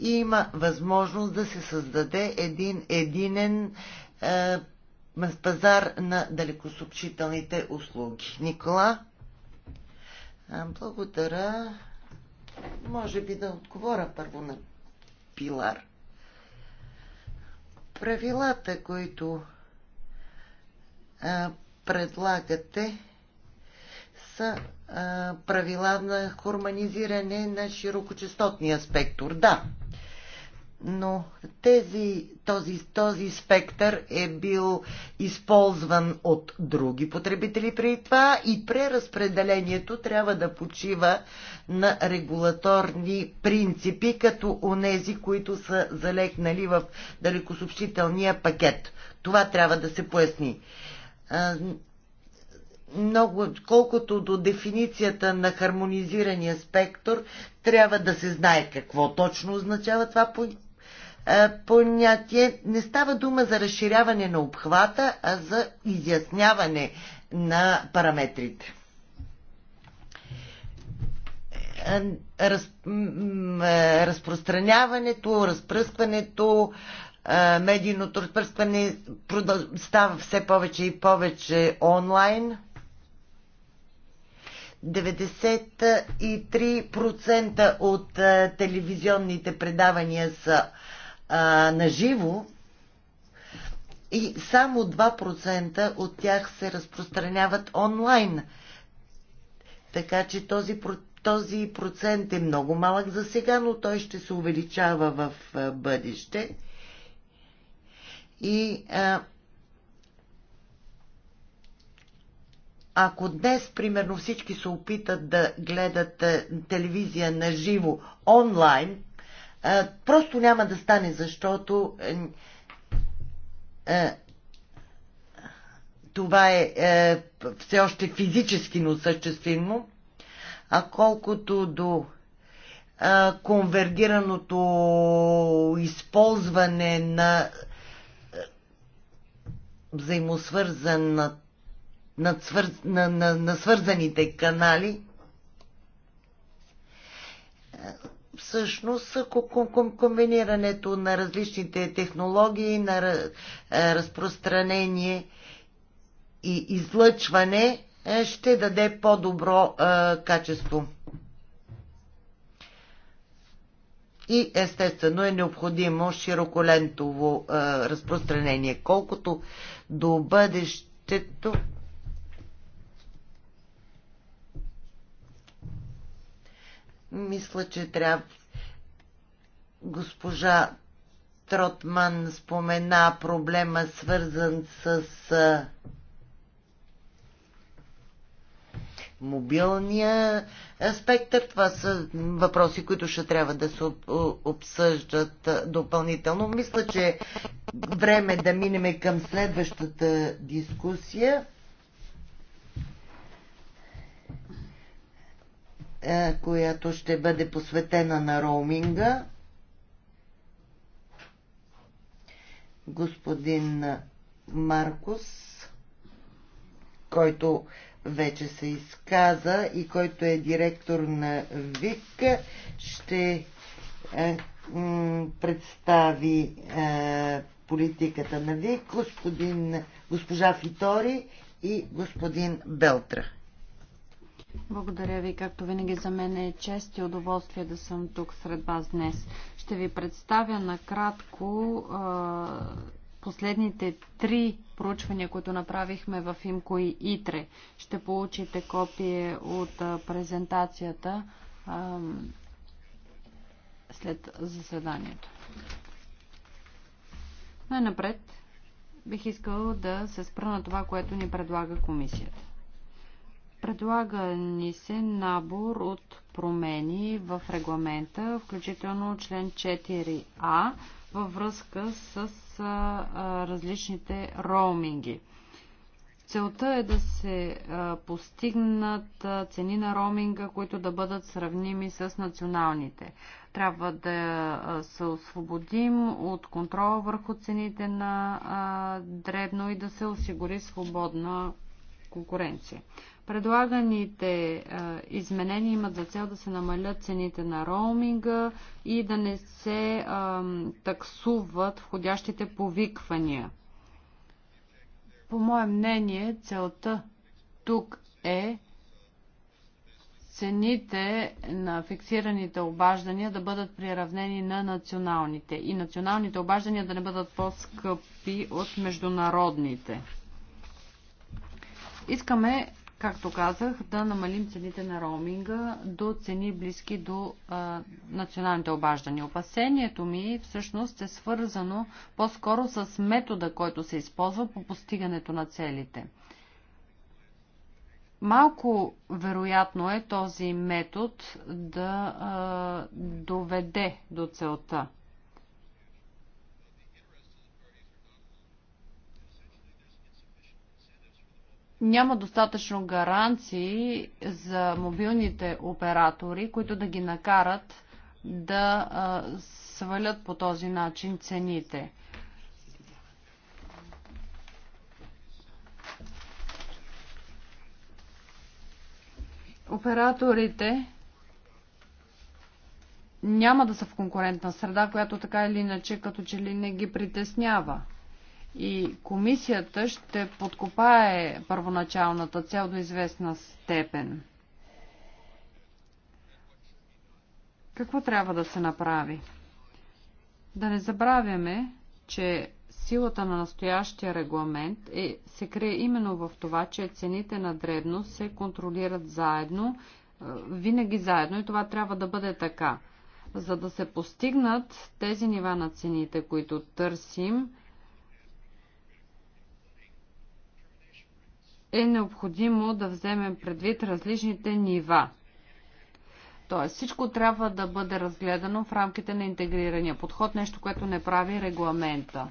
има възможност да се създаде един единен е, пазар на далекосъобщителните услуги. Никола? Благодаря. Може би да отговоря първо на Пилар. Правилата, които а, предлагате, са правила на хорманизиране на широкочастотния спектър. Да, но тези, този, този спектър е бил използван от други потребители при това и преразпределението трябва да почива на регулаторни принципи, като онези, които са залегнали в далекосъобщителния пакет. Това трябва да се поясни много, колкото до дефиницията на хармонизирания спектър, трябва да се знае какво точно означава това е, понятие. Не става дума за разширяване на обхвата, а за изясняване на параметрите. Е, раз, е, разпространяването, разпръскването, медийното разпръскване става все повече и повече онлайн – 93% от телевизионните предавания са на наживо и само 2% от тях се разпространяват онлайн. Така че този, този процент е много малък за сега, но той ще се увеличава в бъдеще. И а, ако днес, примерно, всички се опитат да гледат е, телевизия на живо онлайн, е, просто няма да стане, защото е, това е, е все още физически съществено. а колкото до е, конвергираното използване на взаимосвързаната на, свър... на, на, на свързаните канали, всъщност комбинирането на различните технологии, на е, разпространение и излъчване е, ще даде по-добро е, качество. И естествено е необходимо широколентово разпространение. Колкото до бъдещето, Мисля, че трябва госпожа Тротман спомена проблема свързан с мобилния спектър. Това са въпроси, които ще трябва да се обсъждат допълнително. Мисля, че време е да минеме към следващата дискусия. Е, която ще бъде посветена на роуминга. Господин Маркус, който вече се изказа и който е директор на ВИК, ще е, представи е, политиката на ВИК, господин, госпожа Фитори и господин Белтра. Благодаря ви. Както винаги за мен е чест и удоволствие да съм тук сред вас днес. Ще ви представя накратко последните три проучвания, които направихме в Имко и Итре. Ще получите копие от презентацията след заседанието. Най-напред бих искала да се спра на това, което ни предлага комисията. Предлага ни се набор от промени в регламента, включително член 4а във връзка с а, а, различните роуминги. Целта е да се а, постигнат а, цени на роуминга, които да бъдат сравними с националните. Трябва да а, се освободим от контрола върху цените на а, дребно и да се осигури свободна конкуренция. Предлаганите а, изменения имат за цел да се намалят цените на роуминга и да не се а, таксуват входящите повиквания. По мое мнение, целта тук е цените на фиксираните обаждания да бъдат приравнени на националните и националните обаждания да не бъдат по-скъпи от международните. Искаме както казах, да намалим цените на роуминга до цени близки до а, националните обаждания. Опасението ми всъщност е свързано по-скоро с метода, който се използва по постигането на целите. Малко вероятно е този метод да а, доведе до целта. няма достатъчно гаранции за мобилните оператори, които да ги накарат да а, свалят по този начин цените. Операторите няма да са в конкурентна среда, която така или иначе като че ли не ги притеснява и комисията ще подкопае първоначалната цел до известна степен. Какво трябва да се направи? Да не забравяме, че силата на настоящия регламент е, се крие именно в това, че цените на дребно се контролират заедно, е, винаги заедно и това трябва да бъде така. За да се постигнат тези нива на цените, които търсим, е необходимо да вземем предвид различните нива. Тоест всичко трябва да бъде разгледано в рамките на интегрирания подход, нещо, което не прави регламента.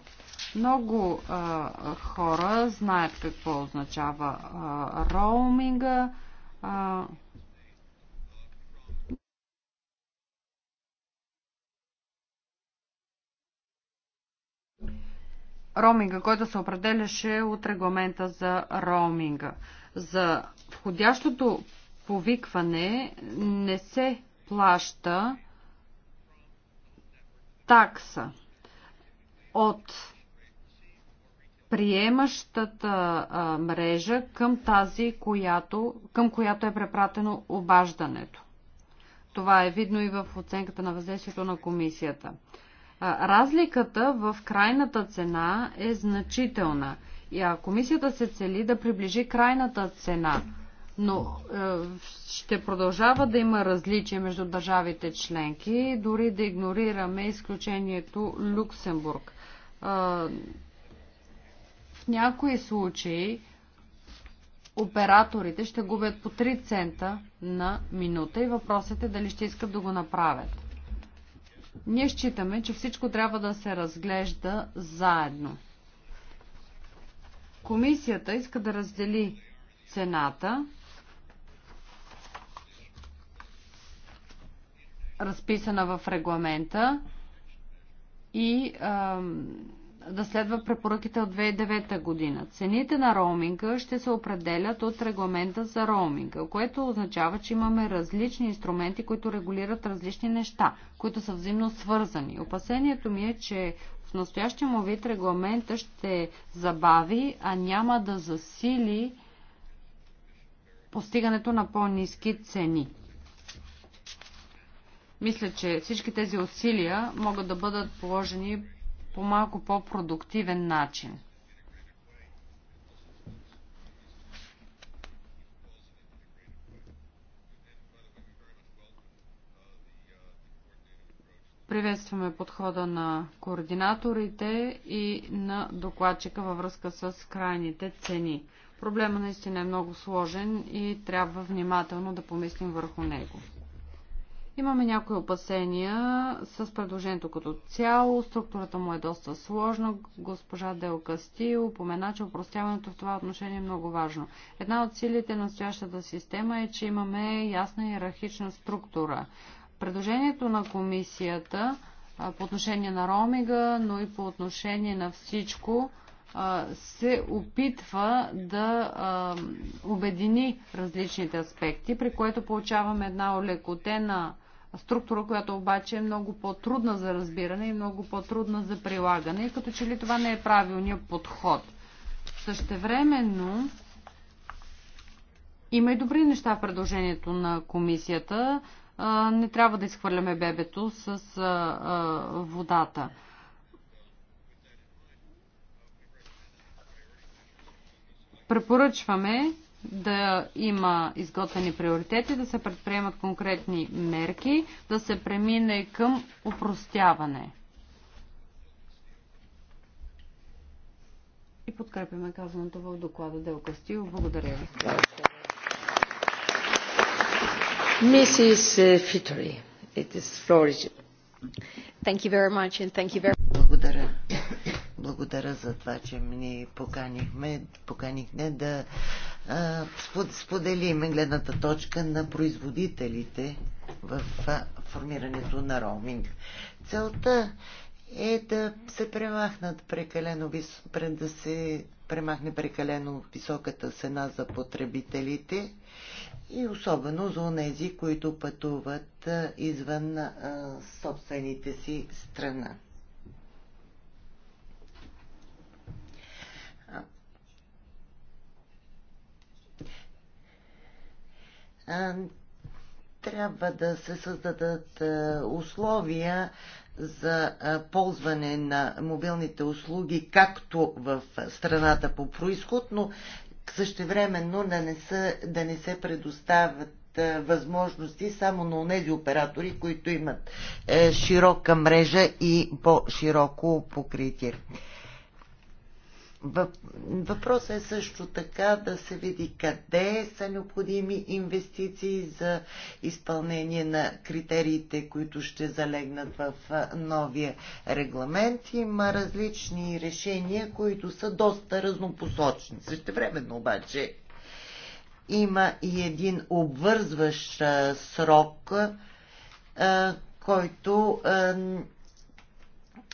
Много а, хора знаят какво означава а, роуминга. А, роуминга, който се определяше от регламента за роуминга. За входящото повикване не се плаща такса от приемащата а, мрежа към тази, която, към която е препратено обаждането. Това е видно и в оценката на въздействието на комисията. Разликата в крайната цена е значителна. И комисията се цели да приближи крайната цена, но е, ще продължава да има различия между държавите членки, дори да игнорираме изключението Люксембург. Е, в някои случаи операторите ще губят по 3 цента на минута и въпросът е дали ще искат да го направят. Ние считаме, че всичко трябва да се разглежда заедно. Комисията иска да раздели цената, разписана в регламента и ам, да следва препоръките от 2009 година. Цените на роуминга ще се определят от регламента за роуминга, което означава, че имаме различни инструменти, които регулират различни неща, които са взаимно свързани. Опасението ми е, че в настоящия му вид регламента ще забави, а няма да засили постигането на по-низки цени. Мисля, че всички тези усилия могат да бъдат положени по малко по-продуктивен начин. Приветстваме подхода на координаторите и на докладчика във връзка с крайните цени. Проблема наистина е много сложен и трябва внимателно да помислим върху него. Имаме някои опасения с предложението като цяло. Структурата му е доста сложна. Госпожа Дел Кастил упомена, че упростяването в това отношение е много важно. Една от силите на настоящата система е, че имаме ясна иерархична структура. Предложението на комисията по отношение на ромига, но и по отношение на всичко, се опитва да обедини различните аспекти, при което получаваме една олекотена структура, която обаче е много по-трудна за разбиране и много по-трудна за прилагане, като че ли това не е правилният подход. Същевременно има и добри неща в предложението на комисията. Не трябва да изхвърляме бебето с водата. Препоръчваме да има изготвени приоритети, да се предприемат конкретни мерки, да се премине към упростяване. И подкрепяме казаното в доклада Дел Кастил. Благодаря ви. Мисис е, Фитори, it is flourishing. Thank you very much and thank you very Благодаря. Благодаря за това, че ми поканихме, поканихме да споделиме гледната точка на производителите в формирането на роуминг. Целта е да се премахнат прекалено пред да се премахне прекалено високата цена за потребителите и особено за онези, които пътуват извън собствените си страна. трябва да се създадат условия за ползване на мобилните услуги както в страната по происход, но същевременно да не, са, да не се предоставят възможности само на тези оператори, които имат е, широка мрежа и по-широко покритие. Въпросът е също така да се види къде са необходими инвестиции за изпълнение на критериите, които ще залегнат в новия регламент. Има различни решения, които са доста разнопосочни. времено обаче има и един обвързващ срок, който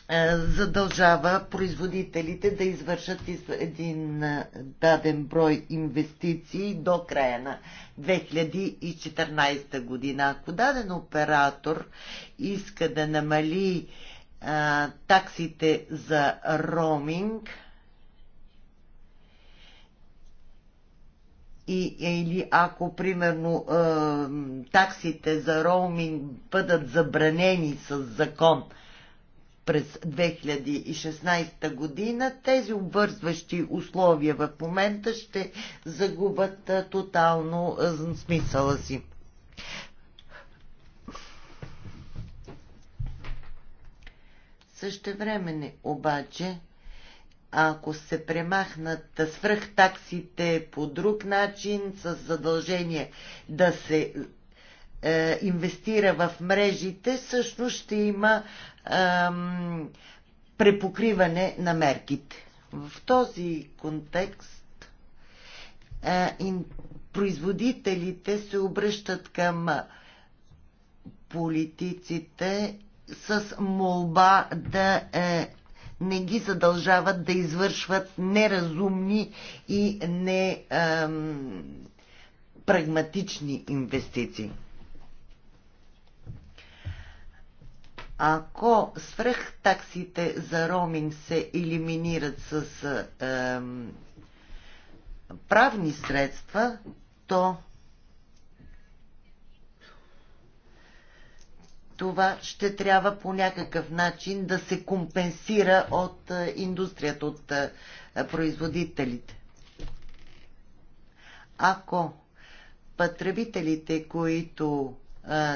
е, задължава производителите да извършат един е, даден брой инвестиции до края на 2014 година. Ако даден оператор иска да намали а, е, таксите за роуминг и, или ако, примерно, а, таксите за роуминг бъдат забранени с закон – през 2016 година, тези обвързващи условия в момента ще загубят тотално смисъла си. време, обаче, ако се премахнат свръхтаксите по друг начин, с задължение да се е, инвестира в мрежите, всъщност ще има препокриване на мерките. В този контекст производителите се обръщат към политиците с молба да е, не ги задължават да извършват неразумни и не прагматични инвестиции. Ако свръхтаксите за роминг се елиминират с е, правни средства, то това ще трябва по някакъв начин да се компенсира от е, индустрията, от е, производителите. Ако потребителите, които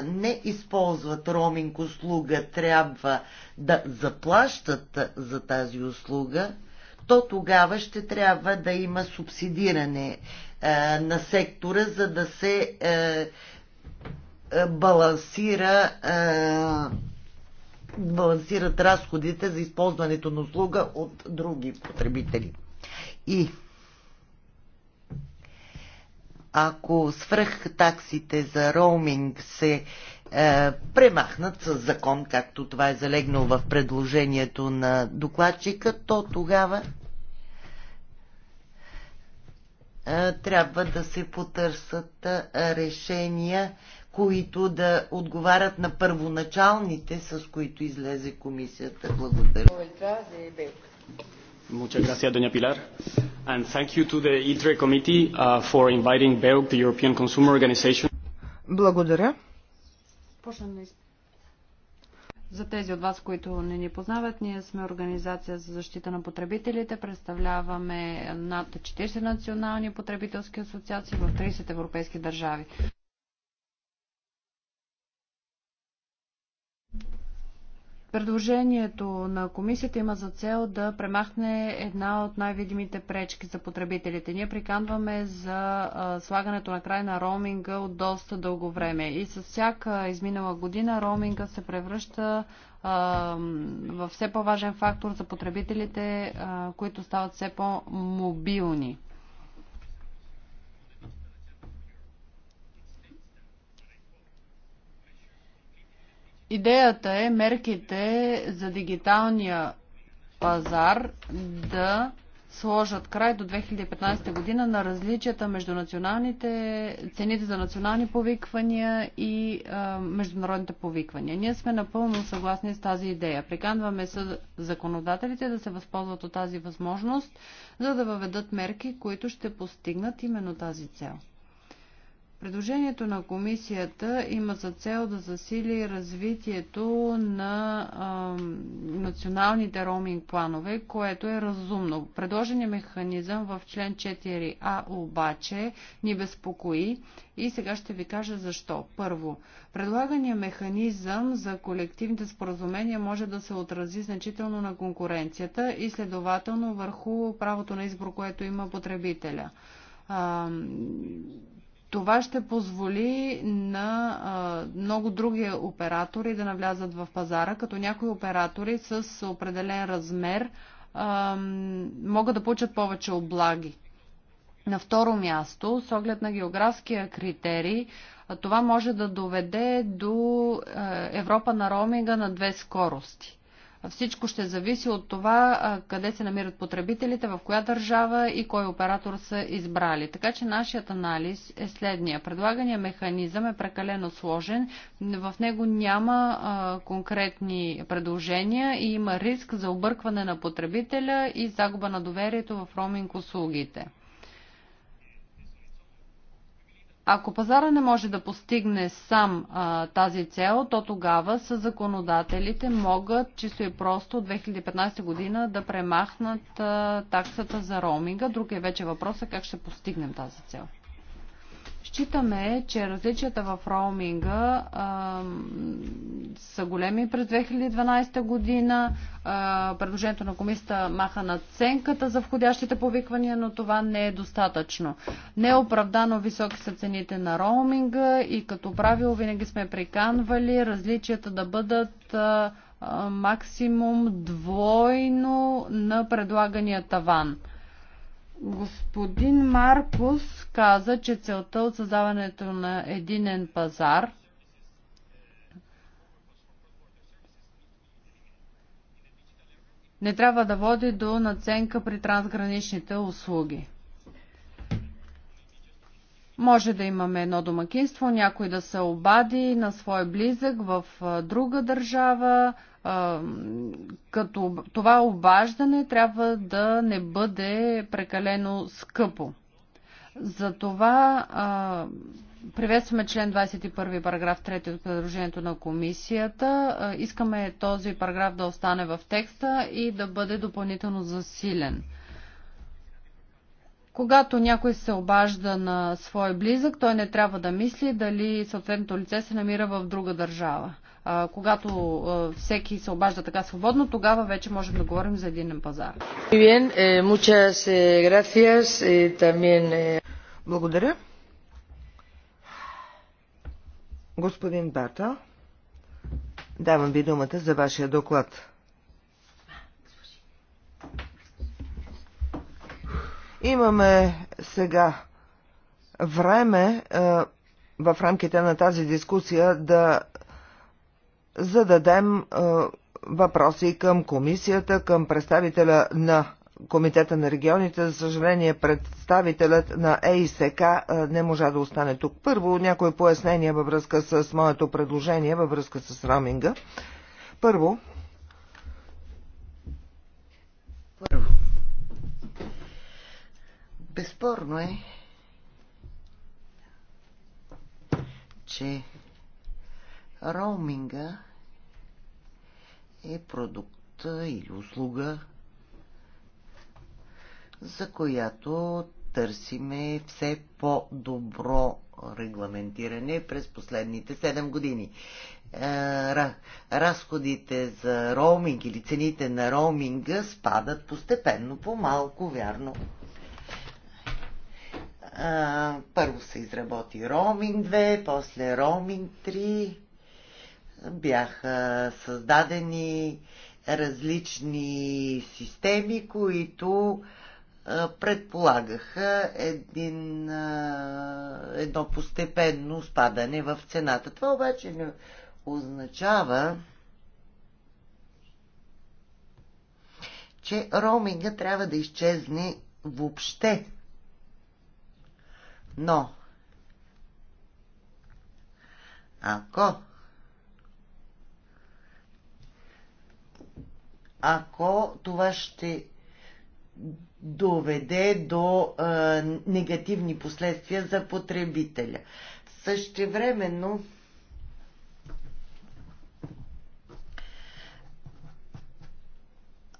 не използват роуминг услуга, трябва да заплащат за тази услуга, то тогава ще трябва да има субсидиране на сектора, за да се балансира балансират разходите за използването на услуга от други потребители. И ако свръх таксите за роуминг се е, премахнат с закон, както това е залегнало в предложението на докладчика, то тогава е, трябва да се потърсят е, решения, които да отговарят на първоначалните, с които излезе комисията. Благодаря. Muchas gracias, doña Pilar. And thank you to the ITRE committee uh, for inviting BEUC, the European Consumer Organization. Благодаря. За тези от вас, които не ни познават, ние сме Организация за защита на потребителите. Представляваме над 40 национални потребителски асоциации в 30 европейски държави. Предложението на комисията има за цел да премахне една от най-видимите пречки за потребителите. Ние приканваме за слагането на край на роуминга от доста дълго време и с всяка изминала година роуминга се превръща в все по-важен фактор за потребителите, които стават все по-мобилни. Идеята е мерките за дигиталния пазар да сложат край до 2015 година на различията между националните, цените за национални повиквания и а, международните повиквания. Ние сме напълно съгласни с тази идея. Приканваме с законодателите да се възползват от тази възможност, за да въведат мерки, които ще постигнат именно тази цел. Предложението на комисията има за цел да засили развитието на а, националните роуминг планове, което е разумно. Предложения е механизъм в член 4а обаче ни безпокои и сега ще ви кажа защо. Първо, предлагания механизъм за колективните споразумения може да се отрази значително на конкуренцията и следователно върху правото на избор, което има потребителя това ще позволи на а, много други оператори да навлязат в пазара, като някои оператори с определен размер а, могат да получат повече облаги. На второ място, с оглед на географския критерий, това може да доведе до е, Европа на роминга на две скорости. Всичко ще зависи от това къде се намират потребителите, в коя държава и кой оператор са избрали. Така че нашият анализ е следния. Предлагания механизъм е прекалено сложен. В него няма конкретни предложения и има риск за объркване на потребителя и загуба на доверието в роминг услугите. Ако пазара не може да постигне сам а, тази цел, то тогава са законодателите могат чисто и просто от 2015 година да премахнат а, таксата за роуминга. Друг е вече въпроса как ще постигнем тази цел. Считаме, че различията в роуминга а, са големи през 2012 година. А, предложението на комисията маха наценката за входящите повиквания, но това не е достатъчно. Неоправдано високи са цените на роуминга и като правило винаги сме приканвали различията да бъдат а, максимум двойно на предлагания таван. Господин Маркус каза, че целта от създаването на единен пазар не трябва да води до наценка при трансграничните услуги. Може да имаме едно домакинство, някой да се обади на свой близък в друга държава, като това обаждане трябва да не бъде прекалено скъпо. Затова приветстваме член 21, параграф 3 от предложението на комисията. А, искаме този параграф да остане в текста и да бъде допълнително засилен. Когато някой се обажда на свой близък, той не трябва да мисли дали съответното лице се намира в друга държава а, когато а, всеки се обажда така свободно, тогава вече можем да говорим за единен пазар. Eh, eh, eh, Благодаря. Господин Бата, давам ви думата за вашия доклад. Имаме сега време в рамките на тази дискусия да зададем е, въпроси към комисията, към представителя на Комитета на регионите. За съжаление, представителят на ЕИСК е, не можа да остане тук. Първо, някои пояснения във връзка с моето предложение, във връзка с роминга. Първо, Първо. Безспорно е, че роуминга е продукт или услуга, за която търсиме все по-добро регламентиране през последните 7 години. Е, разходите за роуминг или цените на роуминга спадат постепенно, по-малко, вярно. Първо се изработи роуминг 2, после роуминг 3 бяха създадени различни системи, които предполагаха един, едно постепенно спадане в цената. Това обаче не означава, че роуминга трябва да изчезне въобще. Но, ако ако това ще доведе до а, негативни последствия за потребителя. Същевременно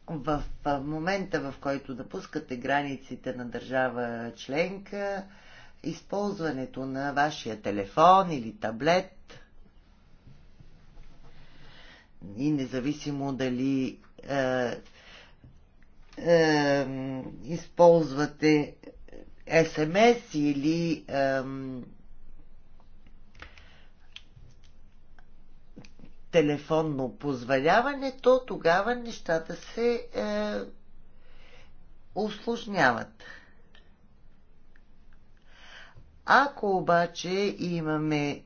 в момента, в който допускате границите на държава членка, използването на вашия телефон или таблет и независимо дали е, е, използвате СМС или е, телефонно позволяване, то тогава нещата се е, усложняват. Ако обаче имаме е,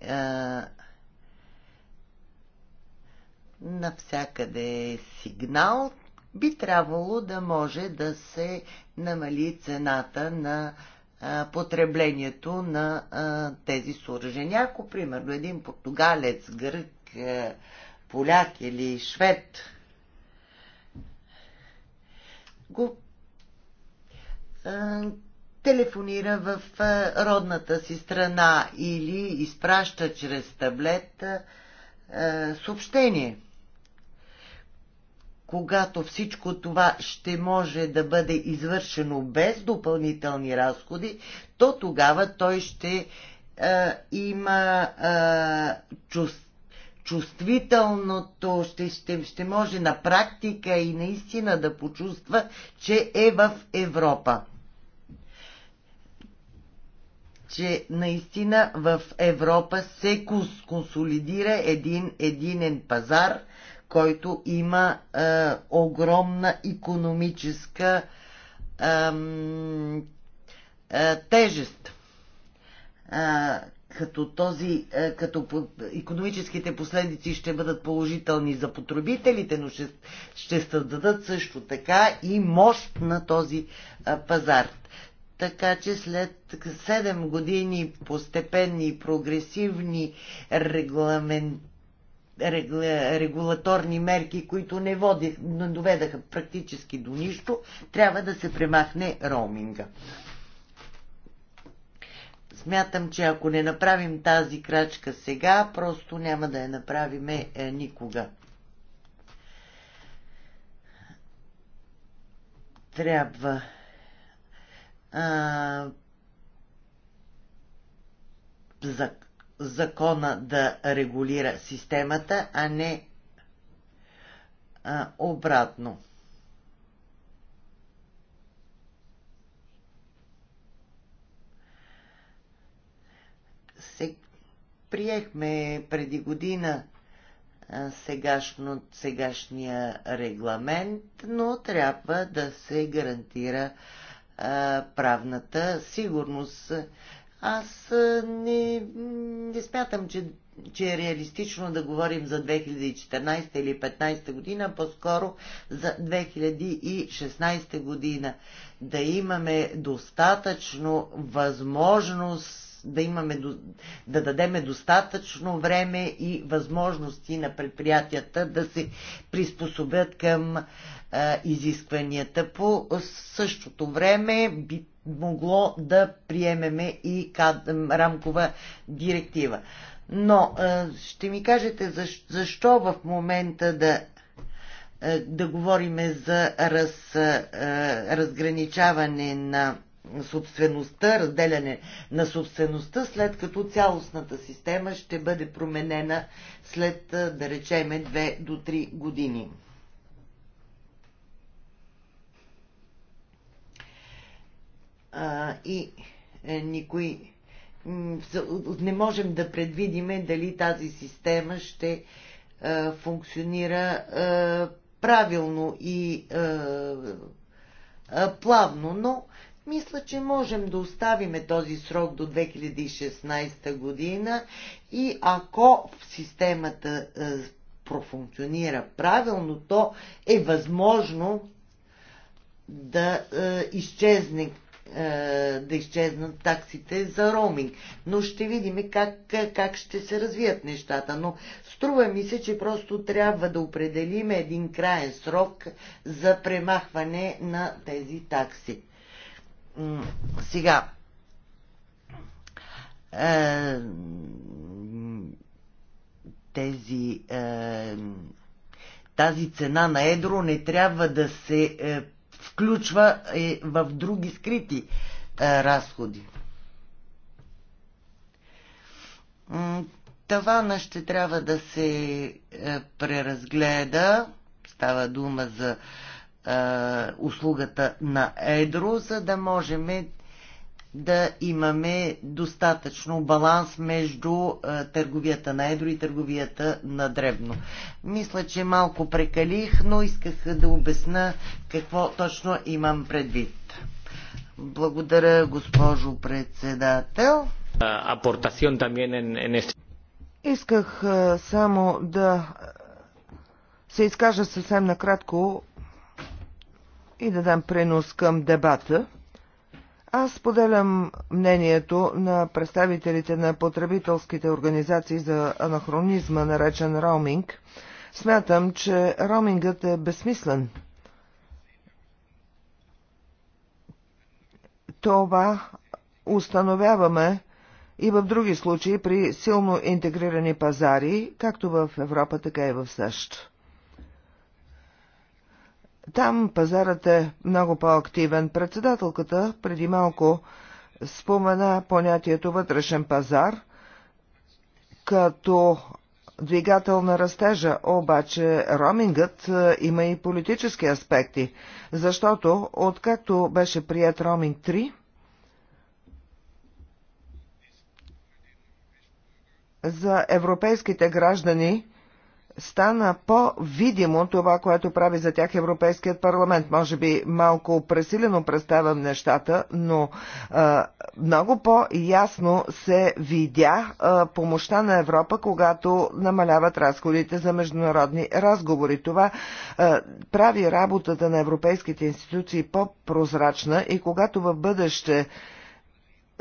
навсякъде е сигнал, би трябвало да може да се намали цената на потреблението на тези съоръжения. Ако, примерно, един португалец, грък, поляк или швед го телефонира в родната си страна или изпраща чрез таблет съобщение когато всичко това ще може да бъде извършено без допълнителни разходи, то тогава той ще а, е, има а, е, чувствителното, ще, ще, ще може на практика и наистина да почувства, че е в Европа. Че наистина в Европа се консолидира един единен пазар – който има е, огромна економическа е, е, тежест. Е, като, този, е, като по, економическите последици ще бъдат положителни за потребителите, но ще, ще създадат също така и мощ на този е, пазар. Така че след 7 години постепенни и прогресивни регламенти, регулаторни мерки, които не, водих, не доведаха практически до нищо, трябва да се премахне роуминга. Смятам, че ако не направим тази крачка сега, просто няма да я направиме е, никога. Трябва а, за закона да регулира системата, а не а, обратно. Се, приехме преди година сегашно, сегашния регламент, но трябва да се гарантира а, правната сигурност. Аз не, не смятам, че, че е реалистично да говорим за 2014 или 2015 година, по-скоро за 2016 година. Да имаме достатъчно възможност да имаме, да дадеме достатъчно време и възможности на предприятията да се приспособят към а, изискванията. По същото време би могло да приемеме и рамкова директива. Но ще ми кажете защо, в момента да, да говориме за раз, разграничаване на собствеността, разделяне на собствеността, след като цялостната система ще бъде променена след, да речеме, 2 до 3 години. а, и е, никой не можем да предвидиме дали тази система ще е, функционира е, правилно и е, е, плавно, но мисля, че можем да оставиме този срок до 2016 година и ако системата е, профункционира правилно, то е възможно да е, изчезне е, да изчезнат таксите за роуминг. Но ще видим как, как ще се развият нещата. Но струва ми се, че просто трябва да определим един краен срок за премахване на тези такси. Сега. Е, тези е, тази цена на едро не трябва да се включва и в други скрити е, разходи. Тавана ще трябва да се е, преразгледа. Става дума за е, услугата на Едро, за да можем да имаме достатъчно баланс между е, търговията на едро и търговията на дребно. Мисля, че малко прекалих, но исках да обясна какво точно имам предвид. Благодаря, госпожо председател. Апортацион Исках е, само да се изкажа съвсем накратко и да дам пренос към дебата. Аз поделям мнението на представителите на потребителските организации за анахронизма, наречен роуминг. Смятам, че роумингът е безсмислен. Това установяваме и в други случаи при силно интегрирани пазари, както в Европа, така и в САЩ. Там пазарът е много по-активен. Председателката преди малко спомена понятието вътрешен пазар като двигател на растежа, обаче ромингът е, има и политически аспекти, защото откакто беше прият роминг 3, за европейските граждани стана по-видимо това, което прави за тях Европейският парламент. Може би малко пресилено представям нещата, но а, много по-ясно се видя а, помощта на Европа, когато намаляват разходите за международни разговори. Това а, прави работата на европейските институции по-прозрачна и когато в бъдеще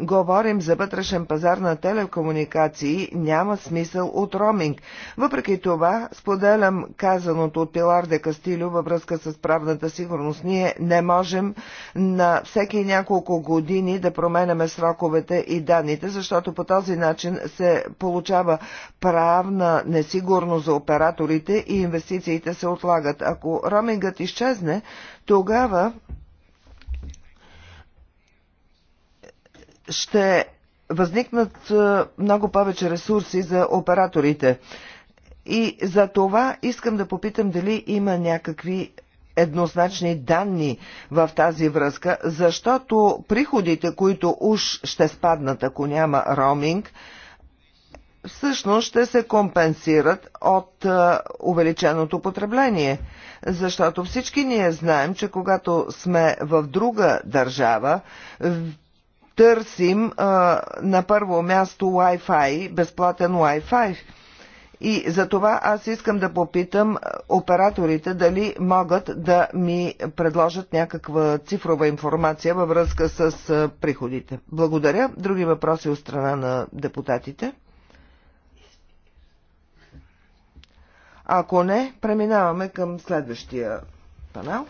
говорим за вътрешен пазар на телекомуникации, няма смисъл от роминг. Въпреки това, споделям казаното от Пилар де Кастилю във връзка с правната сигурност. Ние не можем на всеки няколко години да променяме сроковете и данните, защото по този начин се получава правна несигурност за операторите и инвестициите се отлагат. Ако ромингът изчезне, тогава ще възникнат е, много повече ресурси за операторите. И за това искам да попитам дали има някакви еднозначни данни в тази връзка, защото приходите, които уж ще спаднат, ако няма роуминг, всъщност ще се компенсират от е, увеличеното потребление. Защото всички ние знаем, че когато сме в друга държава, търсим а, на първо място Wi-Fi, безплатен Wi-Fi. И за това аз искам да попитам операторите дали могат да ми предложат някаква цифрова информация във връзка с приходите. Благодаря. Други въпроси от страна на депутатите? Ако не, преминаваме към следващия панел.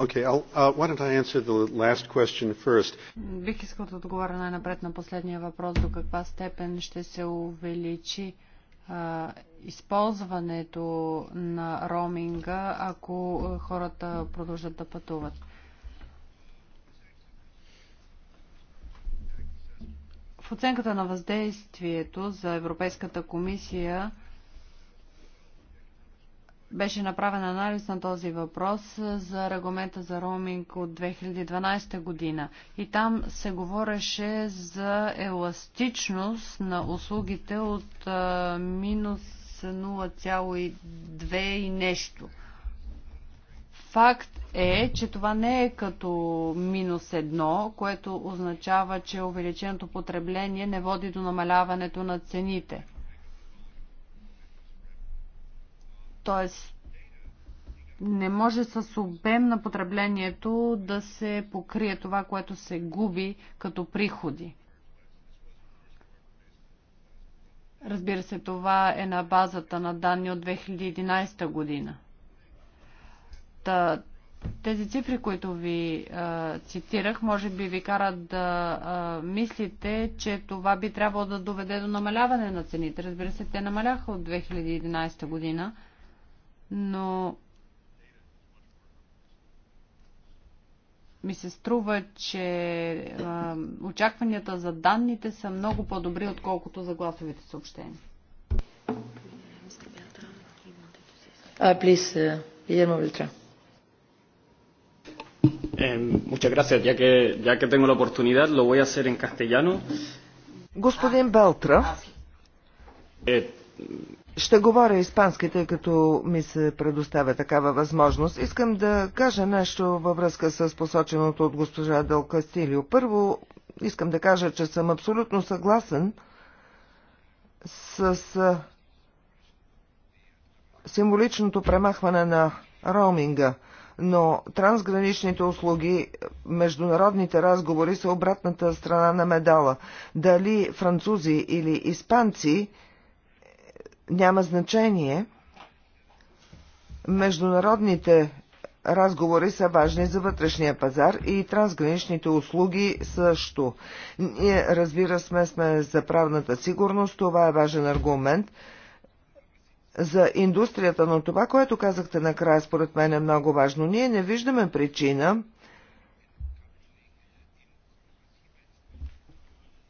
Okay, I'll, uh, why don't I answer the last question first? Бих искал да отговоря най-напред на последния въпрос, до каква степен ще се увеличи използването на роуминга, ако хората продължат да пътуват. В оценката на въздействието за Европейската комисия беше направен анализ на този въпрос за регламента за роуминг от 2012 година. И там се говореше за еластичност на услугите от а, минус 0,2 и нещо. Факт е, че това не е като минус едно, което означава, че увеличеното потребление не води до намаляването на цените. Т.е. не може с обем на потреблението да се покрие това, което се губи като приходи. Разбира се, това е на базата на данни от 2011 година. Та, тези цифри, които ви а, цитирах, може би ви карат да а, мислите, че това би трябвало да доведе до намаляване на цените. Разбира се, те намаляха от 2011 година но ми се струва, че а, очакванията за данните са много по-добри, отколкото за гласовите съобщения. Uh, please, uh, Guillermo Beltrán. Eh, muchas gracias. Ya que, ya que tengo la oportunidad, lo voy a hacer en castellano. Господин Белтра. Eh, ще говоря испански, тъй като ми се предоставя такава възможност. Искам да кажа нещо във връзка с посоченото от госпожа Дел Кастилио. Първо, искам да кажа, че съм абсолютно съгласен с символичното премахване на роуминга, но трансграничните услуги, международните разговори са обратната страна на медала. Дали французи или испанци – няма значение. Международните разговори са важни за вътрешния пазар и трансграничните услуги също. Ние, разбира сме, сме за правната сигурност, това е важен аргумент. За индустрията, но това, което казахте накрая, според мен е много важно. Ние не виждаме причина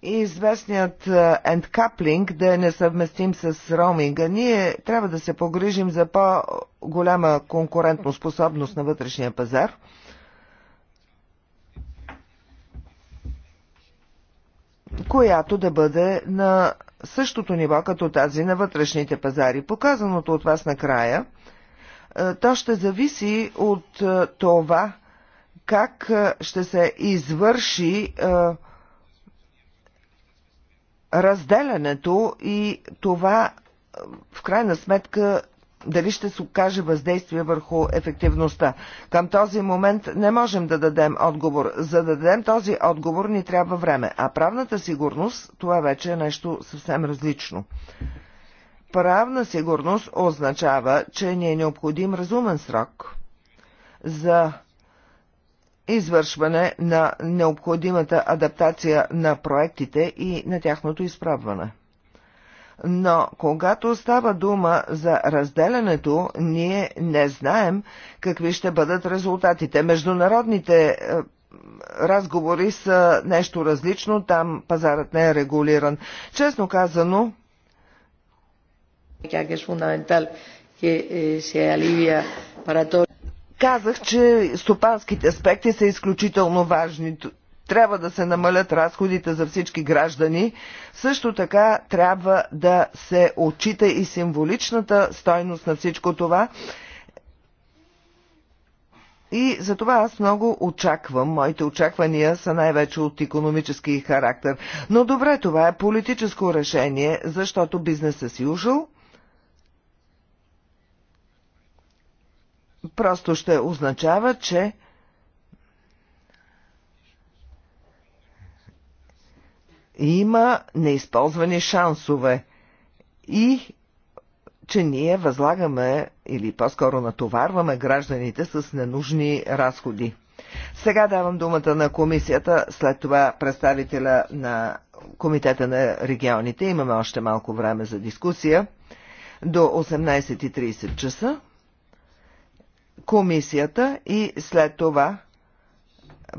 и известният е, ендкаплинг да е несъвместим с роуминга. Ние трябва да се погрижим за по-голяма конкурентно способност на вътрешния пазар. която да бъде на същото ниво като тази на вътрешните пазари. Показаното от вас накрая, е, то ще зависи от е, това как ще се извърши а, разделянето и това в крайна сметка дали ще се окаже въздействие върху ефективността. Към този момент не можем да дадем отговор. За да дадем този отговор ни трябва време, а правната сигурност това вече е нещо съвсем различно. Правна сигурност означава, че ни е необходим разумен срок за извършване на необходимата адаптация на проектите и на тяхното изправване. Но когато става дума за разделянето, ние не знаем какви ще бъдат резултатите. Международните е, разговори са нещо различно, там пазарът не е регулиран. Честно казано, que es fundamental que eh, se alivia para todos. Казах, че стопанските аспекти са изключително важни. Трябва да се намалят разходите за всички граждани. Също така трябва да се отчита и символичната стойност на всичко това. И за това аз много очаквам. Моите очаквания са най-вече от економически характер. Но добре, това е политическо решение, защото бизнесът е си ужил – просто ще означава, че има неизползвани шансове и че ние възлагаме или по-скоро натоварваме гражданите с ненужни разходи. Сега давам думата на комисията, след това представителя на Комитета на регионите. Имаме още малко време за дискусия до 18.30 часа комисията и след това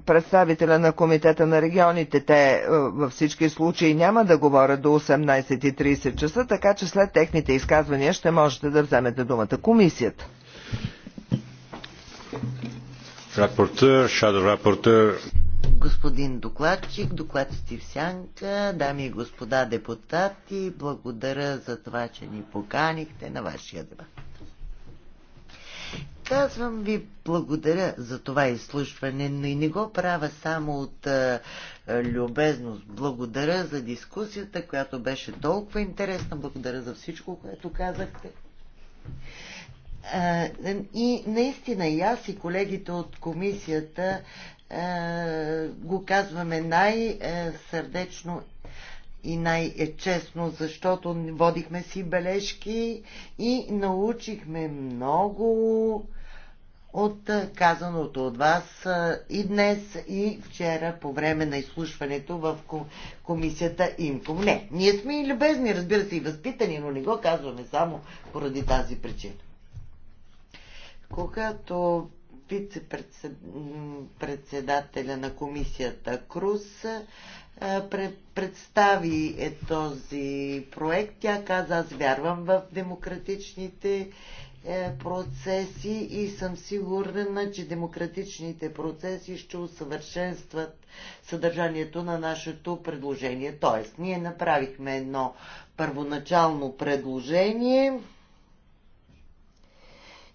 представителя на Комитета на регионите. Те е, във всички случаи няма да говорят до 18.30 часа, така че след техните изказвания ще можете да вземете думата. Комисията. Рапортер, шадо рапортер. Господин докладчик, доклад стив сянка, дами и господа депутати, благодаря за това, че ни поканихте на вашия дебат. Казвам ви благодаря за това изслушване, но и не го правя само от а, е, е, любезност. Благодаря за дискусията, която беше толкова интересна. Благодаря за всичко, което казахте. А, е, и наистина и аз и колегите от комисията а, го казваме най-сърдечно и най-честно, е защото водихме си бележки и научихме много от казаното от вас и днес, и вчера по време на изслушването в комисията Имком. Не, ние сме и любезни, разбира се, и възпитани, но не го казваме само поради тази причина. Когато вице-председателя на комисията Крус е, представи е този проект. Тя каза, аз вярвам в демократичните е, процеси и съм сигурна, че демократичните процеси ще усъвършенстват съдържанието на нашето предложение. Тоест, ние направихме едно първоначално предложение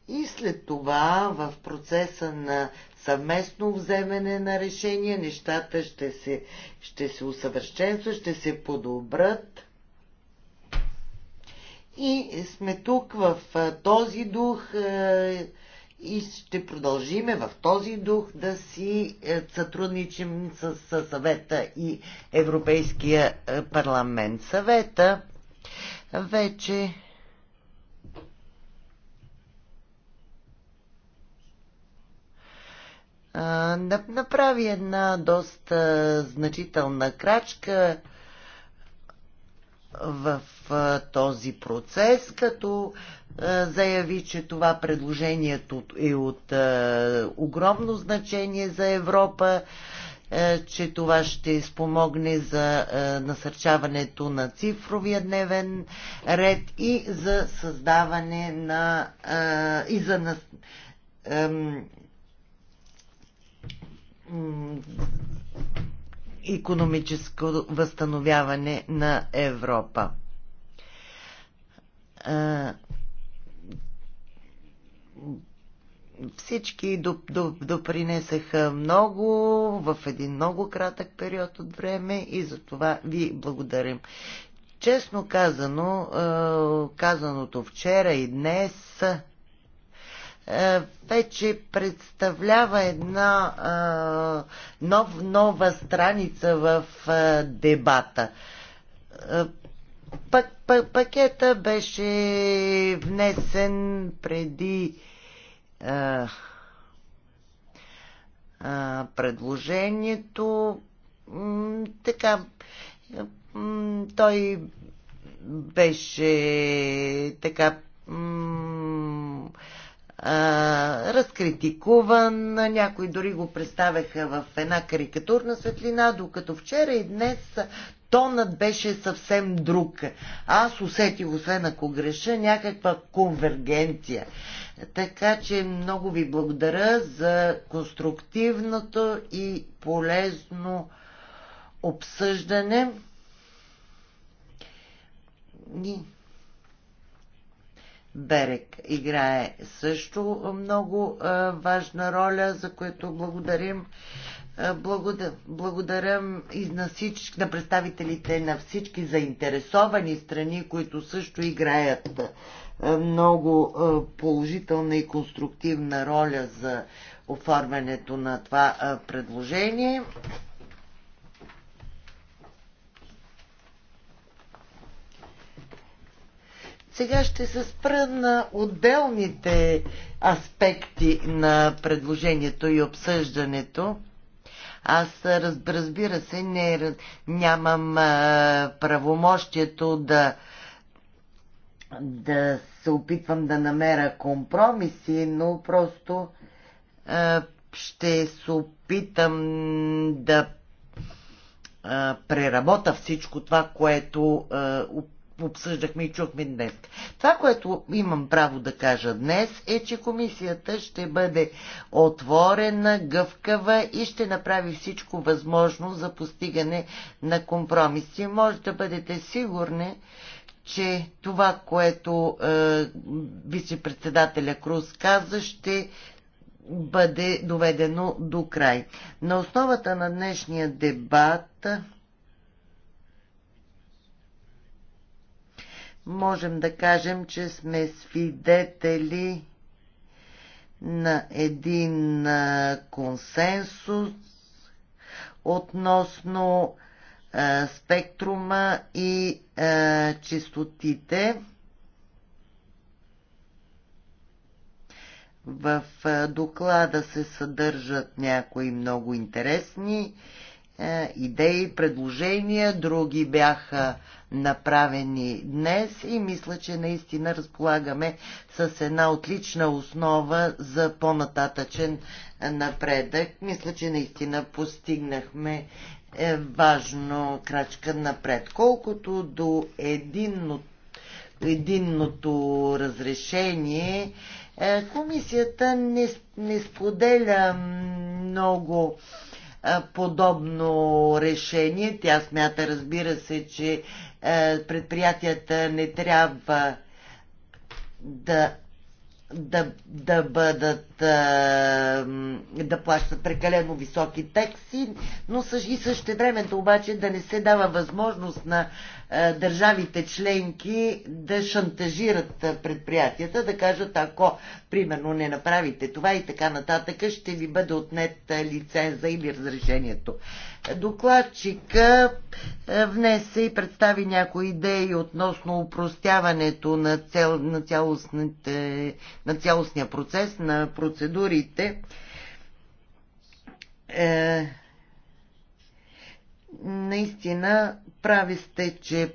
и след това в процеса на съвместно вземане на решения, нещата ще се, ще се усъвършенстват, ще се подобрат. И сме тук в този дух и ще продължиме в този дух да си е, сътрудничим с съвета и Европейския е, парламент. Съвета вече а, направи една доста значителна крачка в този процес, като заяви, че това предложението е от огромно значение за Европа, че това ще спомогне за насърчаването на цифровия дневен ред и за създаване на и за економическо възстановяване на Европа. Всички допринесаха много в един много кратък период от време и за това ви благодарим. Честно казано, казаното вчера и днес е, вече представлява една а, е, нов, нова страница в а, е, дебата. Пак, пак, пакета беше внесен преди а, а, предложението. М, така, м, той беше така. М, разкритикуван, някои дори го представяха в една карикатурна светлина, докато вчера и днес тонът беше съвсем друг. Аз усетих, освен ако греша, някаква конвергенция. Така че много ви благодаря за конструктивното и полезно обсъждане. Ние Берек играе също много важна роля, за което благодарим. Благодаря и на, всички, на представителите на всички заинтересовани страни, които също играят много положителна и конструктивна роля за оформянето на това предложение. Сега ще се спра на отделните аспекти на предложението и обсъждането. Аз разбира се не, нямам а, правомощието да, да се опитвам да намеря компромиси, но просто а, ще се опитам да а, преработа всичко това, което а, обсъждахме и чухме днес. Това, което имам право да кажа днес е, че комисията ще бъде отворена, гъвкава и ще направи всичко възможно за постигане на компромиси. Може да бъдете сигурни, че това, което е, вице-председателя Круз каза, ще бъде доведено до край. На основата на днешния дебат можем да кажем, че сме свидетели на един консенсус относно спектрума и чистотите в доклада се съдържат някои много интересни е, идеи, предложения, други бяха направени днес и мисля, че наистина разполагаме с една отлична основа за по-нататъчен е, напредък. Мисля, че наистина постигнахме е, важно крачка напред. Колкото до единното, единното разрешение, комисията не, не споделя много подобно решение. Тя смята, разбира се, че предприятията не трябва да да, да бъдат да плащат прекалено високи такси, но и също времето обаче да не се дава възможност на е, държавите членки да шантажират е, предприятията, да кажат ако примерно не направите това и така нататък, ще ви бъде отнет е, лиценза или разрешението. Докладчика внесе и представи някои идеи относно упростяването на, цял, на, на цялостния процес, на процедурите. Е, наистина прави сте, че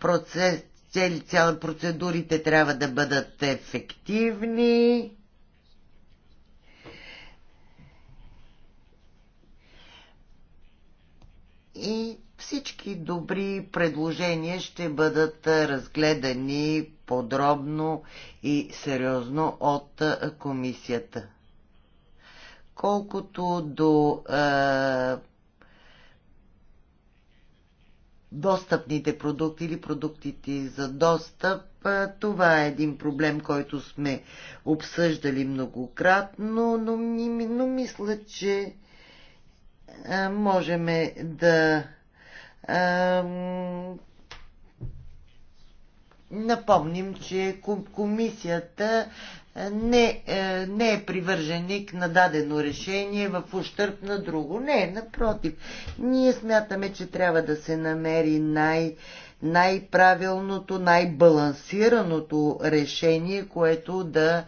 процес, цели, цяла процедурите трябва да бъдат ефективни. И всички добри предложения ще бъдат разгледани подробно и сериозно от комисията. Колкото до достъпните продукти или продуктите за достъп. Това е един проблем, който сме обсъждали многократно, но, но, но мисля, че можем да а, напомним, че комисията не, е, не е привърженик на дадено решение в ущърп на друго. Не, напротив. Ние смятаме, че трябва да се намери най- най-правилното, най-балансираното решение, което да,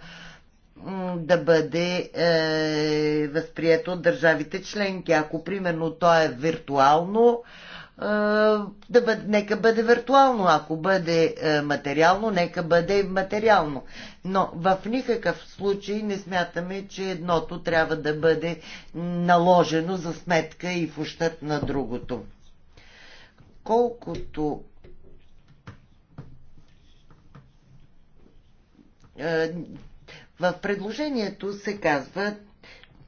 да бъде е, възприето от държавите членки. Ако примерно то е виртуално, е, да бъде, нека бъде виртуално, ако бъде е, материално, нека бъде материално. Но в никакъв случай не смятаме, че едното трябва да бъде наложено за сметка и в ущърп на другото. Колкото е, в предложението се казва,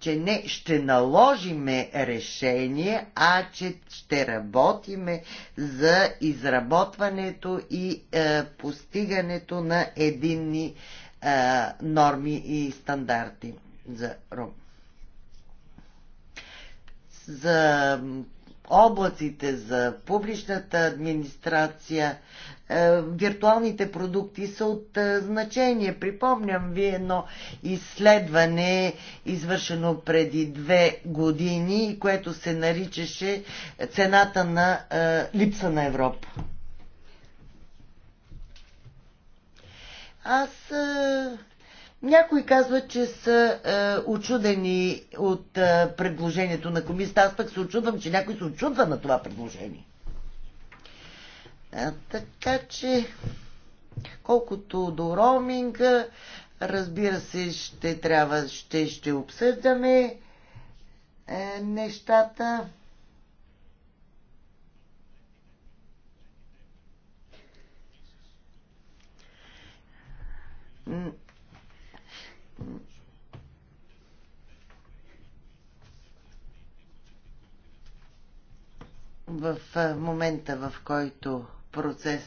че не ще наложиме решение, а че ще работиме за изработването и е, постигането на единни е, норми и стандарти за РОМ. За облаците, за публичната администрация, е, виртуалните продукти са от е, значение. Припомням ви едно изследване, извършено преди две години, което се наричаше цената на е, липса на Европа. Аз. Някои казват, че са е, очудени от е, предложението на комисията. Аз пък се очудвам, че някой се очудва на това предложение. А, така че, колкото до роуминга, разбира се, ще трябва, ще, ще обсъждаме е, нещата. В е, момента, в който процес,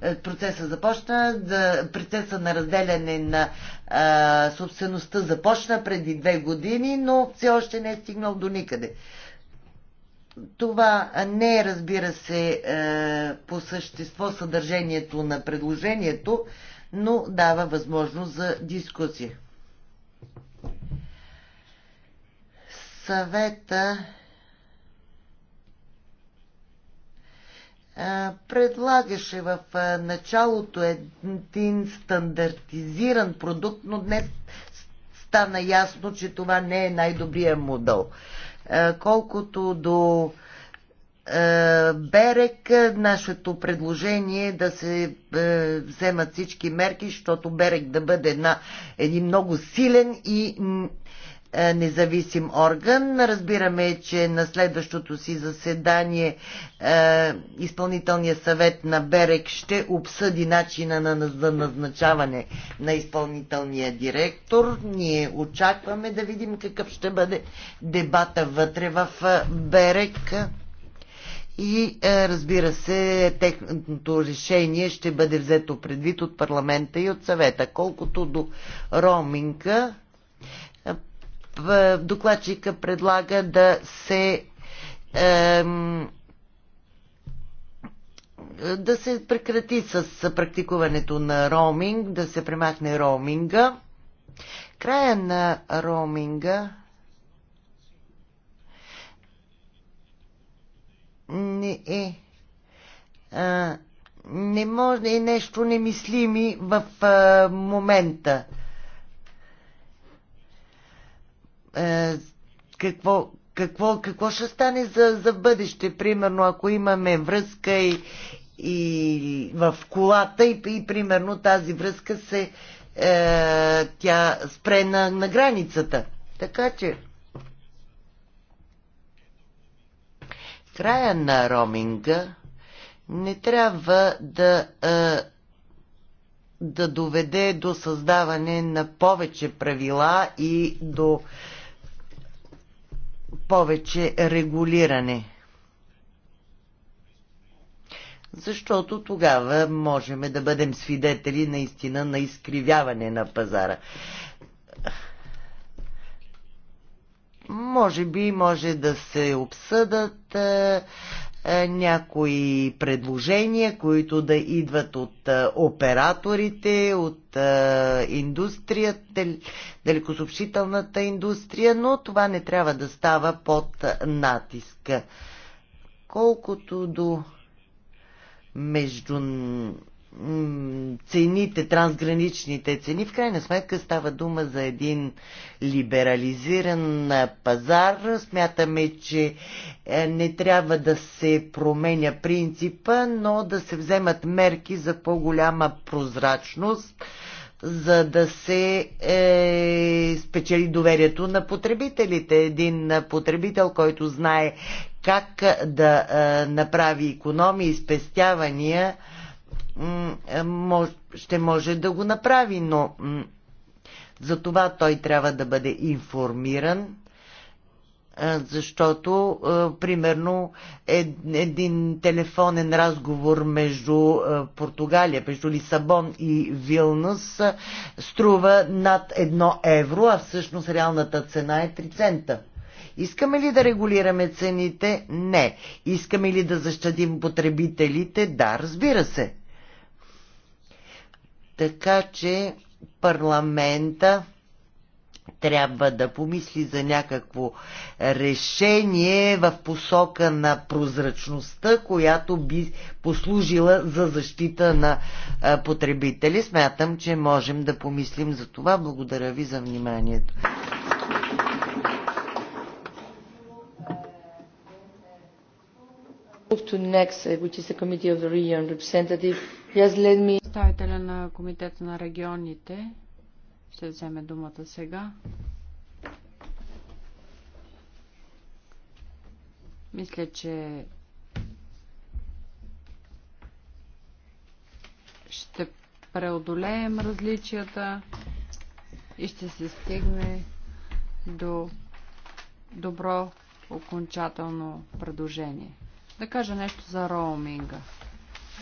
е, процеса започна, да, процеса на разделяне на а, собствеността започна преди две години, но все още не е стигнал до никъде. Това не е, разбира се, е, по същество съдържанието на предложението, но дава възможност за дискусия. Съвета предлагаше в началото един стандартизиран продукт, но днес стана ясно, че това не е най-добрият модел. Колкото до Берек, нашето предложение е да се вземат всички мерки, защото Берек да бъде една, един много силен и е, независим орган. Разбираме, че на следващото си заседание е, изпълнителният съвет на Берек ще обсъди начина на, назначаване на изпълнителния директор. Ние очакваме да видим какъв ще бъде дебата вътре в е, Берек. И разбира се, техното решение ще бъде взето предвид от парламента и от съвета. Колкото до роминга, е, докладчика предлага да се да се прекрати с практикуването на роуминг, да се премахне роуминга. Края на роуминга не е. А, не може и е нещо немислими в а, момента. е, какво, какво, какво ще стане за, за бъдеще, примерно, ако имаме връзка и, и в колата и, и примерно тази връзка се е, тя спре на, на границата. Така че края на роминга не трябва да е, да доведе до създаване на повече правила и до е, повече регулиране. Защото тогава можем да бъдем свидетели наистина на изкривяване на пазара. Може би може да се обсъдат е, е, някои предложения, които да идват от е, операторите, от е, индустрията, далекосъобщителната индустрия, но това не трябва да става под натиска. Колкото до между цените, трансграничните цени. В крайна сметка става дума за един либерализиран пазар. Смятаме, че е, не трябва да се променя принципа, но да се вземат мерки за по-голяма прозрачност, за да се е, спечели доверието на потребителите. Един потребител, който знае как да е, направи економии и спестявания, е, ще може да го направи, но за това той трябва да бъде информиран, е, защото, е, примерно, един телефонен разговор между Португалия, между Лисабон и Вилнус струва над 1 евро, а всъщност реалната цена е 3 цента. Искаме ли да регулираме цените? Не. Искаме ли да защадим потребителите? Да, разбира се. Така че парламента трябва да помисли за някакво решение в посока на прозрачността, която би послужила за защита на потребители. Смятам, че можем да помислим за това. Благодаря ви за вниманието. Представителя на Комитета на регионите ще вземе думата сега. Мисля, че ще преодолеем различията и ще се стигне до добро окончателно предложение. Да кажа нещо за роуминга.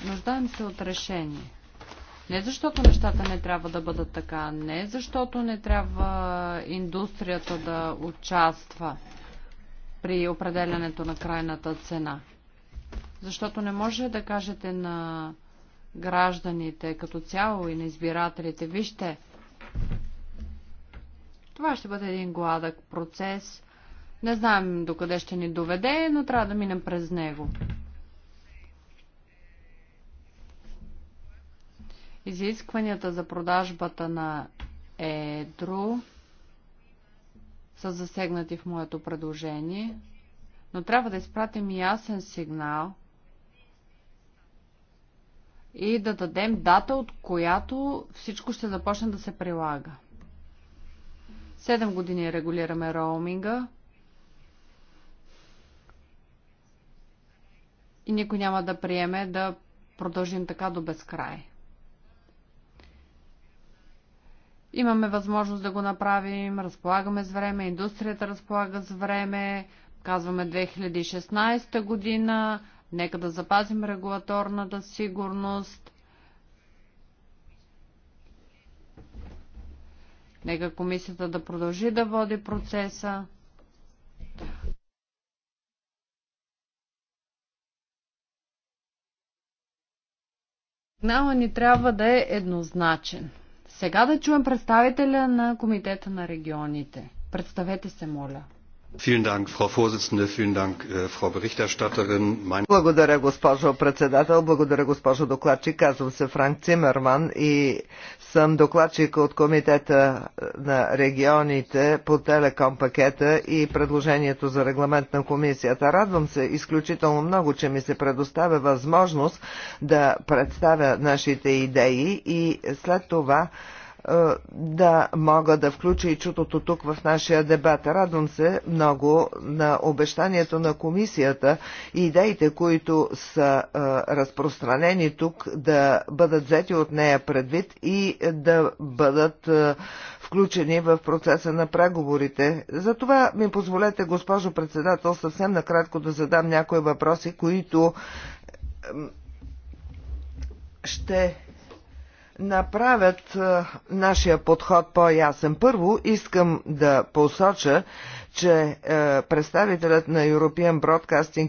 Нуждаем се от решение. Не защото нещата не трябва да бъдат така, не защото не трябва индустрията да участва при определянето на крайната цена. Защото не може да кажете на гражданите като цяло и на избирателите, вижте, това ще бъде един гладък процес – не знаем докъде ще ни доведе, но трябва да минем през него. Изискванията за продажбата на едро са засегнати в моето предложение, но трябва да изпратим ясен сигнал и да дадем дата, от която всичко ще започне да се прилага. Седем години регулираме роуминга. и никой няма да приеме да продължим така до безкрай. Имаме възможност да го направим, разполагаме с време, индустрията разполага с време, казваме 2016 година, нека да запазим регулаторната сигурност, нека комисията да продължи да води процеса. Сигналът ни трябва да е еднозначен. Сега да чуем представителя на Комитета на регионите. Представете се, моля. Äh, Благодаря, госпожо председател. Благодаря, госпожо докладчик. Казвам се Франк Цимерман и съм докладчик от Комитета на регионите по телеком пакета и предложението за регламент на комисията. Радвам се изключително много, че ми се предоставя възможност да представя нашите идеи и след това е, да мога да включа и чутото тук в нашия дебат. Радвам се много на обещанието на комисията и идеите, които са е, разпространени тук, да бъдат взети от нея предвид и да бъдат е, включени в процеса на преговорите. Затова ми позволете, госпожо председател, съвсем накратко да задам някои въпроси, които ще направят а, нашия подход по-ясен. Първо искам да посоча, че е, представителят на European Broadcasting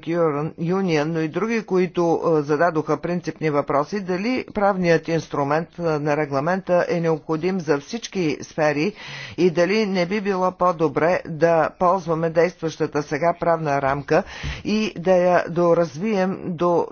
Union, но и други, които е, зададоха принципни въпроси, дали правният инструмент е, на регламента е необходим за всички сфери и дали не би било по-добре да ползваме действащата сега правна рамка и да я доразвием до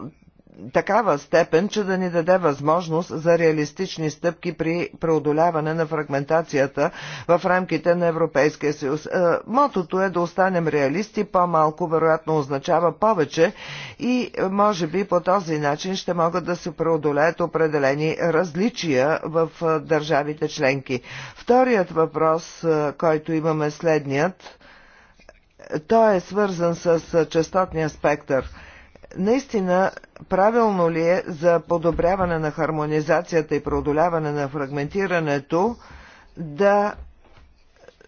такава степен, че да ни даде възможност за реалистични стъпки при преодоляване на фрагментацията в рамките на Европейския съюз. Е, мотото е да останем реалисти, по-малко вероятно означава повече и е, може би по този начин ще могат да се преодолеят определени различия в е, държавите членки. Вторият въпрос, който имаме следният, той е свързан с частотния спектър – наистина правилно ли е за подобряване на хармонизацията и преодоляване на фрагментирането да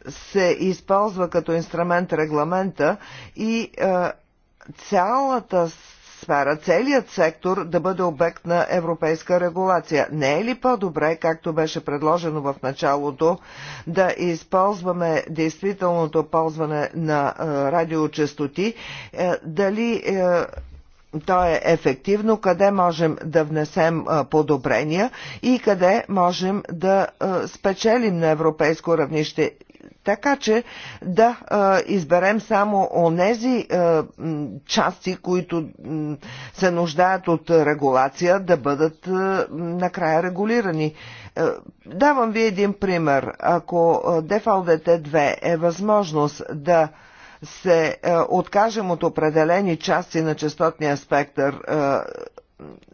се използва като инструмент регламента и е, цялата сфера, целият сектор да бъде обект на европейска регулация. Не е ли по-добре, както беше предложено в началото, да използваме действителното ползване на радиочестоти? Е, дали е, то е ефективно, къде можем да внесем подобрения и къде можем да спечелим на европейско равнище така че да а, изберем само онези а, части, които се нуждаят от регулация, да бъдат а, накрая регулирани. А, давам ви един пример. Ако дефал 2 е, е възможност да а, се е, откажем от определени части на частотния спектър е,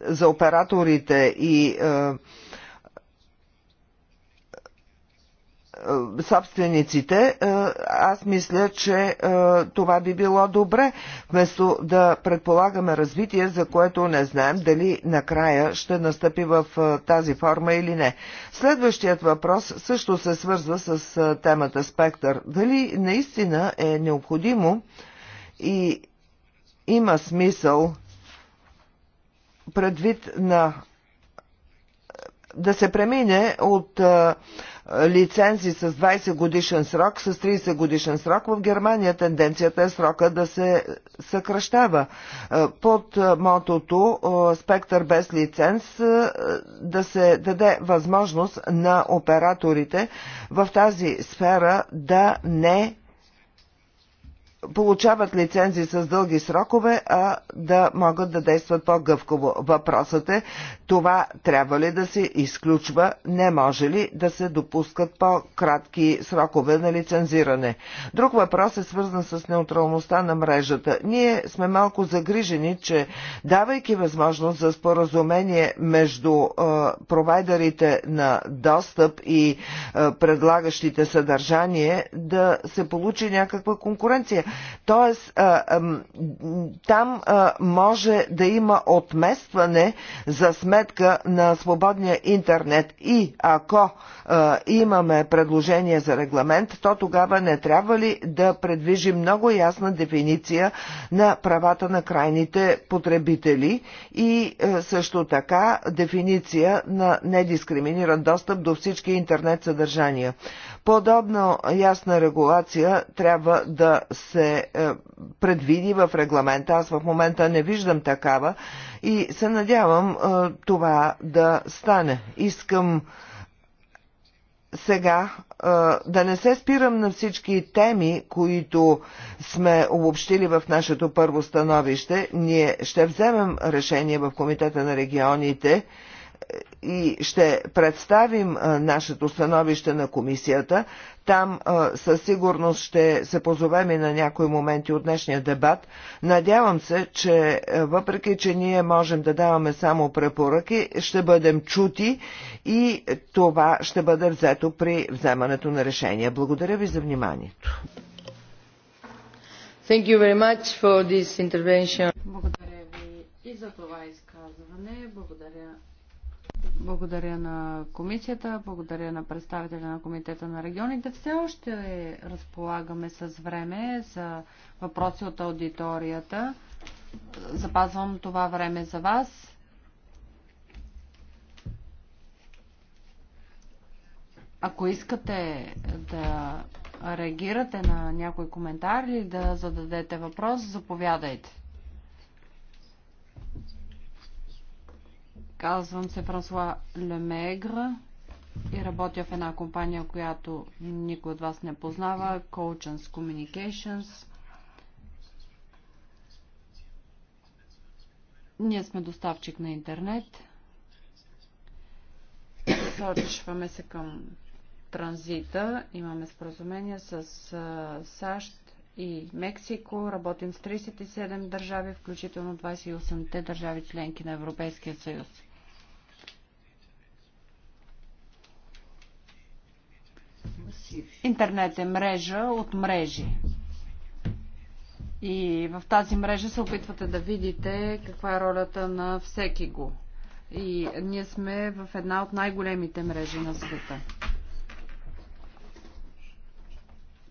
за операторите и е, Е, собствениците, е, аз мисля, че е, това би било добре, вместо да предполагаме развитие, за което не знаем дали накрая ще настъпи в тази форма или не. Следващият въпрос също се свързва с темата спектър. Дали наистина е необходимо и има смисъл предвид на да се премине от а, лицензи с 20 годишен срок, с 30 годишен срок. В Германия тенденцията е срока да се съкръщава. Е, под е, мотото е, спектър без лиценз да се даде възможност на операторите в тази сфера да не получават лицензи с дълги срокове, а да могат да действат по-гъвково. Въпросът е, това трябва ли да се изключва, не може ли да се допускат по-кратки срокове на лицензиране. Друг въпрос е свързан с неутралността на мрежата. Ние сме малко загрижени, че давайки възможност за споразумение между е, провайдерите на достъп и е, предлагащите съдържание, да се получи някаква конкуренция. Тоест, там може да има отместване за сметка на свободния интернет и ако имаме предложение за регламент, то тогава не трябва ли да предвижим много ясна дефиниция на правата на крайните потребители и също така дефиниция на недискриминиран достъп до всички интернет съдържания. Подобна ясна регулация трябва да се е, предвиди в регламента. Аз в момента не виждам такава и се надявам е, това да стане. Искам сега е, да не се спирам на всички теми, които сме обобщили в нашето първо становище. Ние ще вземем решение в Комитета на регионите и ще представим нашето становище на комисията. Там със сигурност ще се позовем и на някои моменти от днешния дебат. Надявам се, че въпреки, че ние можем да даваме само препоръки, ще бъдем чути и това ще бъде взето при вземането на решение. Благодаря ви за вниманието. Thank you very much for this intervention. Благодаря ви и за това изказване. Благодаря благодаря на комисията, благодаря на представителя на комитета на регионите. Все още разполагаме с време за въпроси от аудиторията. Запазвам това време за вас. Ако искате да реагирате на някой коментар или да зададете въпрос, заповядайте. Казвам се Франсуа Лемегр и работя в една компания, която никой от вас не познава, Coachance Communications. Ние сме доставчик на интернет. Сочваме се към транзита. Имаме споразумение с САЩ и Мексико. Работим с 37 държави, включително 28-те държави членки на Европейския съюз. интернет е мрежа от мрежи. И в тази мрежа се опитвате да видите каква е ролята на всеки го. И ние сме в една от най-големите мрежи на света.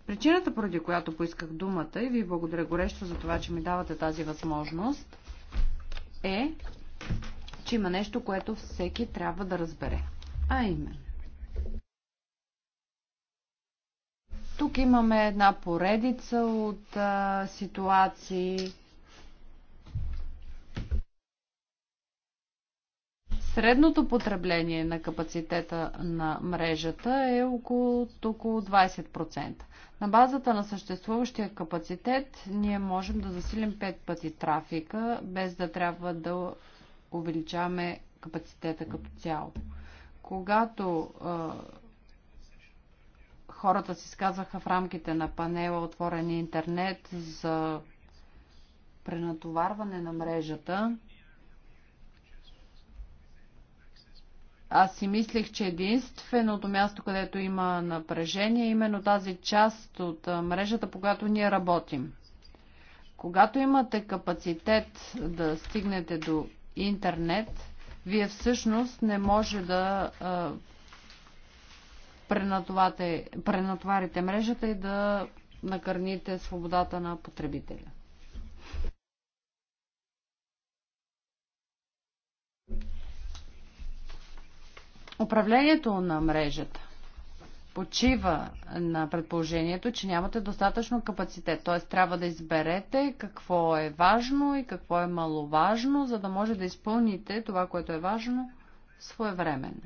Причината, поради която поисках думата и ви благодаря горещо за това, че ми давате тази възможност, е, че има нещо, което всеки трябва да разбере. А именно. Тук имаме една поредица от а, ситуации. Средното потребление на капацитета на мрежата е около, около 20%. На базата на съществуващия капацитет ние можем да засилим 5 пъти трафика, без да трябва да увеличаваме капацитета като цяло. Когато а, хората си сказаха в рамките на панела отворени интернет за пренатоварване на мрежата. Аз си мислех, че единственото място, където има напрежение, е именно тази част от мрежата, по която ние работим. Когато имате капацитет да стигнете до интернет, вие всъщност не може да пренатоварите мрежата и да накърните свободата на потребителя. Управлението на мрежата почива на предположението, че нямате достатъчно капацитет. Т.е. трябва да изберете какво е важно и какво е маловажно, за да може да изпълните това, което е важно своевременно.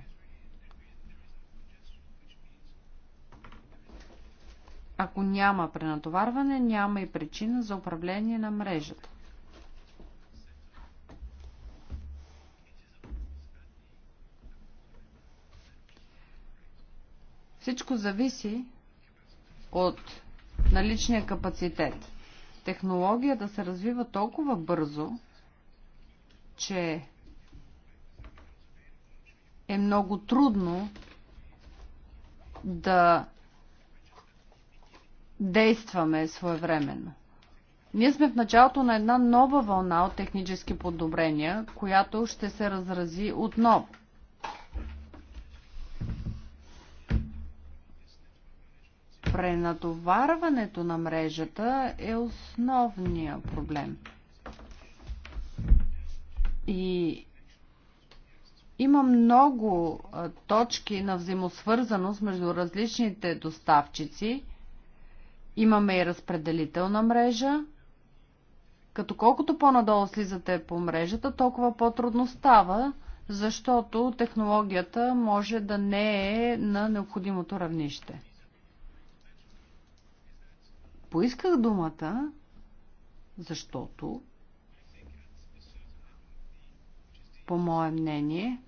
Ако няма пренатоварване, няма и причина за управление на мрежата. Всичко зависи от наличния капацитет. Технологията се развива толкова бързо, че е много трудно да действаме своевременно. Ние сме в началото на една нова вълна от технически подобрения, която ще се разрази отново. Пренатоварването на мрежата е основният проблем. И има много точки на взаимосвързаност между различните доставчици – Имаме и разпределителна мрежа. Като колкото по-надолу слизате по мрежата, толкова по-трудно става, защото технологията може да не е на необходимото равнище. Поисках думата, защото, по мое мнение,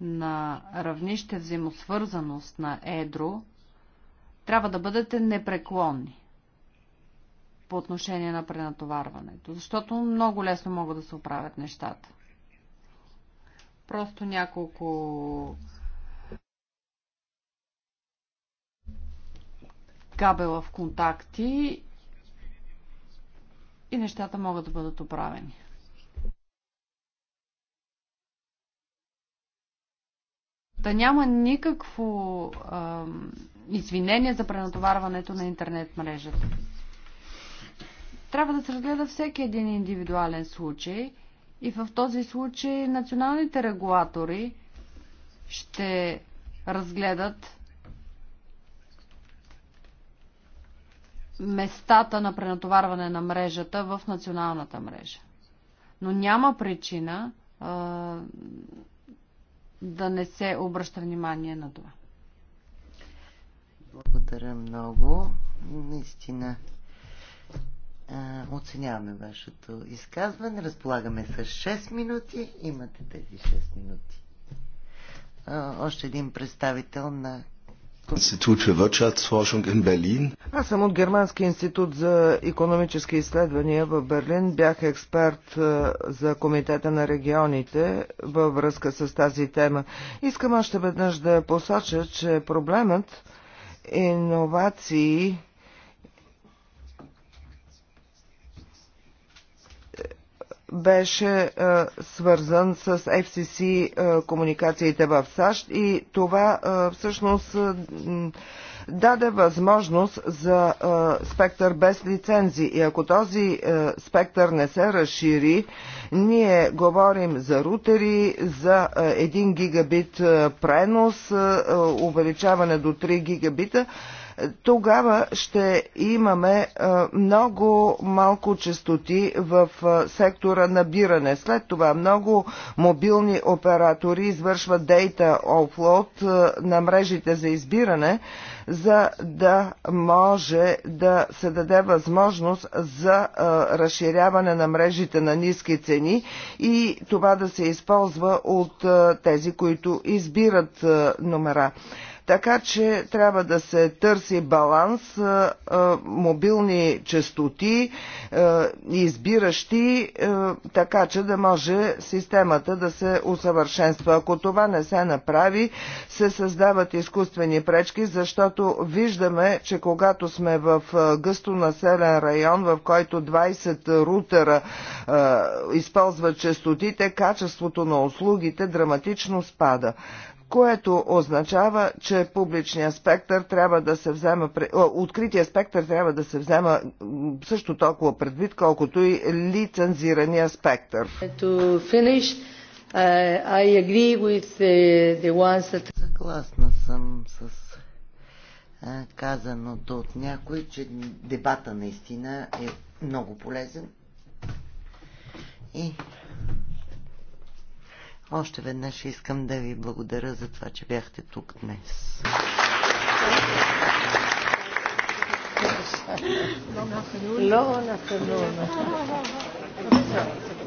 на равнище взаимосвързаност на Едро трябва да бъдете непреклонни по отношение на пренатоварването, защото много лесно могат да се оправят нещата. Просто няколко кабела в контакти и нещата могат да бъдат оправени. Да няма никакво ам, извинение за пренатоварването на интернет мрежата. Трябва да се разгледа всеки един индивидуален случай и в този случай националните регулатори ще разгледат местата на пренатоварване на мрежата в националната мрежа. Но няма причина а, да не се обръща внимание на това. Благодаря много. Наистина оценяваме вашето изказване. Разполагаме с 6 минути. Имате тези 6 минути. още един представител на Институт за Wirtschaftsforschung в Берлин. Аз съм от Германски институт за економически изследвания в Берлин. Бях експерт за Комитета на регионите във връзка с тази тема. Искам още веднъж да посоча, че проблемът иновации беше а, свързан с FCC а, комуникациите в САЩ и това а, всъщност а, даде възможност за е, спектър без лицензи. И ако този е, спектър не се разшири, ние говорим за рутери, за е, 1 гигабит е, пренос, е, е увеличаване до 3 гигабита тогава ще имаме е, много малко частоти в е, сектора набиране. След това много мобилни оператори извършват дейта офлот на мрежите за избиране, за да може да се даде възможност за разширяване на мрежите на ниски цени и това да се използва от тези, които избират номера. Така че трябва да се търси баланс мобилни частоти, избиращи, така че да може системата да се усъвършенства. Ако това не се направи, се създават изкуствени пречки, защото виждаме, че когато сме в гъсто населен район, в който 20 рутера използват частотите, качеството на услугите драматично спада което означава, че публичният спектър трябва да се взема, открития спектър трябва да се взема също толкова предвид, колкото и лицензирания спектър. Uh, Съгласна съм с казаното от някой, че дебата наистина е много полезен. И още веднъж искам да ви благодаря за това, че бяхте тук днес. Long afternoon. Long afternoon.